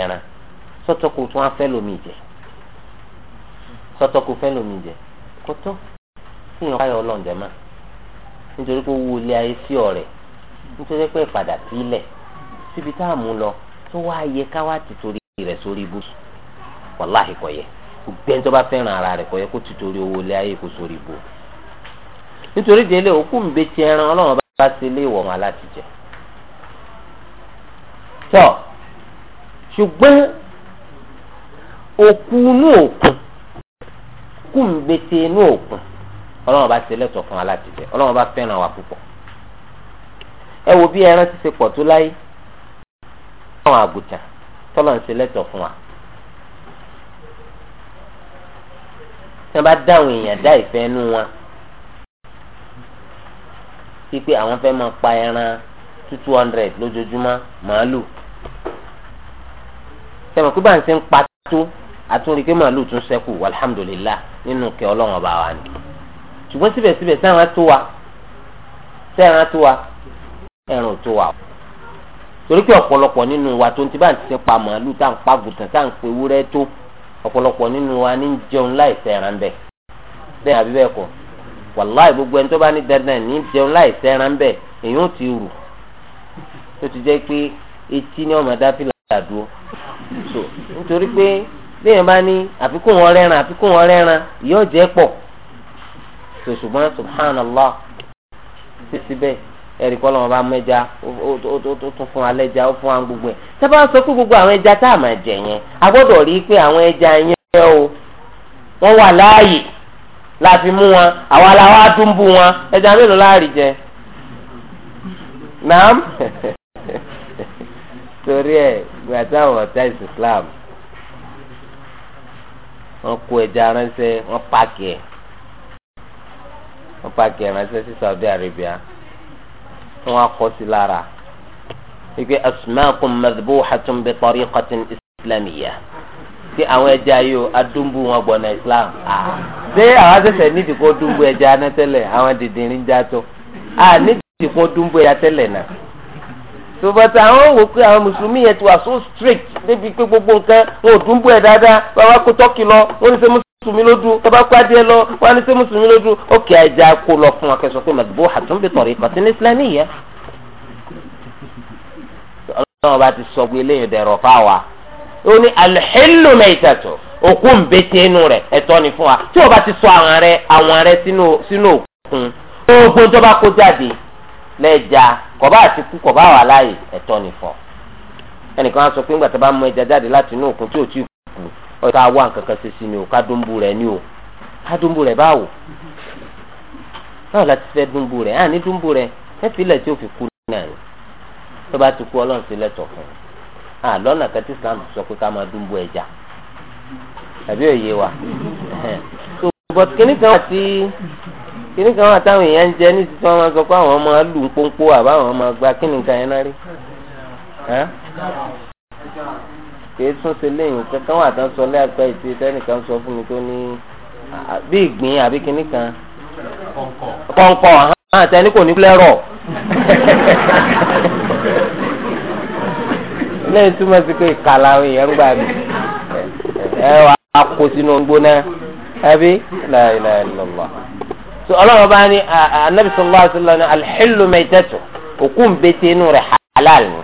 Speaker 1: ẹ̀ràn lóko tún lómi jẹ lómi jẹ kótó jẹ nítorí pé owó ilé ayé sí nítorí a mú lọ tó wá yẹ ká wá ti torí gbogbo ẹni tó bá fẹ́ràn ara rẹ̀ kọ́ yẹ kó tìtorí owó ilé ayé kó sórí ibò nítorí délé òkú ń betí ẹran ọlọ́run bá ti lé ìwọ̀n alátìjẹ tọ́ ṣùgbọ́n òkú inú òkun òkú ń betí inú òkun ọlọ́run bá ti lẹ́tọ̀ọ́ fún alátìjẹ ọlọ́run bá fẹ́ràn wa púpọ̀ ẹ wo bí ẹran ti ṣe pọ̀ tó láyé àwọn àgùntàn tọ́lọ̀ ń ṣe lẹ́tọ̀ọ́ fún wa. tí wọ́n bá dáhùn èèyàn dá ìfẹ́ nú wọn pípé àwọn fẹ́ máa pa ẹran two two hundred lójoojúmọ́ màálù sẹ́mi pé báyìí ṣe ń pa tó àtúnrí pé màálù tún ṣẹ́kù alhamdulillah nínú kẹ́ ọlọ́run ọba wa ni ṣùgbọ́n síbẹ̀síbẹ̀ sẹ́ran tó wa sẹ́ran tó wa ẹran tó wa torí pé ọ̀pọ̀lọpọ̀ nínú wa tó ń ti bá ń ti ṣe pa màálù tá à ń pa àgùntàn tá à ń pe ewúrẹ́ tó. ọ̀pọ̀lọpọ̀ nínú wa ní jẹun láì sẹran bẹ bẹ́ẹ̀ àbí bẹ́ẹ̀ kọ́ wàláì gbogbo ẹni tó bá ní dandan ní jẹun láì bẹ èyí ò ti rù tó ti jẹ́ pé etí ni ọmọ so nítorí pé bá ní àfikún wọn rẹran àfikún wọn yóò pọ̀ so ẹ̀rí kọ́ lọ́wọ́ bá mẹ́ja ó tún fún alẹ́ja ó fún wa gbogbo ẹ̀ sábà sọ pé gbogbo àwọn ẹja tá a máa jẹ yẹn a gbọ́dọ̀ rí i pé àwọn ẹja yẹn o wọ́n wà láàyè la fi mú wọn àwa la wá tún bú wọn ẹja mélòó láàrí jẹ naam *laughs* torí ẹ gbàtà àwọn ọ̀tá Islam wọ́n kó ẹja ránṣẹ́ wọ́n pààkì ẹ̀ wọ́n pààkì ẹ̀ ránṣẹ́ sí Saudi Arabia tí wọ́n kọ́ sí lára wípé asmaakum madbuhatun bi tariqatin islamiyya tí àwọn ẹja yìí ó adúmbù wọn gbọ̀nà islam ṣé àwọn sẹ̀sẹ̀ nídìí kó dúmbù ẹja náà tẹ́lẹ̀ àwọn dìndínrín já tó à nídìí kó dúmbù ẹja tẹ́lẹ̀ náà tòbọ̀tà àwọn wò pé àwọn mùsùlùmí yẹn ti wà so strict débi pé gbogbo nǹkan wọn ò dúnbò ẹ̀ dáadáa bàbá kó tọ́kì lọ wọn ní sẹ́ mú mùsùlùmí ló dún tọba kó adìẹ lọ wọn ní sẹ mùsùlùmí ló dún ó kì í ajá kó lọ fún wa kẹsàn pé màdìbò àtún bí tọrí kọtí ní islámì yẹn. ọlọ́run bá ti sọ pé eléyìí dẹ̀rọ̀ fáwa ó ní alḥílù mẹ́tàtọ̀ òkú ń inú rẹ̀ ẹ̀tọ́ ni fún wa tí o bá ti sọ àwọn rẹ àwọn rẹ sínú òkun oògùn tó bá kó jáde lẹ́ẹ̀já kọ̀bá àti kú kọ̀bá wà láàyè ẹ̀tọ́ ni fún ẹnìkan á sọ pé ńgbà tó bá mú ẹja jáde láti inú òkun tí ò tí ọ̀tá wà nǹkankan ṣe sí ni o ká dúnbù rẹ̀ ni o ká dúnbù rẹ̀ báwo báwo la ti fẹ́ dúnbù rẹ̀ àní dúnbù rẹ̀ ẹ filẹ̀ tí o fi kú náà ni tó bá ti kú ọlọ́run sí lẹ́tọ̀ fún un à lọ́nà kan tí Islam sọ pé ká máa dúnbù ẹja tàbí òye wa so but kíní kan wà tí kíní kan wà táwọn èèyàn ń jẹ ní títí wọn máa sọ pé àwọn máa lù ń àbáwọn máa gba kíní kan yẹn náà rí kì í tún ṣe lẹ́yìn kankan wà tán sọ lẹ́ẹ̀pẹ́ ìtì sẹ́nìkan sọ fún mi tó ní bí ìgbín àbí kinní kan kọ̀ǹkọ̀ àtẹni kò ní flẹ́rọ̀ lẹ́yìn túmọ̀ sí pé ìkàlà àwọn èèyàn ń gbà mí ẹ wà á kó sínú gbóná ẹbí láìláìlọ́lá so ọlọ́run bá ní anabi sọlá sọlá ní alḥílù òkú ń bẹ́tẹ̀ inú rẹ̀ halal ni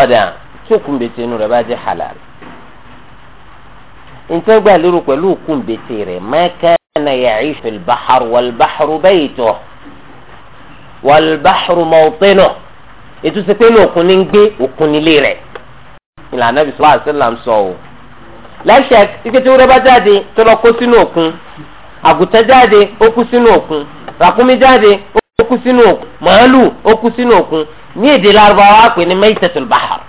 Speaker 1: ọ̀dà tó kùnbètè inú rẹ̀ bá jẹ́ halal nǹkan gbà lérò pẹ̀lú kùnbètè rẹ̀ mẹ́kànnà ya'ishu fil bahar wal bahru baytuhu wal bahru mawtinuhu ètò ṣe pé lóòkun ní ń gbé òkun nílé rẹ̀ ìlànà Ànábì sallallahu alaihi wasallam sọ o láṣẹ ike tí wúrẹ́ bá jáde tó lọ kó sínú òkun àgùtàn jáde ó kú sínú òkun ràkúnmí jáde ó kú sínú òkun màálù ó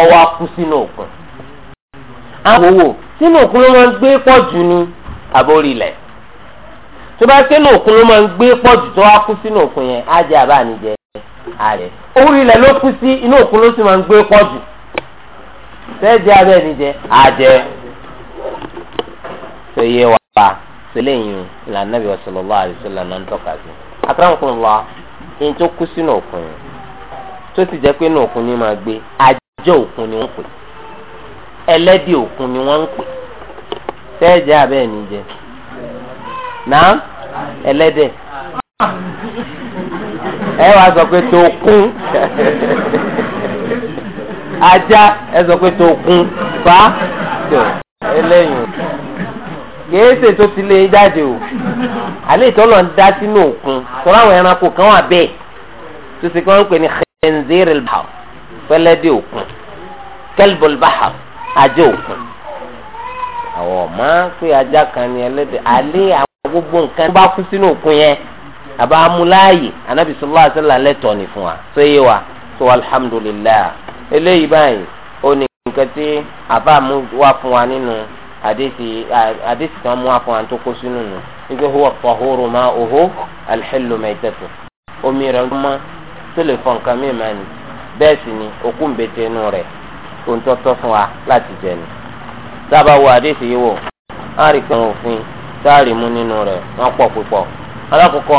Speaker 1: ọwọ́ akú sínú òkun. àwòwò sínú òkun ló máa ń gbé pọ̀ jù ní àbórí ilẹ̀ tó bá sínú òkun ló máa ń gbé pọ̀ jù tó wá kú sínú òkun yẹn á jẹ àbá àníjẹ ààrẹ orí ilẹ̀ ló kú sí inú òkun ló sì máa ń gbé pọ̀ jù abẹ́ àníjẹ pa ìlànà bí jẹ́ òkun ni wọ́n pè ẹlẹ́dẹ̀ òkun ni wọ́n ń pè sẹ́ẹ̀jẹ́ abẹ́ẹ̀ ní jẹ náà ẹlẹ́dẹ̀ ẹ wá sọ pé tó kún ajá ẹ sọ pé tó kún bá tó ẹlẹ́yìn kèése tó ti lé e jáde o àlẹ́ ìtọ́lọ̀ ń dá sínú òkun tọ́lá àwọn ẹranko kan wà bẹ́ẹ̀ tó ti kí ń pè ní xẹ́ńzẹ́rẹ́lbà pẹlẹdẹ òkun kẹlbọl báhà ajá òkun àwọn ọmọ pé ajá kan ni ẹlẹ́dẹ̀ alẹ́ àwọn gbogbo nǹkan tó bá kú sínú òkun yẹn àbá amúláàyè anábì sọlá àṣẹlá lẹ́tọ̀ọ́ ni fún wa tó yé wa tó alhamdulillah eléyìí báyìí ó ní nǹkan tí àbá mú wá fún wa nínú àdéhìí kan mú wá fún wa tó kó sínú nù nígbà huwa tahuru ma'uhu alhillu maitatu omi rẹ̀ ń mọ́ tó lè mìíràn ni bẹ́ẹ̀ sì ni òkú ń bete inú rẹ̀ kó ń tọ́tọ́ fún wa láti jẹ ni. sábà wo àdéhùn yìí wò á rí pé òfin táàrí mú nínú rẹ̀ wọ́n pọ̀ púpọ̀ alákọ̀ọ́kọ́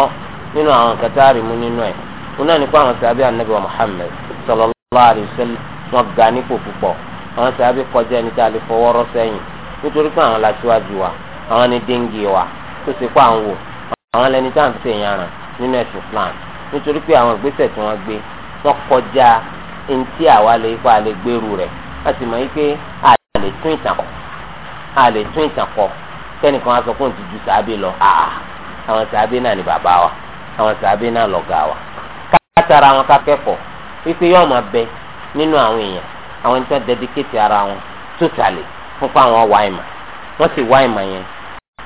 Speaker 1: nínú àwọn nǹkan táàrí mú nínú ẹ̀ wọn náà ní pé àwọn sàbẹ̀ anabi wa Muhammad sallallahu alayhi wa sallam wọn ga nípò púpọ̀ àwọn sàbẹ̀ kọjá ẹni tá a lè fọwọ́ rọ́ sẹ́yìn nítorí pé àwọn làṣíwájú wa àwọn ni dengue wa tó ṣe pa àwọn wò àwọn lẹni tá à ń tọkọjá ntí àwa lè kó a lè gbèrú rẹ̀ láti mọ̀ wípé a lè tún ìtàn kọ a lè tún ìtàn kọ kẹ́nìkan á sọ fún ti àwọn sàábì náà ni bàbá wa àwọn sàábì náà lọ̀gá wa látara àwọn kakẹ́kọ̀ọ́ wípé yóò máa bẹ nínú àwọn èèyàn àwọn ẹni tó ń dẹdíkéètì ara wọn tótàlì fún fún àwọn wá ìmọ̀ wọ́n sì wá ìmọ̀ yẹn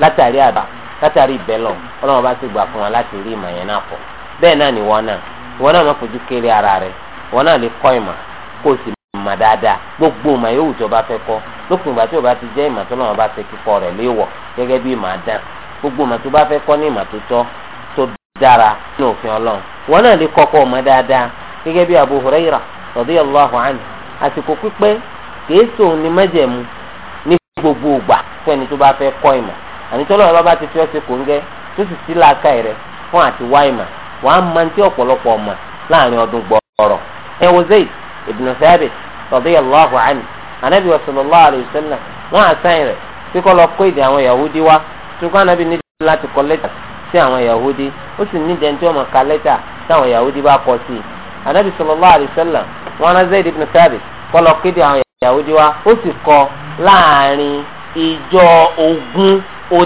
Speaker 1: látàrí àbá látàrí ìbẹ́lọ̀ ọlọ́run bá sì gbà fún wọn láti rí ìmọ̀ yẹn náà pọ̀ bẹ́ẹ̀ náà ni wọ́n náà wọn náà fojú kéré ara rẹ wọn náà lè kọ ìmọ̀ kó o sì mọ̀ dáadáa gbogbo ìmọ̀ yóò tó bá kọ́ lópin ìgbà tí o bá ti jẹ́ ìmọ̀ tó náà bá fẹ́ kíkọ́ rẹ̀ léèwọ̀ gẹ́gẹ́ bí ìmọ̀ àdán gbogbo ìmọ̀ tó bá kọ́ ní tó tọ́ tó dára nínú òfin wọn náà lè dáadáa bí Abu ni ní gbogbo ìgbà wàá máa ti ọ̀pọ̀lọpọ̀ ọmọ láàrin ọdún gbọ̀ọ̀rọ̀ ẹ wo Zayd ibn Thabit radiyallahu anhu anabi wa sallallahu alayhi wa sallam wọn àtàyìn rẹ̀ tí kò lọ kó èdè àwọn yahudi wá tukọ anabi ní láti kọ lẹ́tà sí àwọn yahudi ó sì ní dẹ́ntì ọmọ ka lẹ́tà táwọn yahudi bá kọ sí i anabi sallallahu alayhi wa sallam wọn rán Zayd ibn Thabit kó lọ kéde àwọn yahudi wá ó sì kọ láàrin ìjọ ogún ó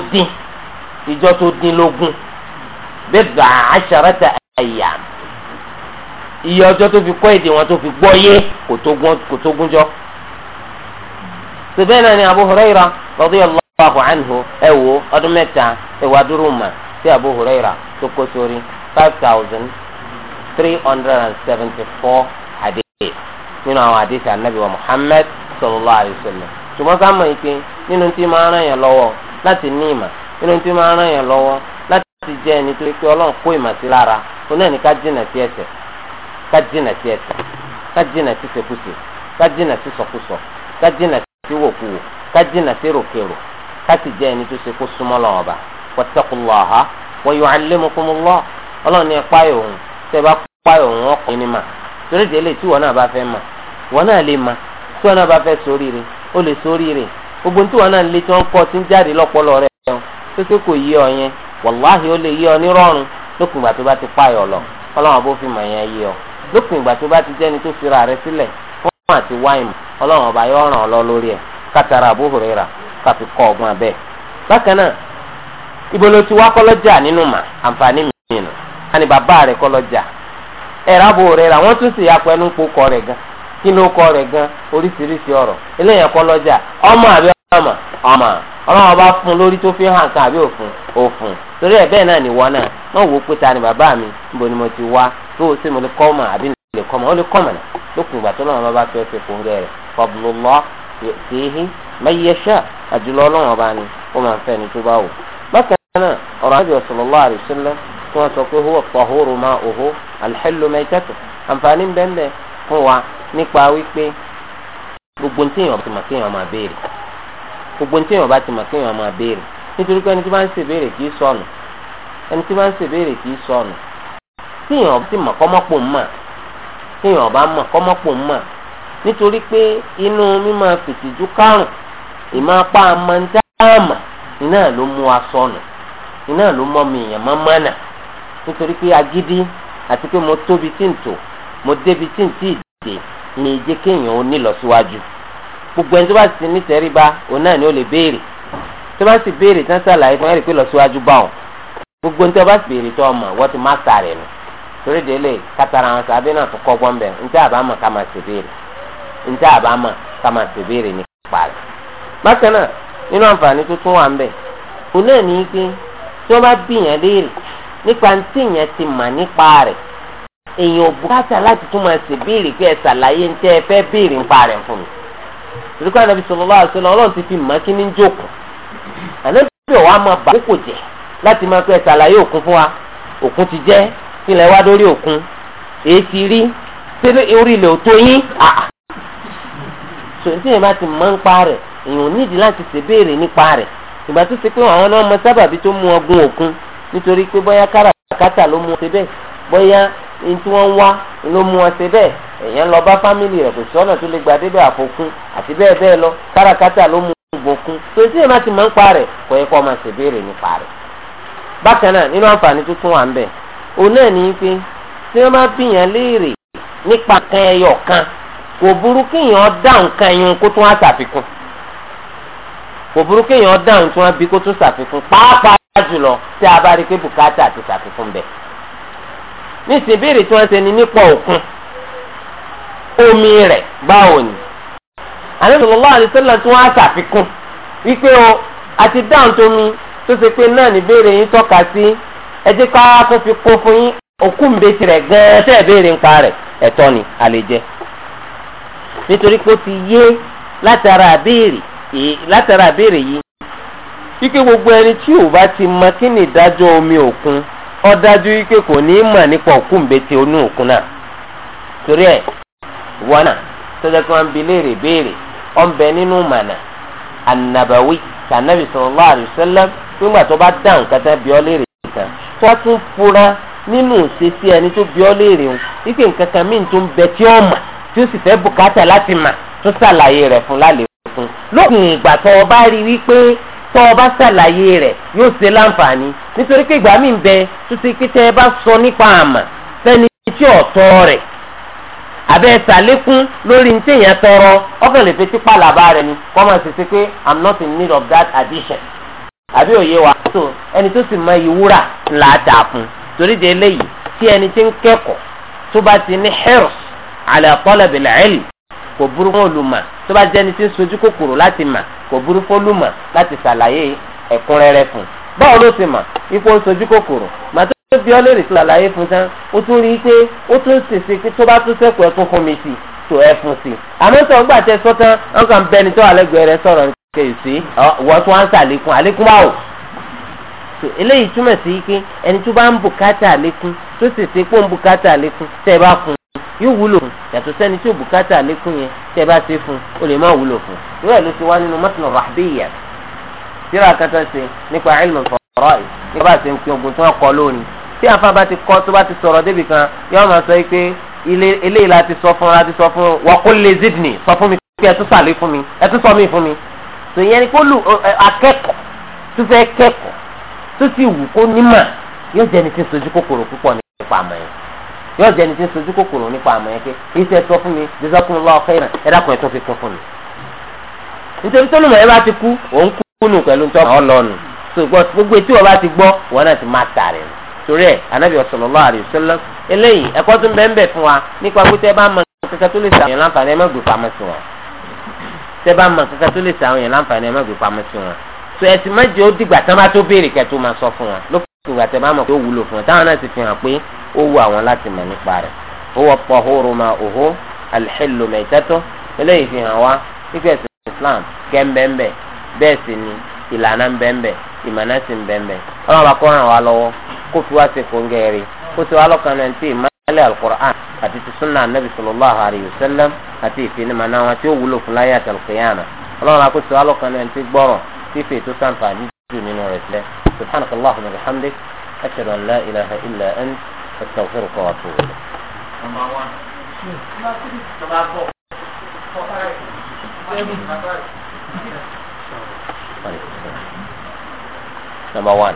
Speaker 1: ìjọ tó dín lógún bẹ́ẹ̀ àṣàrẹ́tà ẹ̀yà iye ọjọ́ tó fi kọ́ èdè wọn tó fi gbọ́ yé kò tó gúnjọ́. sèbẹ́ẹ̀ náà ni Abu Huraira radiyallahu anhu ẹ̀ wò ọdún mẹ́ta ẹ̀wà dúró mà sí Abu Huraira tó kó sórí five thousand three hundred and seventy four hadith nínú àwọn hadith anabi wa Muhammad sallallahu alayhi wa mọ̀ ike nínú tí máa ń ràn yàn lọ́wọ́ láti ní ìmọ̀ nínú tí máa ń ràn yàn lọ́wọ́ ti jẹ́ ẹni tó pé ọlọ́run kó ìmọ̀ sí lára ó náà ni ká jìnà sí ẹsẹ ká jìnà sí ẹsẹ ká jìnà sí ṣekúṣe ká jìnà sí sọkúsọ ká jìnà sí wòkúwò ká jìnà sí ká ti jẹ́ ẹni tó ṣe kó súnmọ́ lọ́wọ́ bá wattaqullaha ní ẹ̀pá tẹ́ bá pa torí wọn náà bá fẹ́ wọn náà lè tí wọn náà bá fẹ́ sóríire ó lè sóríire gbogbo wọn náà lè tí wọn kọ́ ti ń jáde rẹ̀ ẹ̀ ọ wàláhì ó lè yí ọ nírọ̀rùn lópin ìgbà tó bá ti páyọ̀ lọ ọlọ́run bó fi mọ̀ yẹn yí ọ lópin ìgbà tó bá ti jẹ́ni tó fira rẹ sílẹ̀ fún àti wáìmù ọlọ́run ọba yóò ràn ọ lọ lórí ẹ̀ kátàrà Abu Huraira káfi kọ́ ọgbọ́n abẹ́. bákan náà ibolo ti wá kọ́lọ́jà nínú mà àǹfààní mìíràn àní bàbá rẹ̀ kọ́lọ́jà ẹ̀rọ Abu Huraira wọ́n tún sì yàpẹ́ nú kó kọ́ rẹ̀ gan kí ló kọ́ rẹ̀ gan ọmọ ọlọ́wọ́ bá fún un lórí tó fi hàn kan àbí òfun òfun torí ẹ̀ bẹ́ẹ̀ náà nìwọ náà náà wò ó pé ta ni bàbá mi níbo ni mo ti wá tó o sì mo lè kọ́ ọmọ àbí lè kọ́ ọmọ ó lè kọ́ ọmọ náà lókun ìgbà tó lọ́wọ́ bá fẹ́ fẹ́ fún àjùlọ ọlọ́wọ́ bá ní ó máa fẹ́ ni tó bá wò. bákan gbogbo ní téèyàn bá ti mọ̀ kéèyàn máa béèrè nítorí pé ẹni tí bá ń ṣe béèrè kì í sọnù ẹni tí bá ń ṣe béèrè kì í sọnù téèyàn ti mọ̀ kọ́mọ́pọ̀ ń mà téèyàn bá mọ̀ kọ́mọ́pọ̀ ń mà nítorí pé inú mímọ fìtìjú kárùn ìmọ̀ apá amandáàmà iná ló mú wa sọnù iná ló mọ mi èèyàn mọ́ mọ́nà nítorí pé agídí àti pé mo tóbi tí ń tò mo débi tí ń tì í dé ni ìjẹ́ kéèyàn ó nílọsíwájú. Si gbogbo ẹni tó bá sì ní tẹríba òun náà ni ó lè béèrè tó bá sì béèrè tán sàlàyé fún ẹ̀rí pé lọ síwájú bá wọn gbogbo ní tó bá sì béèrè tó ọmọ wọ́n ti má sàrẹ̀ nù torí délé kátàrà àwọn sàbẹ̀ náà tún kọ́ gbọ́n bẹ̀ ntẹ́ àbámọ̀ ká máa ṣe béèrè ntẹ́ àbámọ̀ ká máa ṣe béèrè ní parí. bákan náà nínú àǹfààní tuntun wà ń bẹ̀ òun náà ní pé tí wọ́n bá bìyàn léèrè nípa ntí yẹn ti mà nípa rẹ̀ èèyàn ò bùkátà láti tún máa ṣèbéèrè pé ẹ sàlàyé ntẹ́ ẹ fẹ́ béèrè nípa rẹ̀ fún mi ìdúkọ́ ànábì sallallahu alaihi wasallam ọlọ́run ti fi mọ́ kí ní jókòó ànábì ọ̀wá máa bà kókò jẹ́ láti máa pẹ́ ṣàlàyé òkun fún wa òkun ti jẹ́ kílẹ̀ wá dórí òkun èyí ti rí ṣé orí ilẹ̀ ò tó yín àà sòtí yẹn bá ti mọ́ ń pa rẹ̀ èèyàn nídìí láti ṣèbéèrè nípa rẹ̀ ìgbà tó ṣe pé àwọn náà mọ sábàbí tó mú ọgùn òkun nítorí pé bóyá káràkátà ló mú ọ ṣe bẹ́ẹ̀ bóyá ní tí wọ́n wá ló mú ọ ṣe bẹ́ẹ̀ èèyàn lọ bá fámìlì rẹ̀ kò sí ọ̀nà tó lè gba débẹ̀ àfokún àti bẹ́ẹ̀ bẹ́ẹ̀ lọ káràkátà ló mú gbogbo kún tó tí èèyàn ti máa ń pa rẹ̀ kò yẹ kó ọmọ ṣèbéèrè nípa rẹ̀. bákan náà nínú àǹfààní tuntun wà ń bẹ̀ òun náà ní pé tí wọ́n bá fi yàn léèrè nípa kan ẹyọ kan kò burú kéèyàn dáhùn kan yun kó tún á ṣàfikún kò burú kéèyàn dáhùn tí wọ́n bí kó tún ṣàfikún pàápàá jùlọ tí a bá rí pé bùkátà ti ṣàfikún bẹ̀. ní ìsìnbéèrè tí wọ́n ṣe ni nípa òkun omi rẹ̀ báwo ni. àlejò lọ́wọ́ àdìsẹ́lẹ̀ tí wọ́n á ṣàfikún wípé o àti dáhùn tó mi tó ṣe pé náà níbèrè yín tọ́ka sí ẹ jẹ́ ká kó fi kún fún yín òkú mbẹ́ tirẹ̀ gan-an tẹ́ ẹ béèrè nípa rẹ̀ ẹ̀tọ́ ni àlejẹ́ nítorí pé ó ti yé látara àbèrè látara yìí wípé gbogbo ẹni tí ò bá ti mọ kí ni ìdájọ́ omi òkun ọ dájú wípé kò ní í mọ̀ nípa òkú mbẹ́tẹ̀ onú òkun náà torí ẹ̀ Wana, tọjá kí wọn bi léèrè béèrè ọ̀nbẹ nínú mànà anabawi tànàbì sallallahu alaihi wasallam nígbà tó bá dáhùn kátà bí ọ léèrè kan tó a tún fura nínú òṣèṣì ẹni tó bí ọ léèrè o ike nǹkan kan míì tó ń bẹ tí ó mà tí ó sì fẹ́ bùkátà láti mà tó ṣàlàyé rẹ̀ fún lálẹ́ fún lókùn ìgbà tó o bá rí wípé tó o bá ṣàlàyé rẹ̀ yóò ṣe láǹfààní nítorí pé ìgbà míì bẹ tó ti pé bá sọ nípa àmà fẹ́ni tí ọ̀tọ̀ rẹ̀ abẹ́ sàlékún lórí ní téèyàn tọrọ ọkàn lè fetí pàlàbà rẹ ni kọ́ máa ṣe ṣe pé i'm not in need of that addition àbí òye wa so ẹni tó sì mọ iyì wúrà là fún torí de eléyìí tí ẹni tí ń kẹ́kọ̀ọ́ tó bá ti ní hirs ala talabil ilm kò burú fún olùmọ̀ tó bá jẹ́ni tí ń sojú kòkòrò láti mà kò burú fún olùmọ̀ láti ṣàlàyé ẹ̀kúnrẹ́rẹ́ fún báwo ló ti mà ipò sojú kòkòrò tó bí ọ lérè sílẹ̀ àlàyé fún tán ó tún rí i pé ó tún ṣèṣe pé tó bá tún sẹ́kù ẹ̀ tún fún mi sí tó ẹ̀ fún sí. àmọ́ sọ̀rọ̀ gbà tẹ sọ tán wọn kàn bẹ ẹni tó wà lẹ́gbẹ̀ẹ́ rẹ sọ̀rọ̀ nǹkan ìsí wọ́n tún wá ń sàlékún àlékún wà o. eléyìí túmọ̀ sí pé ẹni tó bá ń bùkátà àlékún tó ṣèṣe pé ó ń bùkátà àlékún tẹ́ ẹ bá fún yóò wúlò fún yàtọ̀ sẹ́ni tí ò bùkátà àlékún yẹn tẹ́ ẹ bá ṣe fún ó lè má wúlò fún ìwé ẹ̀ ló ti wá nínú mọ́tò ràbíyà síra kata ṣe nípa ilmu fọ̀rọ̀ yìí nípa bá ṣe ń pin ogun tí wọ́n kọ lónìí tí àǹfààní bá ti kọ́ tó bá ti sọ̀rọ̀ débi kan yóò máa sọ pé ilé eléyìí la ti sọ fún la ti sọ fún wa qul li zidni sọ fún mi pé ẹ tún sàlẹ̀ fún mi ẹ tún sọ mí fún mi tò yẹn ni kó lù akẹ́kọ̀ọ́ tó fẹ́ kẹ́kọ̀ọ́ tó sì wù kó nímà yóò jẹ́ ni tí ń sojú kòkòrò púpọ̀ nípa àmọ́ yẹn yóò jẹ́ ni tí ń sojú kòkòrò nípa àmọ́ yẹn pé iṣẹ́ sọ fún mi jazakumullahu khairan ẹ dákun ẹ tún fi kún fún mi. nítorí tó lùmọ̀ ẹ bá ti kú òun kú nù pẹ̀lú ntọ́ ọlọ́ọ̀nù gbogbo torí ẹ anabi sallallahu alaihi wasallam eléyìí ẹ̀kọ́ tún bẹ ń bẹ fún wa nípa pé tẹ bá mọ kankan tó lè sàwọn yẹn láǹfààní ẹ má gbé pamọ́ sí wọn tẹ bá mọ kankan tó lè sàwọn yẹn láǹfààní ẹ má gbé pamọ́ sí wọn tó ẹsìn má jẹ ó dìgbà tán bá tó béèrè kẹtó máa sọ fún wọn ló fún ìgbà tẹ bá mọ pé ó wúlò fún wọn táwọn náà ti fi hàn pé ó wù àwọn láti mọ nípa rẹ̀ ó pọ hóró ma òhó bẹ́ẹ̀ ìmọ̀nà sì ń bẹ́ńbẹ́ ọlọ́run bá kọ́ ràn wá lọ́wọ́ kó fi wá ṣe kóńgẹ́ rí kó ti wá lọ́kàn náà ti ìmọ̀lẹ́ alukur'an àti ti sunna anabi sallallahu alayhi wa sallam àti ìfinimọ̀nà wọn tí ó wúlò fún láyé àtàlùkìyàmà ọlọ́run akó ti wá lọ́kàn náà ti gbọ́rọ̀ tí fèé tó sàǹfààní jù nínú rẹ̀ sílẹ̀ subhanaka allahumma wa bihamdik ashhadu an la ilaha illa ant astaghfiruka wa atubu ilayk. Number one.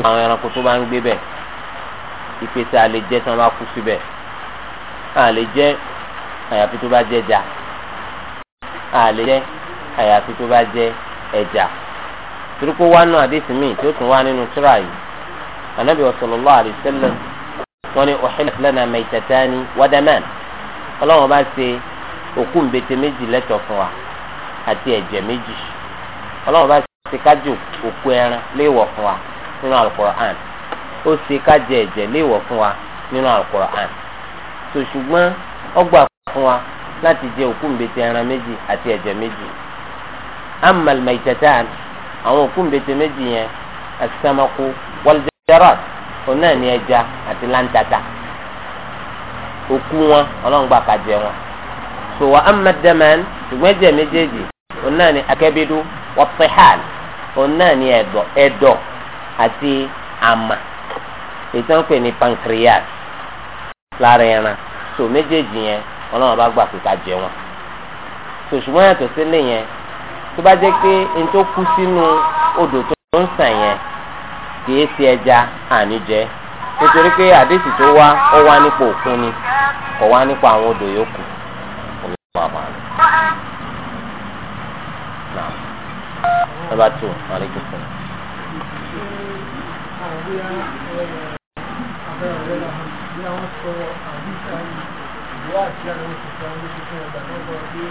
Speaker 1: àwọn ẹranko tó bá ń gbé bẹ̀ ìpèsè àlè tí wọ́n bá kú síbẹ̀ àlè àyàfi tó bá jẹ́ ẹja àlè àyàfi tó bá jẹ́ ẹja turuku wa àdéhùn mi tó tún wá nínú tíra yìí anabi wa sallallahu wọn ni uhillat lana maytatani wa daman ọlọ́wọ́n bá ṣe òkú ńbẹ́tẹ́ méjì lẹ́tọ̀ fún wa àti ẹ̀jẹ̀ méjì ọlọ́wọ́n bá ṣe kájú òkú ẹran léèwọ̀ fún wa nínú alukur'an ó ṣe ká jẹ ẹ̀jẹ̀ fún wa nínú alukur'an tó ṣùgbọ́n ọgbà fún wa láti jẹ òkú ńbẹ̀tẹ̀ ẹran méjì àti meji méjì amal maitatan àwọn òkú ńbẹ̀tẹ̀ méjì yẹn asamaku waljarat òun ní ẹja àti láńtata òkú wọn ọlọ́run gbà jẹ wọn so wa amadaman ṣùgbọ́n ẹ̀jẹ̀ méjèèjì òun ní akẹ́bídú wọ́pẹ́hàn òun ní ẹ̀dọ̀ ẹ̀dọ̀ àti àmà èyí tí wọ́n pè ní pancreas lára ẹran so méjèèjì yẹn ọlọ́run bá gbà pé ká jẹ wọn so ṣùgbọ́n yàtọ̀ sílé yẹn tó bá pé n tó kú sínú odò tó ń sàn yẹn kìí ti ẹja àní jẹ nítorí pé àdéhùn tó wá ó wá nípò òkun ni kò wá nípò àwọn odò yòókù
Speaker 3: àwọn bóyá abẹ́ ọ̀rẹ́ náà bí àwọn sọ àbíkà yìí ìwọ àti àwọn òṣìṣẹ́ àwọn olóṣèlú ẹgbà náà sọ pé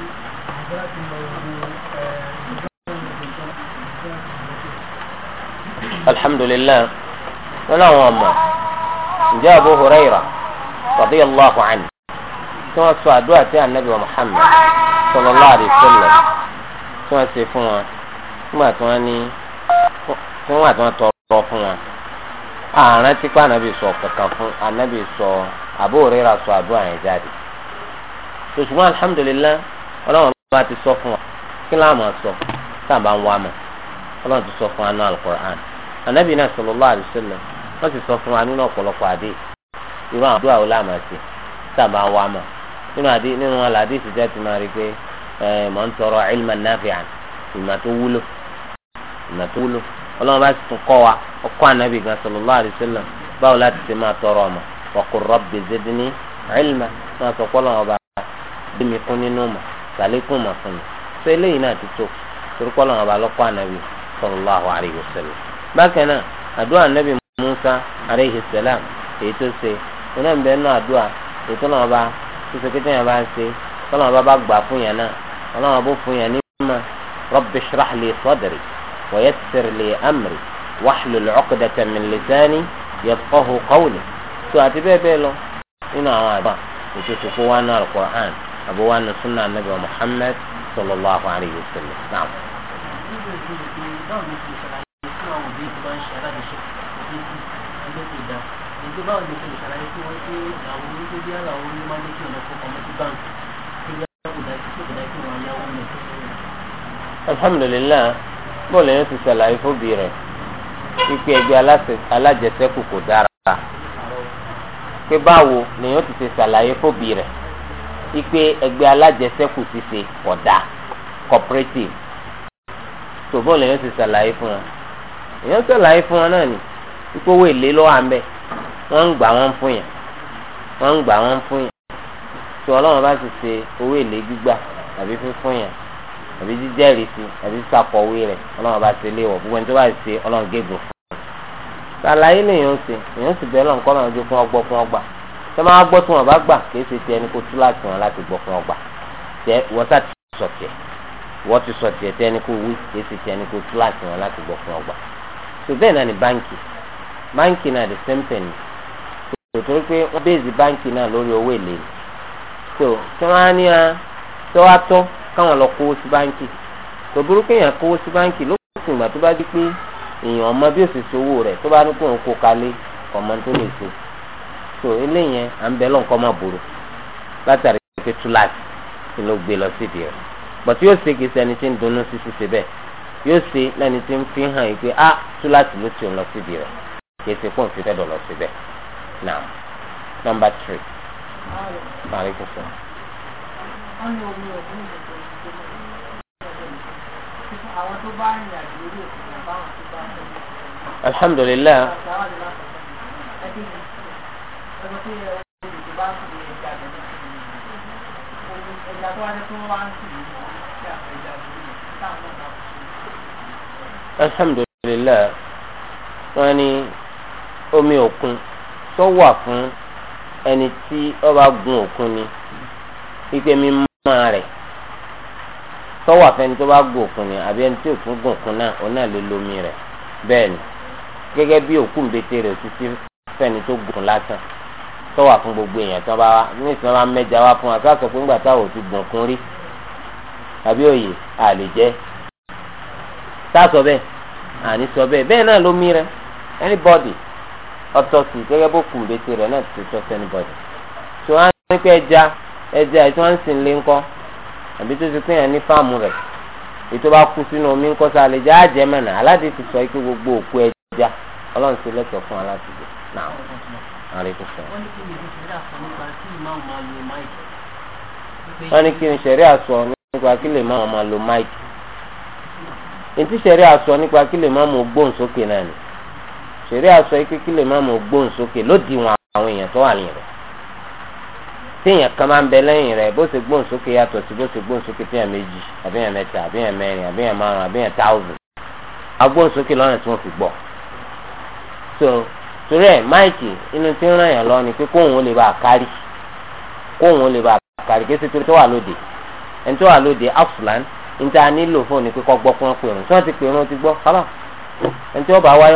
Speaker 2: àbẹ́ láti mọ ìwò
Speaker 1: alhamdulilayi wọn làwọn ọmọ ǹjẹ́ Abu Hurairah radiyallahu anhu tí wọ́n sọ àdúrà tí anabi wa Muhammad sallallahu alaihi wasallam tí wọ́n ṣe fún wọn nígbà tí wọ́n ní tí wọ́n àti wọn tọrọ fún wọn. àrùn ti pa anabi sọ kaka fún anabi sọ àbó rira so àbó àyìn jáde ṣùgbọ́n alhamdulilayi ọlọ́run bá ti sọ fún wa kí ló àmọ́ sábà ń wá ti fún alukur'an anabi náà sallallahu alaihi wasallam wọ́n ti sọ fún wa nínú ọ̀pọ̀lọpọ̀ àdé irú àwọn àdúrà wọlé àmọ́ sí sábà ń wá nínú nínú ti pé mọ̀ ń tọrọ wúlò ọlọ́run bá sì tún kọ́ wa ọkọ́ ànábì gan sallallahu alaihi wasallam báwo láti ṣe máa tọrọ ọmọ wa qur rabbi zidni ilma máa sọ pọ́lọ́ ọba bí mi kún nínú mọ̀ sàlékún mọ̀ fún mi ṣé eléyìí náà ti tó torí pọ́lọ́ ọba lọ́kọ́ ànábì sallallahu alaihi wasallam. bákan náà àdúrà ànábì Musa alaihi salam èyí tó ṣe iná ìbẹ́ náà àdúrà ويسر لي أمري واحلل عقدة من لساني يفقه قولي سو أتبه بيلو إنا عوابا وتتقوانا القرآن أبوانا سنة النبي محمد صلى الله عليه وسلم نعم الحمد لله bọ́ọ̀lù yẹn ti ṣàlàyé fóbi rẹ̀ pípé ẹgbẹ́ alájẹsẹ́kù kò dára pé báwo lèyàn ti ṣe ṣàlàyé fóbi rẹ̀ pípé ẹgbẹ́ alájẹsẹ́kù ti ṣe kódà cooperative tó bọ́ọ̀lù yẹn ti ṣàlàyé fún wọn èyàn ṣàlàyé fún wọn náà ni pípé owó èlé lọ́wọ́ à ń bẹ̀ wọ́n ń gbà wọ́n fún yàn wọ́n ń gbà wọ́n fún yàn tí ọlọ́run bá ti ṣe owó èlé gbígbà tàbí fífún yàn àbí jíjẹ́rìí sí àbí sàkọ̀wé rẹ̀ ọlọ́run bá ṣe léwọ̀ gbogbo ẹni tó bá ṣe ọlọ́run gégùn fún un. sàlàyé lèèyàn ṣe èèyàn sì bẹ́ẹ̀ lọ́nkọ́ náà ojú fún ọgbọ́ fún ọgbà tó máa gbọ́ tí wọ́n bá gbà kìí ṣe ti ẹni kó tú láti wọn láti gbọ́ fún ọgbà tẹ wọ́n sá ti sọ tiẹ̀ wọ́n ti sọ tiẹ̀ tẹ ẹni kó wí kìí ṣe ti ẹni kó tú láti wọn láti gbọ́ fún ọgbà. so bẹ́ẹ̀ náà ni báńkì báńkì náà the same thing tòtòrí pé wọ́n bẹ́ẹ̀sì báńkì náà lórí owó èlé so tí wọ́n á ní a tó wá tó káwọn lọ kówó sí báńkì kò burú kéèyàn kówó sí báńkì lókùnkùn ìgbà tó bá di pé èèyàn ọmọ bí òsì sówó rẹ̀ tó bá ní kó ń kó kalẹ̀ ọmọ tó lè so so eléyẹn à ń bẹ lọ́nkọ́ má burú látàrí pé túláàsì ni ló gbé lọ síbi rẹ̀ bọ̀tí yóò ṣe kìí sẹ́ni tí ń dunnú sí ṣíṣe bẹ́ẹ̀ yóò ṣe lẹ́ni tí ń fi hàn yìí pé a ah, túláàsì ló ti ń lọ síbi rẹ̀ kìí ṣe fún òfin fẹ́dọ̀ lọ síbẹ̀ now number three. Maaleykum salaam alhamdulilayi. alhamdulilayi wọ́n ní omi òkun tó wà fún ẹni tí ó bá gun òkun ni wípé mímọ́ rẹ̀ sọ́wọ́ àfẹni tó bá gùn òkun ni àbí ẹni tí òkun gùn òkun náà òun náà lè lomi rẹ̀ bẹ́ẹ̀ ni gẹ́gẹ́ bí òkú ńbete rẹ̀ títí fẹ́ni tó gùn òkun lásán sọ́wọ́ àfún gbogbo èèyàn tó bá wá ní ìsìn máa mẹ́ja wá fún wa ká sọ pé ńgbà táwọn ò ti gùn òkun rí àbí òye à tá a sọ bẹ́ẹ̀ àní sọ bẹ́ẹ̀ bẹ́ẹ̀ náà lomi rẹ̀ anybody ọ̀tọ̀ sí gẹ́gẹ́ bó kù ńbete rẹ̀ náà ti tọ́ anybody. tí wọ́n á ní pé ẹja ẹja ìtúwọ́n àbí tó ti pín yẹn ní fáàmù rẹ̀ ètò bá kú sínú omi ńkọ́ sá lè jẹ́ àjẹmọ̀nà aládé ti sọ pé gbogbo òkú ẹja ọlọ́run ti lẹ́tọ̀ọ́ fún alátìjọ náà àríkù fún un. wọ́n ní kí ni sẹ̀rí àsọ nípa kí lè máa máa lo máìkì ètí sẹ̀rí àsọ nípa kí lè máa mọ gbóhùn sókè náà ni sẹ̀rí àsọ yìí pé kí lè máa mọ gbóhùn sókè lódiwọ̀n àwọn èèyàn tó wà lẹ́yìn rẹ̀ téèyàn kan máa ń bẹ lẹ́yìn rẹ̀ bó ṣe gbóhùn sókè yàtọ̀ sí bó ṣe gbóhùn sókè téèyàn méjì àbíyàn mẹ́ta àbíyàn mẹ́rin àbíyàn márùn àbíyàn táwùsùn agbóhùn sókè lọ́nà tí wọ́n fi gbọ́. so torí ẹ̀ máìkì inú tí ń ràn yàn lọ ni pé kóhùn ó lè bá a kárí kóhùn ó lè bá a kárí kí ṣètò tó wà lóde ẹni tó wà lóde afúlán níta nílò fóònù pé kọ́ gbọ́ fún ọ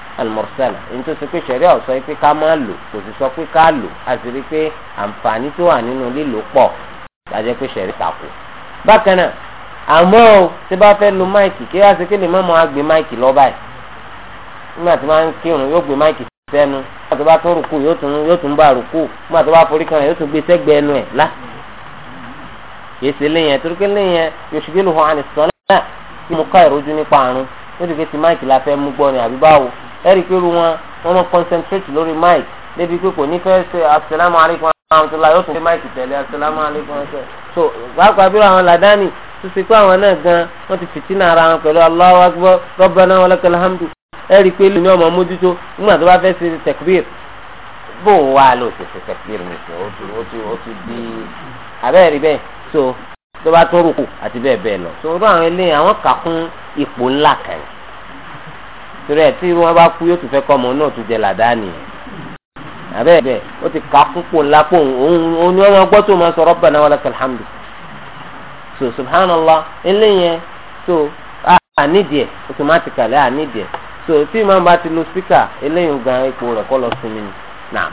Speaker 1: al-mursal ní tó ṣe pé sẹ̀rí ọ̀sọ́ pé ká má lò kò sì sọ pé ká lò a sì rí i pé àǹfààní tó wà nínú lílò pọ̀ lájẹ́ pé sẹ̀rí tako. bákan náà àmọ́ o tí bá fẹ́ lo máìkì kí wá sí kí lè má mọ́ agbè máìkì lọ báyìí nígbà tí wọ́n ń kírun yóò gbé máìkì sẹ́nu nígbà tó bá tún rùkú yóò tún yóò tún bá rùkú nígbà tó bá forí kan yóò tún gbé sẹ́gbẹ̀ẹ́ ẹnu ẹ̀ lá. èsì léyìn torí pé léyìn yòṣùgbé ló hàn ànìsàn náà tí mo ká ìrojú nípa àrùn ó ti fi ti máìkì la fẹ́ mú gbọ́ ni àbí báwo ẹ̀rí pé irú wọn wọ́n mọ̀ concentrate lórí mic débi pé kò ní fẹ́ ṣe asalaamu alaykum alhamdulilayi yóò tún ṣe mic tẹ̀lé asalaamu alaykum ṣe so pàápàá bí àwọn làdáni tó ṣe àwọn náà gan wọ́n ti fìtínà ara wọn pẹ̀lú Allahu akbar rabbana wa lakal hamdu ẹ̀rí pé lónìí ọmọ mójútó nígbà tó bá fẹ́ ṣe tẹ̀kbír bó o wá lò ṣe ṣe tẹ̀kbír nìṣẹ́ ó ti di abẹ́rẹ́ bẹ́ẹ̀ so tó bá tó rúkù àti bẹ́ẹ̀ bẹ́ẹ̀ lọ so irú àwọn eléyìí àwọn kà kún ipò ńlá kan torí ẹ̀ tí irú wọn bá kú yóò tún fẹ́ kọ́ ọmọ náà tún jẹ làdáni àbẹ́ bẹ́ẹ̀ ó ti kà púpọ̀ ńlá pọ̀ òun ni tó máa sọ so subhanallah eléyẹn so ànídìẹ̀ automatically so tí màá bá ti lo speaker eléyìí gan ipò rẹ̀ kọ́ lọ sinmi ni naam.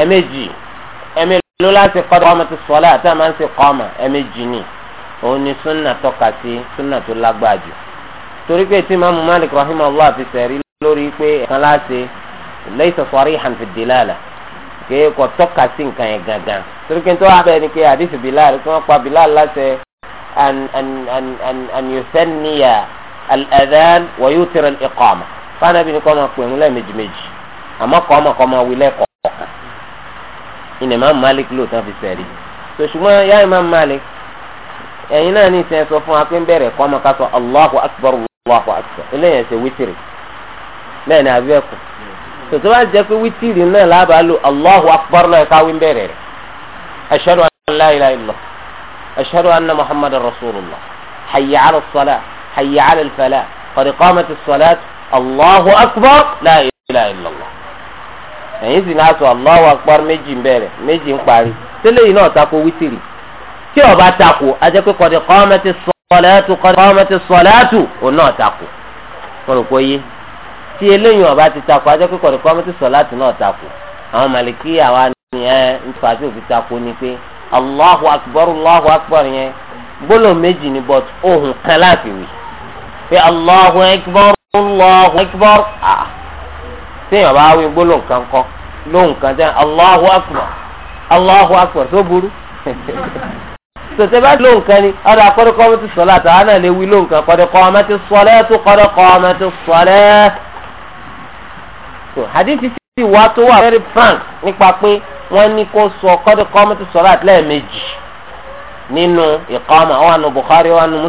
Speaker 1: ẹ̀mẹ́jì ẹ̀mẹ́ló láti kọ́ ọmọ ti sọ́lá àti àmà ń ṣe kọ́ ọmọ ẹ̀mẹ́jì ni òun ni súnà tọ́ka sí súnà tó lágbára jù torí pé tí Imam Malik rahimahullah fi sẹ̀rí lórí pé ẹ̀kan láti laysa sarihan fi dilala pé kò tọ́ka sí nǹkan yẹn gangan torí pé tó wà bẹ́ẹ̀ ni pé àdìsí Bilal tí wọ́n pa Bilal láti an an an an an yusanniya al-adhan wa yutira al ni kọ́ máa pè ń lẹ́ẹ̀mejì àmọ́ kọ́ ọmọ kọ́ máa wí lẹ́ẹ̀kọ̀ọ̀kan ìnà Imam Malik ló tán fi sẹ̀rí tó ṣùgbọ́n yá Imam Malik ẹ̀yin náà ní ìsìn sọ fún wa pé ń bẹ̀rẹ̀ kọ́ ọmọ ká sọ Allahu Akbar Allahu Akbar eléyàn ṣe wítìrì bẹ́ẹ̀ ni àbí ẹ̀kọ́ tó tó bá jẹ́ pé wítìrì náà lábàá lo Allahu Akbar náà káwé ń bẹ̀rẹ̀ rẹ̀ ashhadu an la ilaha illallah ashhadu anna Muhammadan ala salah hayya ala falah qad qamatis salat Allahu Akbar la ilaha illallah. ẹ̀yin si na sọ Allahu Akbar meji ń meji tako witiri tí ọba tako ajẹ́ pé kọ́dí kọ́mẹ́tì sọ̀lẹ́tù kọ́dí kọ́mẹ́tì tako ti tako ajẹ́ pé kọ́dí kọ́mẹ́tì sọ̀lẹ́tù náà tako àwọn màlìkí àwa ni ẹ tako ni pé Allahu Allahu yẹn gbólóhùn méjì ni ohun kan téèyàn bá wí gbólóhùn kan kọ́ lóhùn kan Allahu akpọ Allahu akpọ tó burú so *laughs* bá lóhùn kan ni ọ̀dọ̀ akọ́dẹ́kọ́ ti sọ̀lá àtàwọn náà lè wí lóhùn kan kọ́dẹ́kọ́ ọmọ ti sọ̀lẹ́ tó kọ́dẹ́kọ́ ọmọ hadith ti wá tó wà very frank nípa pé wọ́n ní kó sọ kọ́dẹ́kọ́ ọmọ ti sọ̀lá àtìlẹ́yìn méjì nínú ọ̀hánu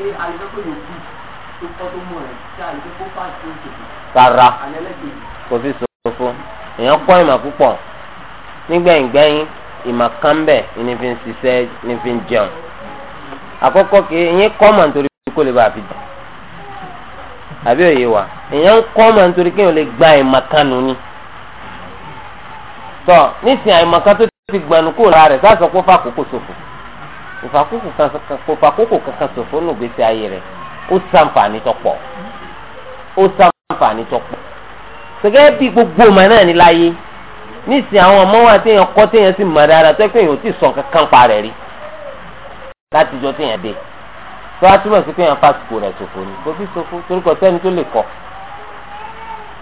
Speaker 3: ṣé àlejò kò lè sí òṣèlú. rárá èèyàn
Speaker 1: kọ́ ìmọ̀ púpọ̀ nígbẹ̀yìngbẹ̀yìn ìmọ̀ kan bẹ̀ ni fi ń ṣiṣẹ́ ni fi ń jẹun àkọ́kọ́ kì í a lè gba ìmọ̀ kan nù ni tọ́ nísìnyí àìmọ̀ kan tó ti kúrò lára rẹ̀ sáà sọ pé kò fàkókò kankan ṣòfò nù gbèsè ayé rẹ̀ ó sàǹfààní tó pọ̀ ó sàǹfààní tó pọ̀ gẹ́gẹ́ bí gbogbo ọmọ náà ní láyé nísìnyí àwọn ọmọ wa téèyàn kọ́ téèyàn sì mọ̀ dáadáa tó pé èèyàn ò tí ì sọ kankan pa rẹ̀ rí látijọ́ téèyàn dé tó a túbọ̀ sí pé èèyàn fásitì rẹ̀ ṣòfò ni kò fi ṣòfò torí kò sẹ́ni tó lè kọ́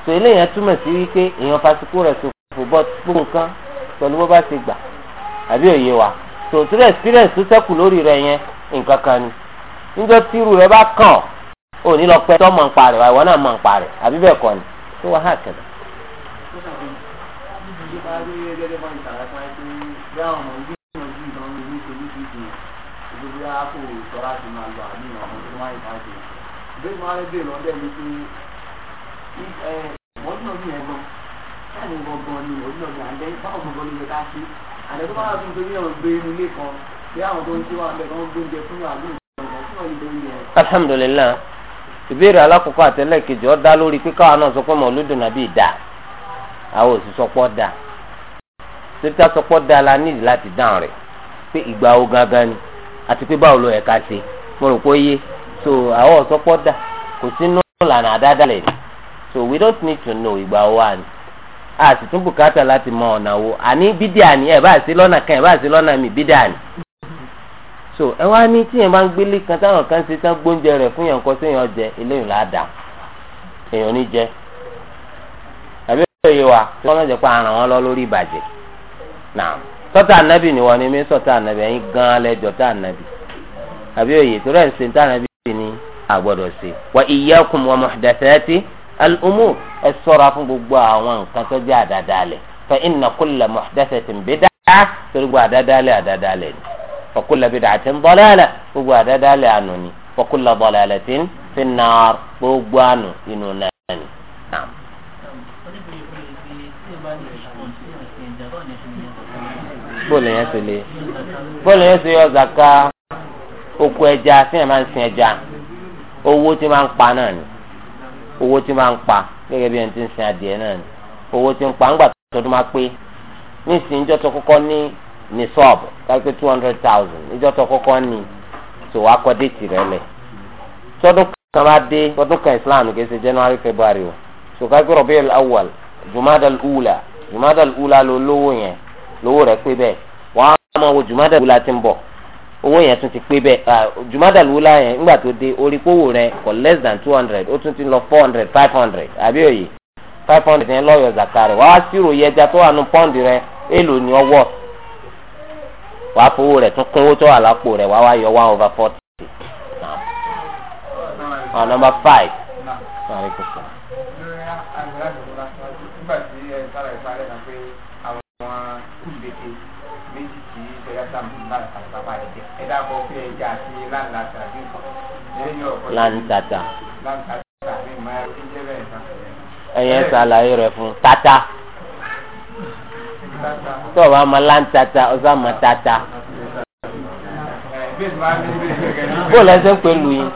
Speaker 1: tò eléyàn túmọ̀ sí wípé èèyàn fásitì rẹ̀ ṣòfò bọ́ gbogbo nǹkan pẹ̀lú bó bá ṣe gbà àbí òye wa. so tí experience tó sẹ́kù lórí rẹ yẹn nǹkan kan ni níjọ́ tí irú rẹ bá kàn ò ní lọ pẹ́ tó mọ̀ ni tó
Speaker 3: àdẹ́gbẹ́ máa tún torí náà gbé inú ilé kan bí àwọn tó ń tí wàá bẹ̀rẹ̀ wọ́n gbóúnjẹ fún àgbọ̀n ìgbà fún ọ̀yìn lórí ẹ̀.
Speaker 1: alhamdulilayi ìbéèrè alákòókò àtẹlẹ́kejì ó dá lórí pé káwa náà sọ pé mọ̀lúdù nàbí ìdá àwọn òsì sọpọ́ dà títí asọpọ́ dà la nídìí láti dáhùn rẹ̀ pé ìgbà wo gangan ni àti pé báwo ló yẹ ṣe mo rò pé yé so àwọn òsọpọ́ dà kò sínú ìlànà àdáadáa lẹ̀ so we don't need to know ìgbà wo wà ní. a sì tún bùkátà láti mọ ọ̀nà wo àní bídíà ni ẹ̀ bá sí lọ́nà kan ẹ̀ bá sí lọ́nà mi bídíà so ẹ wá ní tí yẹn bá ń gbélé kan táwọn kan ṣe tán gbóúnjẹ rẹ̀ fún yẹn kọ́ sí yẹn jẹ eléyìí ládàá èèyàn ní jẹ àbí òye wa tí wọ́n jẹ pé aràn wọn lọ lórí ìbàjẹ́ náà sọta ànábì ni wọ́n ni mí sọ́tà ànábì ẹ̀yin gan-an lẹ́jọ́ tá ànábì àbí òye tó rẹ̀ ń tá ànábì ni àgbọ̀dọ̀ ṣe wà iyyakum wa muhdathati al-umur ẹ ṣọ́ra fún gbogbo àwọn nǹkan tó jẹ́ àdádálẹ̀ fa inna kulla muhdathatin bid'ah torí gbogbo àdádálẹ̀ àdádálẹ̀ ni fa kulla bid'atin dalalah gbogbo àdádálẹ̀ ànú ni fa kulla dalalatin fi an gbogbo ànú inú náà ni. bóòlù yẹn ti le bóòlù yẹn ti yọ zaka oko ẹja tí sin ẹja owó tí máa ń pa náà ni owó tí máa ń pa gẹ́gẹ́ bí ẹni tí ń sin adìẹ náà ni owó tí ń pa ńgbà tọdún máa pé nísìnyí ìjọ tó kọ́kọ́ ní ní sọ́ọ̀bù káàkiri two hundred thousand ìjọ tó kọ́kọ́ ní tó wá kọ́ déètì rẹ̀ lẹ̀ tọdún kan bá dé tọdún kan Islam kì í ṣe January February o tó káàkiri Rabiul Awwal Jumadal Ula Jumadal Ula ló lówó yẹn lówó rẹ̀ pé bẹ́ẹ̀ wàá máa wo Jumadal Ula ti ń bọ̀ owó yẹn tún ti pé bẹ́ẹ̀ jùmọ́dàlúwọ́lá yẹn nígbà tó dé orí kówó rẹ kọ less than two hundred ó tún ti lọ four hundred five hundred àbí òye five hundred yẹn lọ́yọ̀ zaka wàá sírò yẹ ẹja tó wà nù pọ́ǹdì rẹ èlò ní ọwọ́ wàá fowó rẹ̀ tún kún owó tó wà lápò rẹ̀ wàá wá yọ one over forty.
Speaker 3: lantata
Speaker 1: ẹyẹ ṣàlàyé rẹ̀ fún tata tó o bá ma lantata o sá ma tata bó lẹsẹ pẹ̀lú yín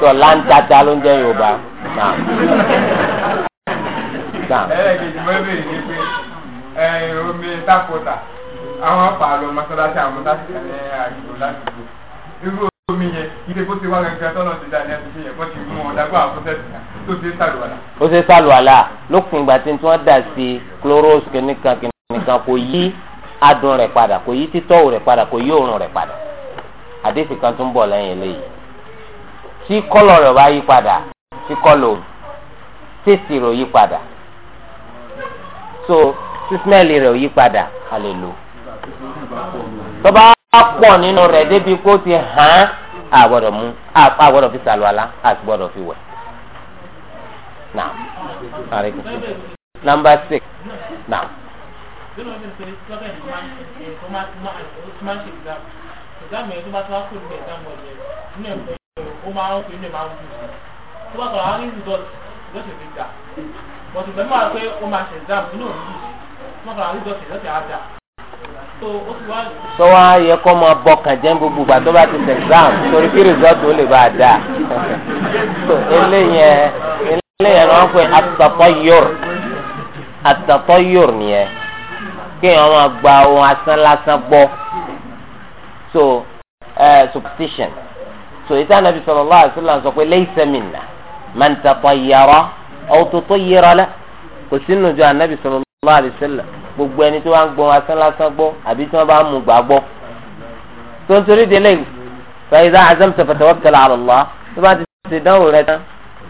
Speaker 3: tó lantata ló
Speaker 1: ń jẹ yorùbá náà
Speaker 3: náà. ẹ̀ẹ́dẹ̀gbẹ̀jì mọ́bìrì ni pé omi tápọ̀tà àwọn apààlọ́ mọ́sálásí àwọn mọ́sálásí kan ní àgbègbè ládùúgbò irú omi yẹn ilé bó ti wá gangan tọ́nà ti dá ní ẹbí yẹn wọ́n ti mú wọn dágbà àfọ́sẹ́sì kan tó ti sàlùwàlà.
Speaker 1: ó ṣe sàlùwàlà lópin ìgbà tí wọ́n dà sí chloros kìnìkan kìnìkan kò yí adùn rẹ̀ padà kò yí títọ́ rẹ̀ padà kò yí òórùn rẹ̀ padà àdéhùn kan tó ń bọ̀ lẹ́yìn eléyìí tí kọ́lọ̀ rẹ̀ bá yí padà tí kọ́lọ̀ tètè rò yí padà so sísmẹ́ẹ̀lì rẹ̀ ò yí padà a tọ́ba pọ̀ nínú rẹ̀ débi kó ti hàn á gbọ́dọ̀ mú á gbọ́dọ̀ fi sàlùwàlá á gbọ́dọ̀ fi wẹ̀. Naam. Alaikum. Number six. Naam.
Speaker 3: Bọ̀dù pẹ̀lú àwọn
Speaker 1: tó wá yẹ kó máa bọ kànjẹ́ gbogbo gbà tó bá ti ṣe exam torí kí rìsọ́ọ̀tì ó lè bá a dà eléyẹn eléyẹn ni wọ́n pè atatọ́yọ̀r atatọ́yọ̀r nìyẹn kéèyàn máa gba ohun asán lásán gbọ́ so uh, superstition so ìta anabi sallallahu alaihi wasallam sọ pé laysa minna man tatayyara aw tutayyara la kò sínú ju anabi sallallahu alaihi wasallam gbogbo ẹni tó wá ń gbọ́ asán lásán gbọ́ àbí tí wọ́n bá ń mú gbà gbọ́. tó ń torí délé fàyíṣà azam tẹfẹtẹwọ́ kẹlẹ́ àlọ́lá tó bá ti ṣe dánwò rẹ tán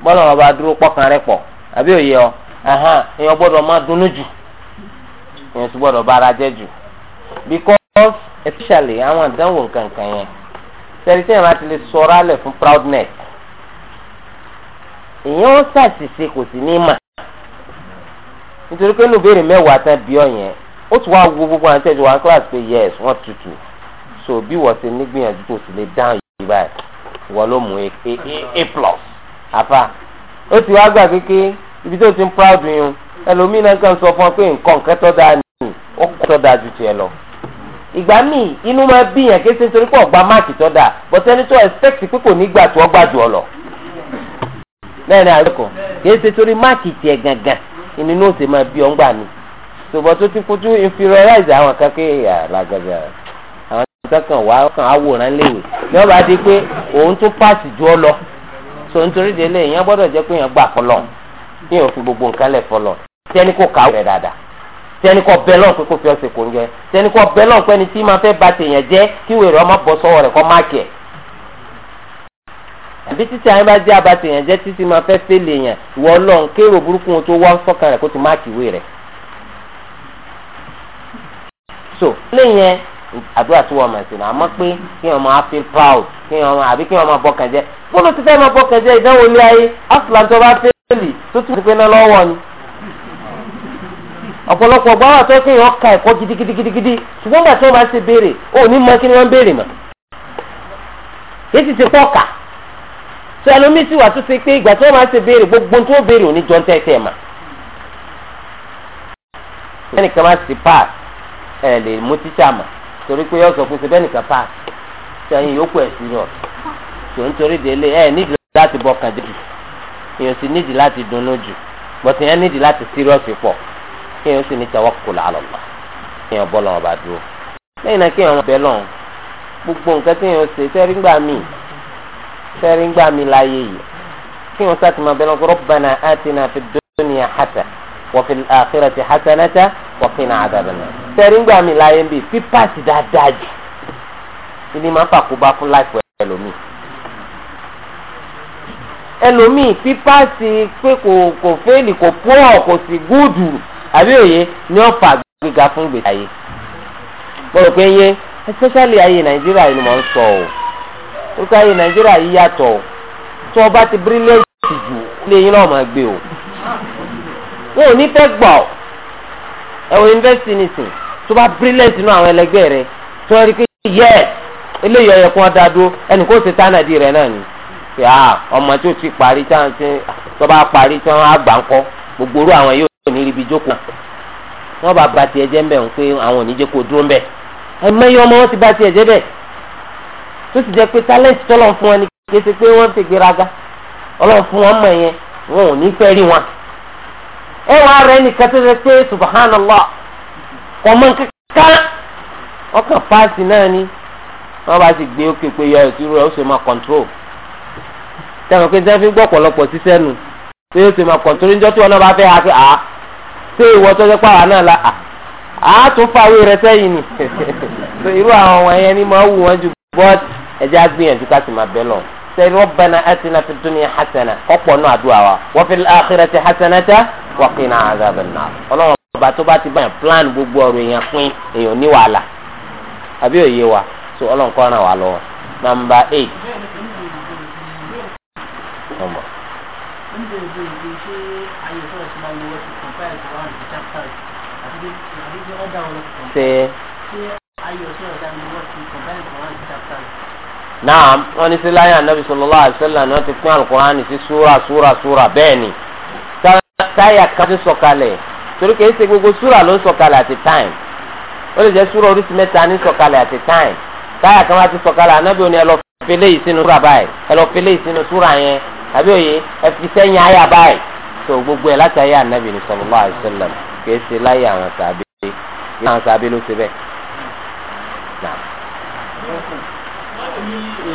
Speaker 1: bọ́lá wọn bá dúró pọ́kàn rẹ pọ̀ àbí òye ọ èèyàn gbọ́dọ̀ máa dunnú jù èèyàn sì gbọ́dọ̀ bá ara jẹ́ jù because especially àwọn àdánwò nǹkankan yẹn sẹ́ni tí èèyàn ti lè sọ̀rọ̀ alẹ̀ fún proudness èèyàn ó ṣàṣìṣe kò sí ní mà nítorí pé nùbéèrè mẹ́wàá tán bí ọ yẹn ó tún wá wo gbogbo àwọn tẹ̀síwá class pé yes wọ́n tutù so bí wọ́n ṣe nígbìyànjú tó sì lè dáhùn yìí báyìí wọ́n ló mú a a plus àfa ó ti wá gbà kéke ibi tó ti ń proud yun ẹlòmíín náà kàn sọ fún ọ pé nǹkan nǹkan tó dáa ni ó kọ́ tó dáa ju tiẹ̀ lọ ìgbà míì inú máa bí yàn kése nítorí pé ọgbà máàkì tó dáa but ẹni tó expect pé kò ní gbà tó ọgbà jù ọ lọ lẹ́yìn àjọkọ̀ kése torí máàkì tiẹ̀ gangan ìní ní òsè máa bí ọ̀ngbà ni ṣùgbọ́n tó ti fojú inferiorize àwọn kan pé làgàjà àwọn kankan wà kàn àwòrán léwe ní ọba di pé òun tún pàṣì ju ọ lọ so nítorí délé èèyàn gbọ́dọ̀ jẹ́ pé èèyàn gbà fọlọ́ kí èèyàn fi gbogbo nǹkan lẹ̀ fọlọ́ tẹ́ni kò kàwé rẹ̀ dáadáa tẹ́ni kò bẹ́ lọ́n pé kò fi ọ̀sẹ̀ kò ń jẹ tẹ́ni kò bẹ́ lọ́n pé ẹni tí máa fẹ́ ba tèèyàn jẹ́ kí wèrè ọmọ bọ́ sọ́wọ́ rẹ̀ kọ́ máàkì ẹ̀ àbí títí àyìn bá dé àbá tèèyàn jẹ́ títí máa fẹ́ fẹ́lẹ̀ yẹn ìwọ ọlọ́run kéèrò burúkú tó wá sọ́kàn rẹ̀ kó ti máàkì ìwé rẹ̀. so lẹ́yìn àdúrà tí wọ́n máa ṣe náà àmọ́ pé kí wọ́n máa feel proud kí wọ́n máa àbí kí wọ́n máa bọ́kàn jẹ́ bọ́lá ti fẹ́ máa bọ́kàn jẹ́ ìdánwò ilé ayé asùlá tó bá tó tún lọ́wọ́ ni. ọ̀pọ̀lọpọ̀ gidigidigidi ṣùgbọ́n tí ẹlòmíì sì wà tó ṣe pé ìgbà tí wọ́n máa ṣe béèrè gbogbo tó béèrè òní jọ ń tẹ́tẹ́ mà. ẹnìkan máa ṣe pass ẹ lè mú tíṣà mà torí pé yóò sọ fún ṣe bẹ́ẹ̀ nìkan pass ṣe ẹyin yòókù ẹ̀ sí yàn tó ń torí délé ẹ nídìí láti bọkàn jù èèyàn sì nídìí láti dunnú jù bọ́sẹ̀ yẹn nídìí láti sírọ́ọ̀sì pọ̀ kéèyàn sì ní tawakkul ala Allah kéèyàn bọ́ lọ́wọ́ bá dúró lẹ́yìn náà kéèyàn bẹ́ lọ́wọ́ gbogbo nǹkan kéèyàn ṣe sẹ́rí gbà míì sẹ́rí ń gbà mí láàyè yìí kí wọ́n sáà ti máa bẹ̀rẹ̀ ọgbọ́n rabbana atina fid dunya hasana wa fil akhirati hasanatan wa qina adhaban nar sẹ́rí ń gbà mí láàyè bíi pípàsì dáadáa jù ilé máa ń fàkóbá fún láìpẹ́ ẹlòmíì ẹlòmíì pípàsì pé kò kò fẹ́ẹ̀lì kò pọ́ọ̀ kò sì gúdù àbí òye ni ó fà gbéga fún gbèsè ayé mo rò pé yé especially ayé nàìjíríà ni mo ń sọ o orúkọ ayé nàìjíríà yìí yàtọ̀ tí wọ́n bá ti bírílẹ̀tì jù lé yín lọ́ọ́ máa gbé o wọn ò ní fẹ́ gbọ́ ẹ̀wọ̀n yunifásitì nìsín tó bá bírílẹ̀tì náà àwọn ẹlẹgbẹ́ rẹ tí wọ́n rí pé yẹ eléyìí ọ̀yẹ̀ kún ọ̀dà dúró ẹnì kó ṣe tánàdì rẹ̀ náà ni pé a ọmọ tí ó ti parí tí wọ́n bá parí tí wọ́n á gbà ń kọ́ gbogbo orú àwọn yóò ní ibi jókòó wọ́n bá ba tiẹ̀ jẹ́ ń bẹ̀ ń pé àwọn ò ní jẹ́ kó dúró ń bẹ̀ ẹ̀mẹ́yìn ọmọ wọn ti ba tiẹ̀ jẹ́ bẹ́ẹ̀ tó sì jẹ́ pé tálẹ́ǹtì tọ́lọ̀ fún wọn ni kése pé wọ́n ti gbéraga ọlọ́run fún wọn mọ̀ yẹn wọn ò ní fẹ́ rí wọn. ẹ wàá rẹ nìkan tó ṣe pé subhanallah kò mọ kankan ọkàn paasi náà ni wọ́n bá ti gbé òkè pé yọ ìṣirò ẹ̀ ó ṣe máa control tẹ̀wọ̀n pé tẹ́ fi gbọ́ ọ̀pọ̀lọpọ̀ sísẹ́ nu pé ó ṣe máa control níjọ́ tí wọn náà bá fẹ́ ha pé àá ah, ṣé ìwọ tó ṣe pààrọ̀ náà la àá ah, tún fàwé rẹ sẹ́yìn ni *laughs* irú àwọn wọ̀nyẹn ni máa wù wọ́n ju bọ́ọ̀dì ẹjẹ́ agbìyànjú ká sì máa bẹ́ lọ. sẹ́yìn rabbana atina fid dunya hasana ọ̀pọ̀ náà àdúrà wa wa fil akhirati hasanatan wa qina adhaban nar. ọlọ́run ọba tó bá ti báyìí plan gbogbo ọ̀rọ̀ èèyàn pín èèyàn ní wàhálà àbí òye wa so ọlọ́run kọ́ ràn wá lọ́wọ́. number eight. ṣe náà wọn ní sí láyé anabi sallallahu alaihi wasallam ni wọn ti pín alukur'an sí súra súra súra bẹ́ẹ̀ ni táyà kan ti sọ̀kalẹ̀ torí kìí ṣe gbogbo súra ló ń sọ̀kalẹ̀ àti time ó lè jẹ́ súra oríṣi mẹ́ta ní sọ̀kalẹ̀ àti time táyà kan bá ti sọ̀kalẹ̀ anabi òní ẹ lọ fele yìí sínú súra báyìí ẹ lọ fele yìí sínú súra yẹn àbí òye ẹ fi àyà báyìí tó gbogbo ẹ̀ láti ayé anabi ni sallallahu alaihi kìí ṣe láyé àwọn sàbẹ̀ àwọn sàbẹ̀ ló ṣe bẹ́ẹ̀.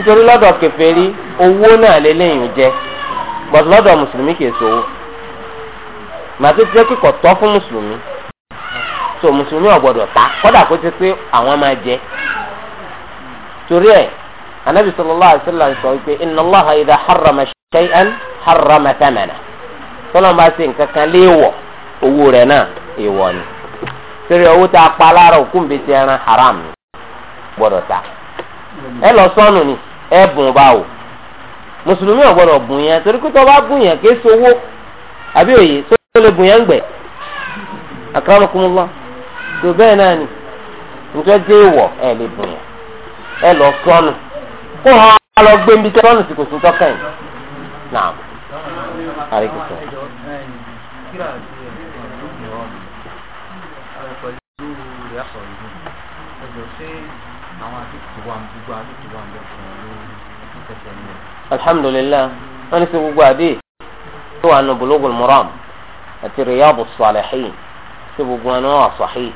Speaker 1: nítorí lọ́dọ̀ kèfèrí owó náà lélẹ́yìn jẹ́ but lọ́dọ̀ mùsùlùmí kìí sowó màtí jẹ́ kíkọ̀ tọ́ fún mùsùlùmí so mùsùlùmí ọ̀gbọ́dọ̀ ta kọ́dà kó ti pé àwọn máa jẹ torí ẹ̀ anabi sallallahu alaihi wasallam sọ wípé inna Allaha idha harrama shay'an harrama thamana tọ́lọ́n bá ṣe nǹkan kan léèwọ̀ owó rẹ̀ náà èèwọ̀ ni torí owó tá a pa lára òkú ń bẹ ti ẹran haram ni gbọ́dọ̀ ta ẹ lọ sọ́nù ni ẹ̀bùn báwo mùsùlùmí ò gbọ́dọ̀ bùn yẹn torí pé tó bá bùn yẹn kéésì owó àbí òye tó lè bùn yẹn ń gbẹ akramakumullah tó bẹ́ẹ̀ náà ni nítorí dé ìwọ̀ ẹ̀ lè bùn yẹn ẹ lọ sọnù kó hàn á lọ gbé níbi sọnù sì kò sí tọ́ka yìí náà àríkùsọ.
Speaker 3: pẹ̀lú ìyá sọ̀rọ̀ yìí ọjọ́ sí àdúgbò
Speaker 1: alhamdulilah wọn ní sọ gbogbo àdé tó wà nù bulugul maram àti riyadu salihin sọ gbogbo wọn náà wà sahih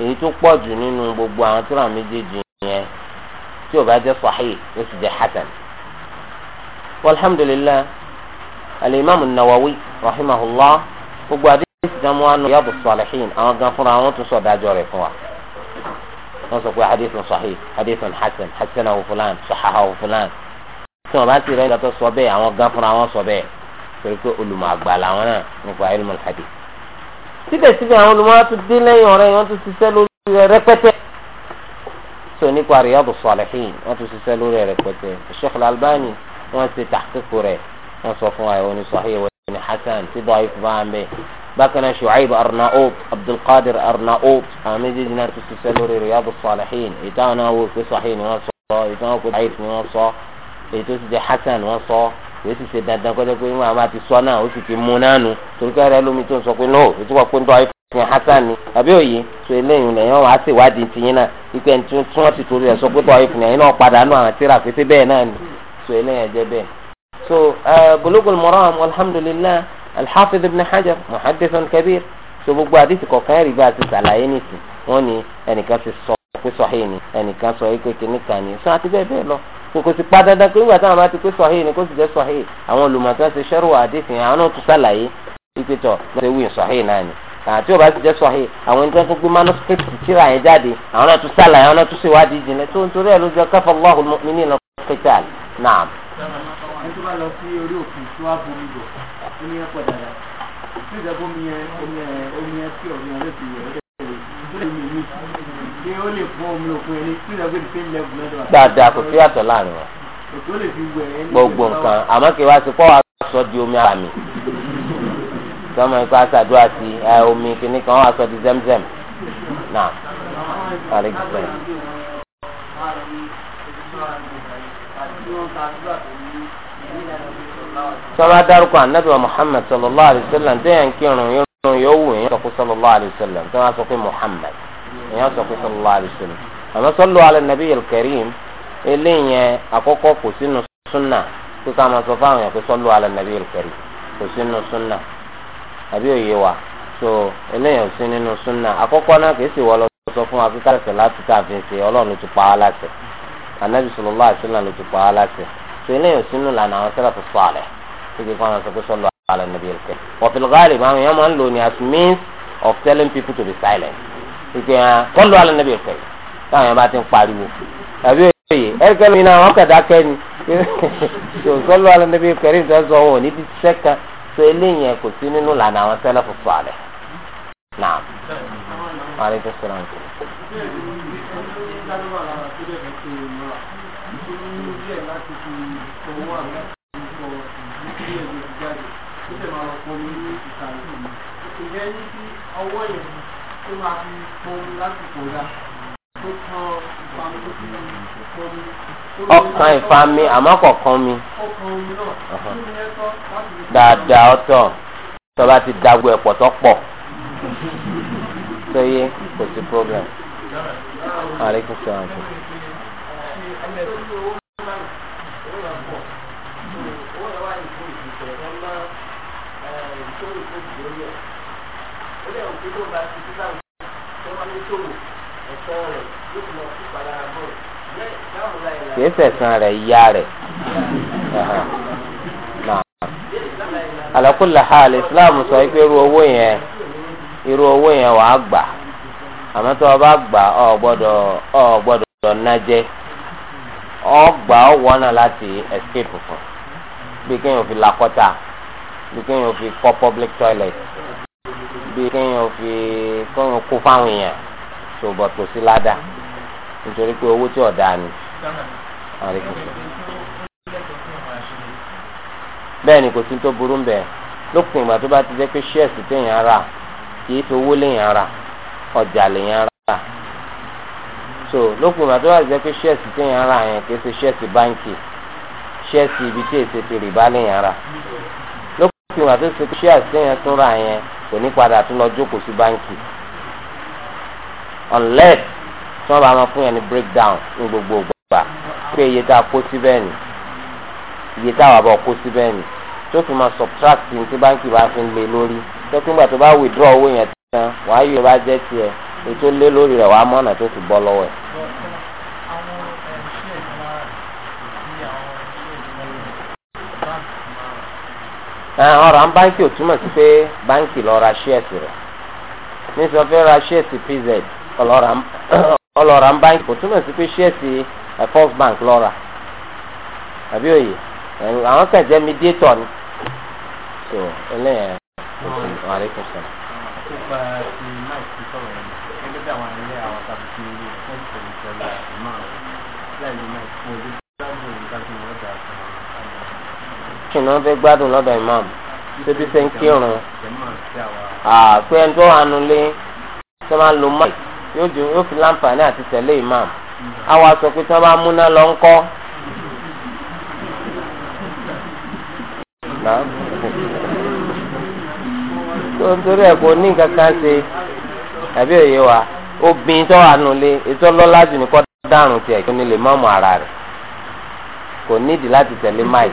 Speaker 1: èyí tó pọ̀ jù nínú gbogbo àwọn tíra méjèèjì yẹn tí o bá jẹ́ sahih o sì jẹ́ hasan alhamdulilah alimami nawawi rahimahullah gbogbo àdé ìsìdámù wa nù riyadu salihin àwọn gan fúnra wọn tún sọ dájọ́ rẹ̀ fún wa wọn sọ pé hadith sahih hadith hasan hasan awo fulan sahaha awo fulan. tí wọn bá ti rẹ lọtọ sọ bẹ́ẹ̀ àwọn gan fúnra wọn sọ bẹ́ẹ̀ pẹ̀lú pé olùmọ̀ àgbà làwọn náà nípa ìlúmọ hadith. síbẹ̀síbẹ̀ àwọn olùmọ̀ wọn tún dé lẹ́yìn ọ̀rẹ́ wọn tún ṣiṣẹ́ lórí rẹ̀ rẹpẹtẹ. sọ nípa Riyadus Salihin wọn tún ṣiṣẹ́ lórí rẹ̀ rẹpẹtẹ Sheikh Al-Albani wọn ṣe tàkìkù rẹ̀ wọn sọ fún wa ìwọ ni sahih ìwọ ni hasan tí dọ̀ ayé fún ń bákan náà Shu'aib Arnaout Abdulqadir Arnaout àwọn méjèèjì náà tún ṣiṣẹ́ lórí Riyadus Salihin ìtàn náà wò pé sọ́hìn ni wọ́n sọ ìtàn wò pé èyí tó ti jẹ́ hasan wọ́n sọ èyí ti ṣe dandan kọjá pé wọn àbá ti sọ náà ó sì ti mú náà nù torí pé ẹrẹ lómi tó ń sọ pé no ètò wọn pé ń tọ́ ayé fún hasan ni àbí òye so eléyìí lẹ́yìn wọn á sì wádìí tiyín náà wípé ẹni tí wọ́n ti torí ẹ̀ sọ pé tọ́ ayé fún ẹ̀yin náà padà nù àwọn tíra pété bẹ́ẹ̀ náà ni so eléyìí ẹ̀jẹ̀ bẹ́ẹ̀. so bulugul maram alhamdulilah alhafiz ẹnìkan sọ pé sọ̀hìn ni sọ àti bẹ́ẹ̀ bẹ́ẹ̀ lọ kò sì pa dandan pé nígbà táwọn bá ti pé sọ̀hí ni kó sì jẹ́ sọ̀hí àwọn olùmọ̀tò ṣe ṣẹ́rù àdéhùn àwọn náà tún sàlàyé wípé tọ̀ lọ́sẹ̀ wí sọ̀hí náà ni àti òbá ti jẹ́ sọ̀hí àwọn ẹni tó ń gbé manuscript tíra yẹn jáde àwọn náà tún sàlàyé àwọn náà tún ṣèwádìí jìnnà tó ń torí ẹ̀ ló jẹ́ káfọ́ lọ́hùn mi ní ìlànà hospital náà.
Speaker 3: ẹni tó bá lọ ṣé ó lè fún omi òkun ẹni tí ìlọgbẹ ti fi lẹbùn lọ́dọ̀ àti. dáadáa kò sí àtọ̀ láàrin wọn. òkú lè fi
Speaker 2: wẹ̀ ẹni. gbogbo nǹkan
Speaker 1: àmọ́ kí wá sí kọ́ wa sọ di omi àmì. sọmọ ikú aṣàdúrà sí omi kìíní kan wà sọ di zemzem. náà parí gbẹ. sọlá dárúkọ anabi wa muhammad sallallahu alayhi wa sallam déyàn kírun yóò wù yín sọkú sallallahu alayhi wa sallam tó wá sọ pé muhammad èèyàn sọ pé sallallahu alaihi wasallam àmọ́ sallu ala nabiyil karim eléyẹn àkọ́kọ́ kò sínú súnà pé ká sọ fáwọn èèyàn pé sallu ala nabiyil karim kò sínú súnà àbí òye wa so eléyẹn ò sí nínú súnà àkọ́kọ́ náà kì í sì wọ́ lọ sọ fún wa pé ká láti tá fi ṣe ọlọ́run ti pa á láṣẹ anabi sallallahu alaihi ló ti pa á láṣẹ so eléyẹn ò sínú lànà àwọn sẹ́lẹ̀fù sọ̀lẹ̀ sọ pé means of telling people to be silent ìpè hàn ah, kọlu alẹnabi ẹsẹ táwọn yẹn bá ti ń pariwo tàbí òye ẹgbẹ́ mi náà wọ́n kàdá kẹ́ni tó *laughs* kọlu alẹnabi ẹsẹ rí nǹkan sọ wọn ò ní ti sẹ́ka tó eléyìí ẹ̀ kò sí nínú lànà àwọn sẹ́lẹ̀ fòfò àlẹ́ náà wàhálà ìjọ sọ̀rọ̀ nǹkan.
Speaker 3: Thank you tó máa fi pọnmi lásìkò dá tó kan ìfami tó fi pọnmi. ọkàn ìfami àmọ́ kọ̀ọ̀kan mi. ọkàn omi náà kí ni ẹ láti lè. dáadáa ọ̀tọ̀
Speaker 1: tọba ti dagbo ẹ̀pọ̀ tó pọ̀ tó yé kò sí program.
Speaker 3: aleykum salaam kì í sẹ̀sán
Speaker 1: rẹ̀ ya rẹ̀ alakula hal islam sọ pé irú owó yẹn irú owó yẹn wàá gbà àmọ́ tó o bá gbà ọ gbọ́dọ̀ ọ gbọ́dọ̀ nájẹ́ ọ gbà ọ wọ́nà láti escape fún bí kéèyàn fi lakọ́ta bí kéèyàn fi kọ́ public toilet bí kéèyàn fi kéèyàn kó fáwọn èèyàn ṣòbọ̀ tó sí ládàá nítorí pé owó tí ọ̀dà ni. bẹ́ẹ̀ ni kò sí tó burú bẹ́ẹ̀ lópin ìgbà tó bá ti jẹ́ pé ṣẹ́ẹ̀sì téèyàn rà kìí fi owó léèyàn rà ọjà léèyàn rà so lópin ìgbà tó bá ti jẹ́ pé ṣẹ́ẹ̀sì téèyàn rà yẹn kìí ṣe ṣẹ́ẹ̀sì báńkì ṣẹ́ẹ̀sì ibi tí èsì ti rìbá léèyàn rà tí wọ́n àtúnṣe kí ṣíà sẹ́yìn tó ra yẹn kò ní padà tó lọ jókòó sí báńkì unless tí wọ́n bá máa fún yẹn ní breakdown ní gbogbo ìgbà pé iye tá a kó síbẹ̀ ni iye tá a wà bọ̀ kó síbẹ̀ ni tó fi máa subtract ní tí báńkì bá fi ń lé lórí tó kí ngbà tó bá withdraw owó yẹn tán wàá yóò bá jẹ́ tiẹ̀ ètò lé lórí rẹ̀ wàá mọ́nà tó fi bọ́ lọ́wọ́ ẹ̀. ọ̀rọ̀ à ń báńkì ò túmọ̀ sí pé báńkì lọ ra ṣẹ́ẹ̀tì rẹ̀ ní sọ fẹ́ ra ṣẹ́ẹ̀tì pz ọlọ́ra ń báńkì kò túmọ̀ sí pé ṣẹ́ẹ̀tì first bank lọ́ra àbí òye àwọn kan jẹ́ mediator ni so eléyà ọ̀rẹ́kùn sọ̀rọ̀. ó gba kìnìún fẹ́ gbádùn lọ́dọ̀ imam títí ṣe kírun àpé ẹni tó wà nulẹ̀ máa lo mic yóò ju yóò fi láǹfààní àti tẹ̀lé imam sọ pé tí bá múná lọ ń ẹ̀ kò ní nǹkan kan ṣe òye wa tó wà nulẹ̀ ètò ọlọ́lá jù ní kọ́ dárùn tiẹ̀ kí ni lè mọ́mọ́ ara rẹ̀ kò nídìí láti tẹ̀lé mic.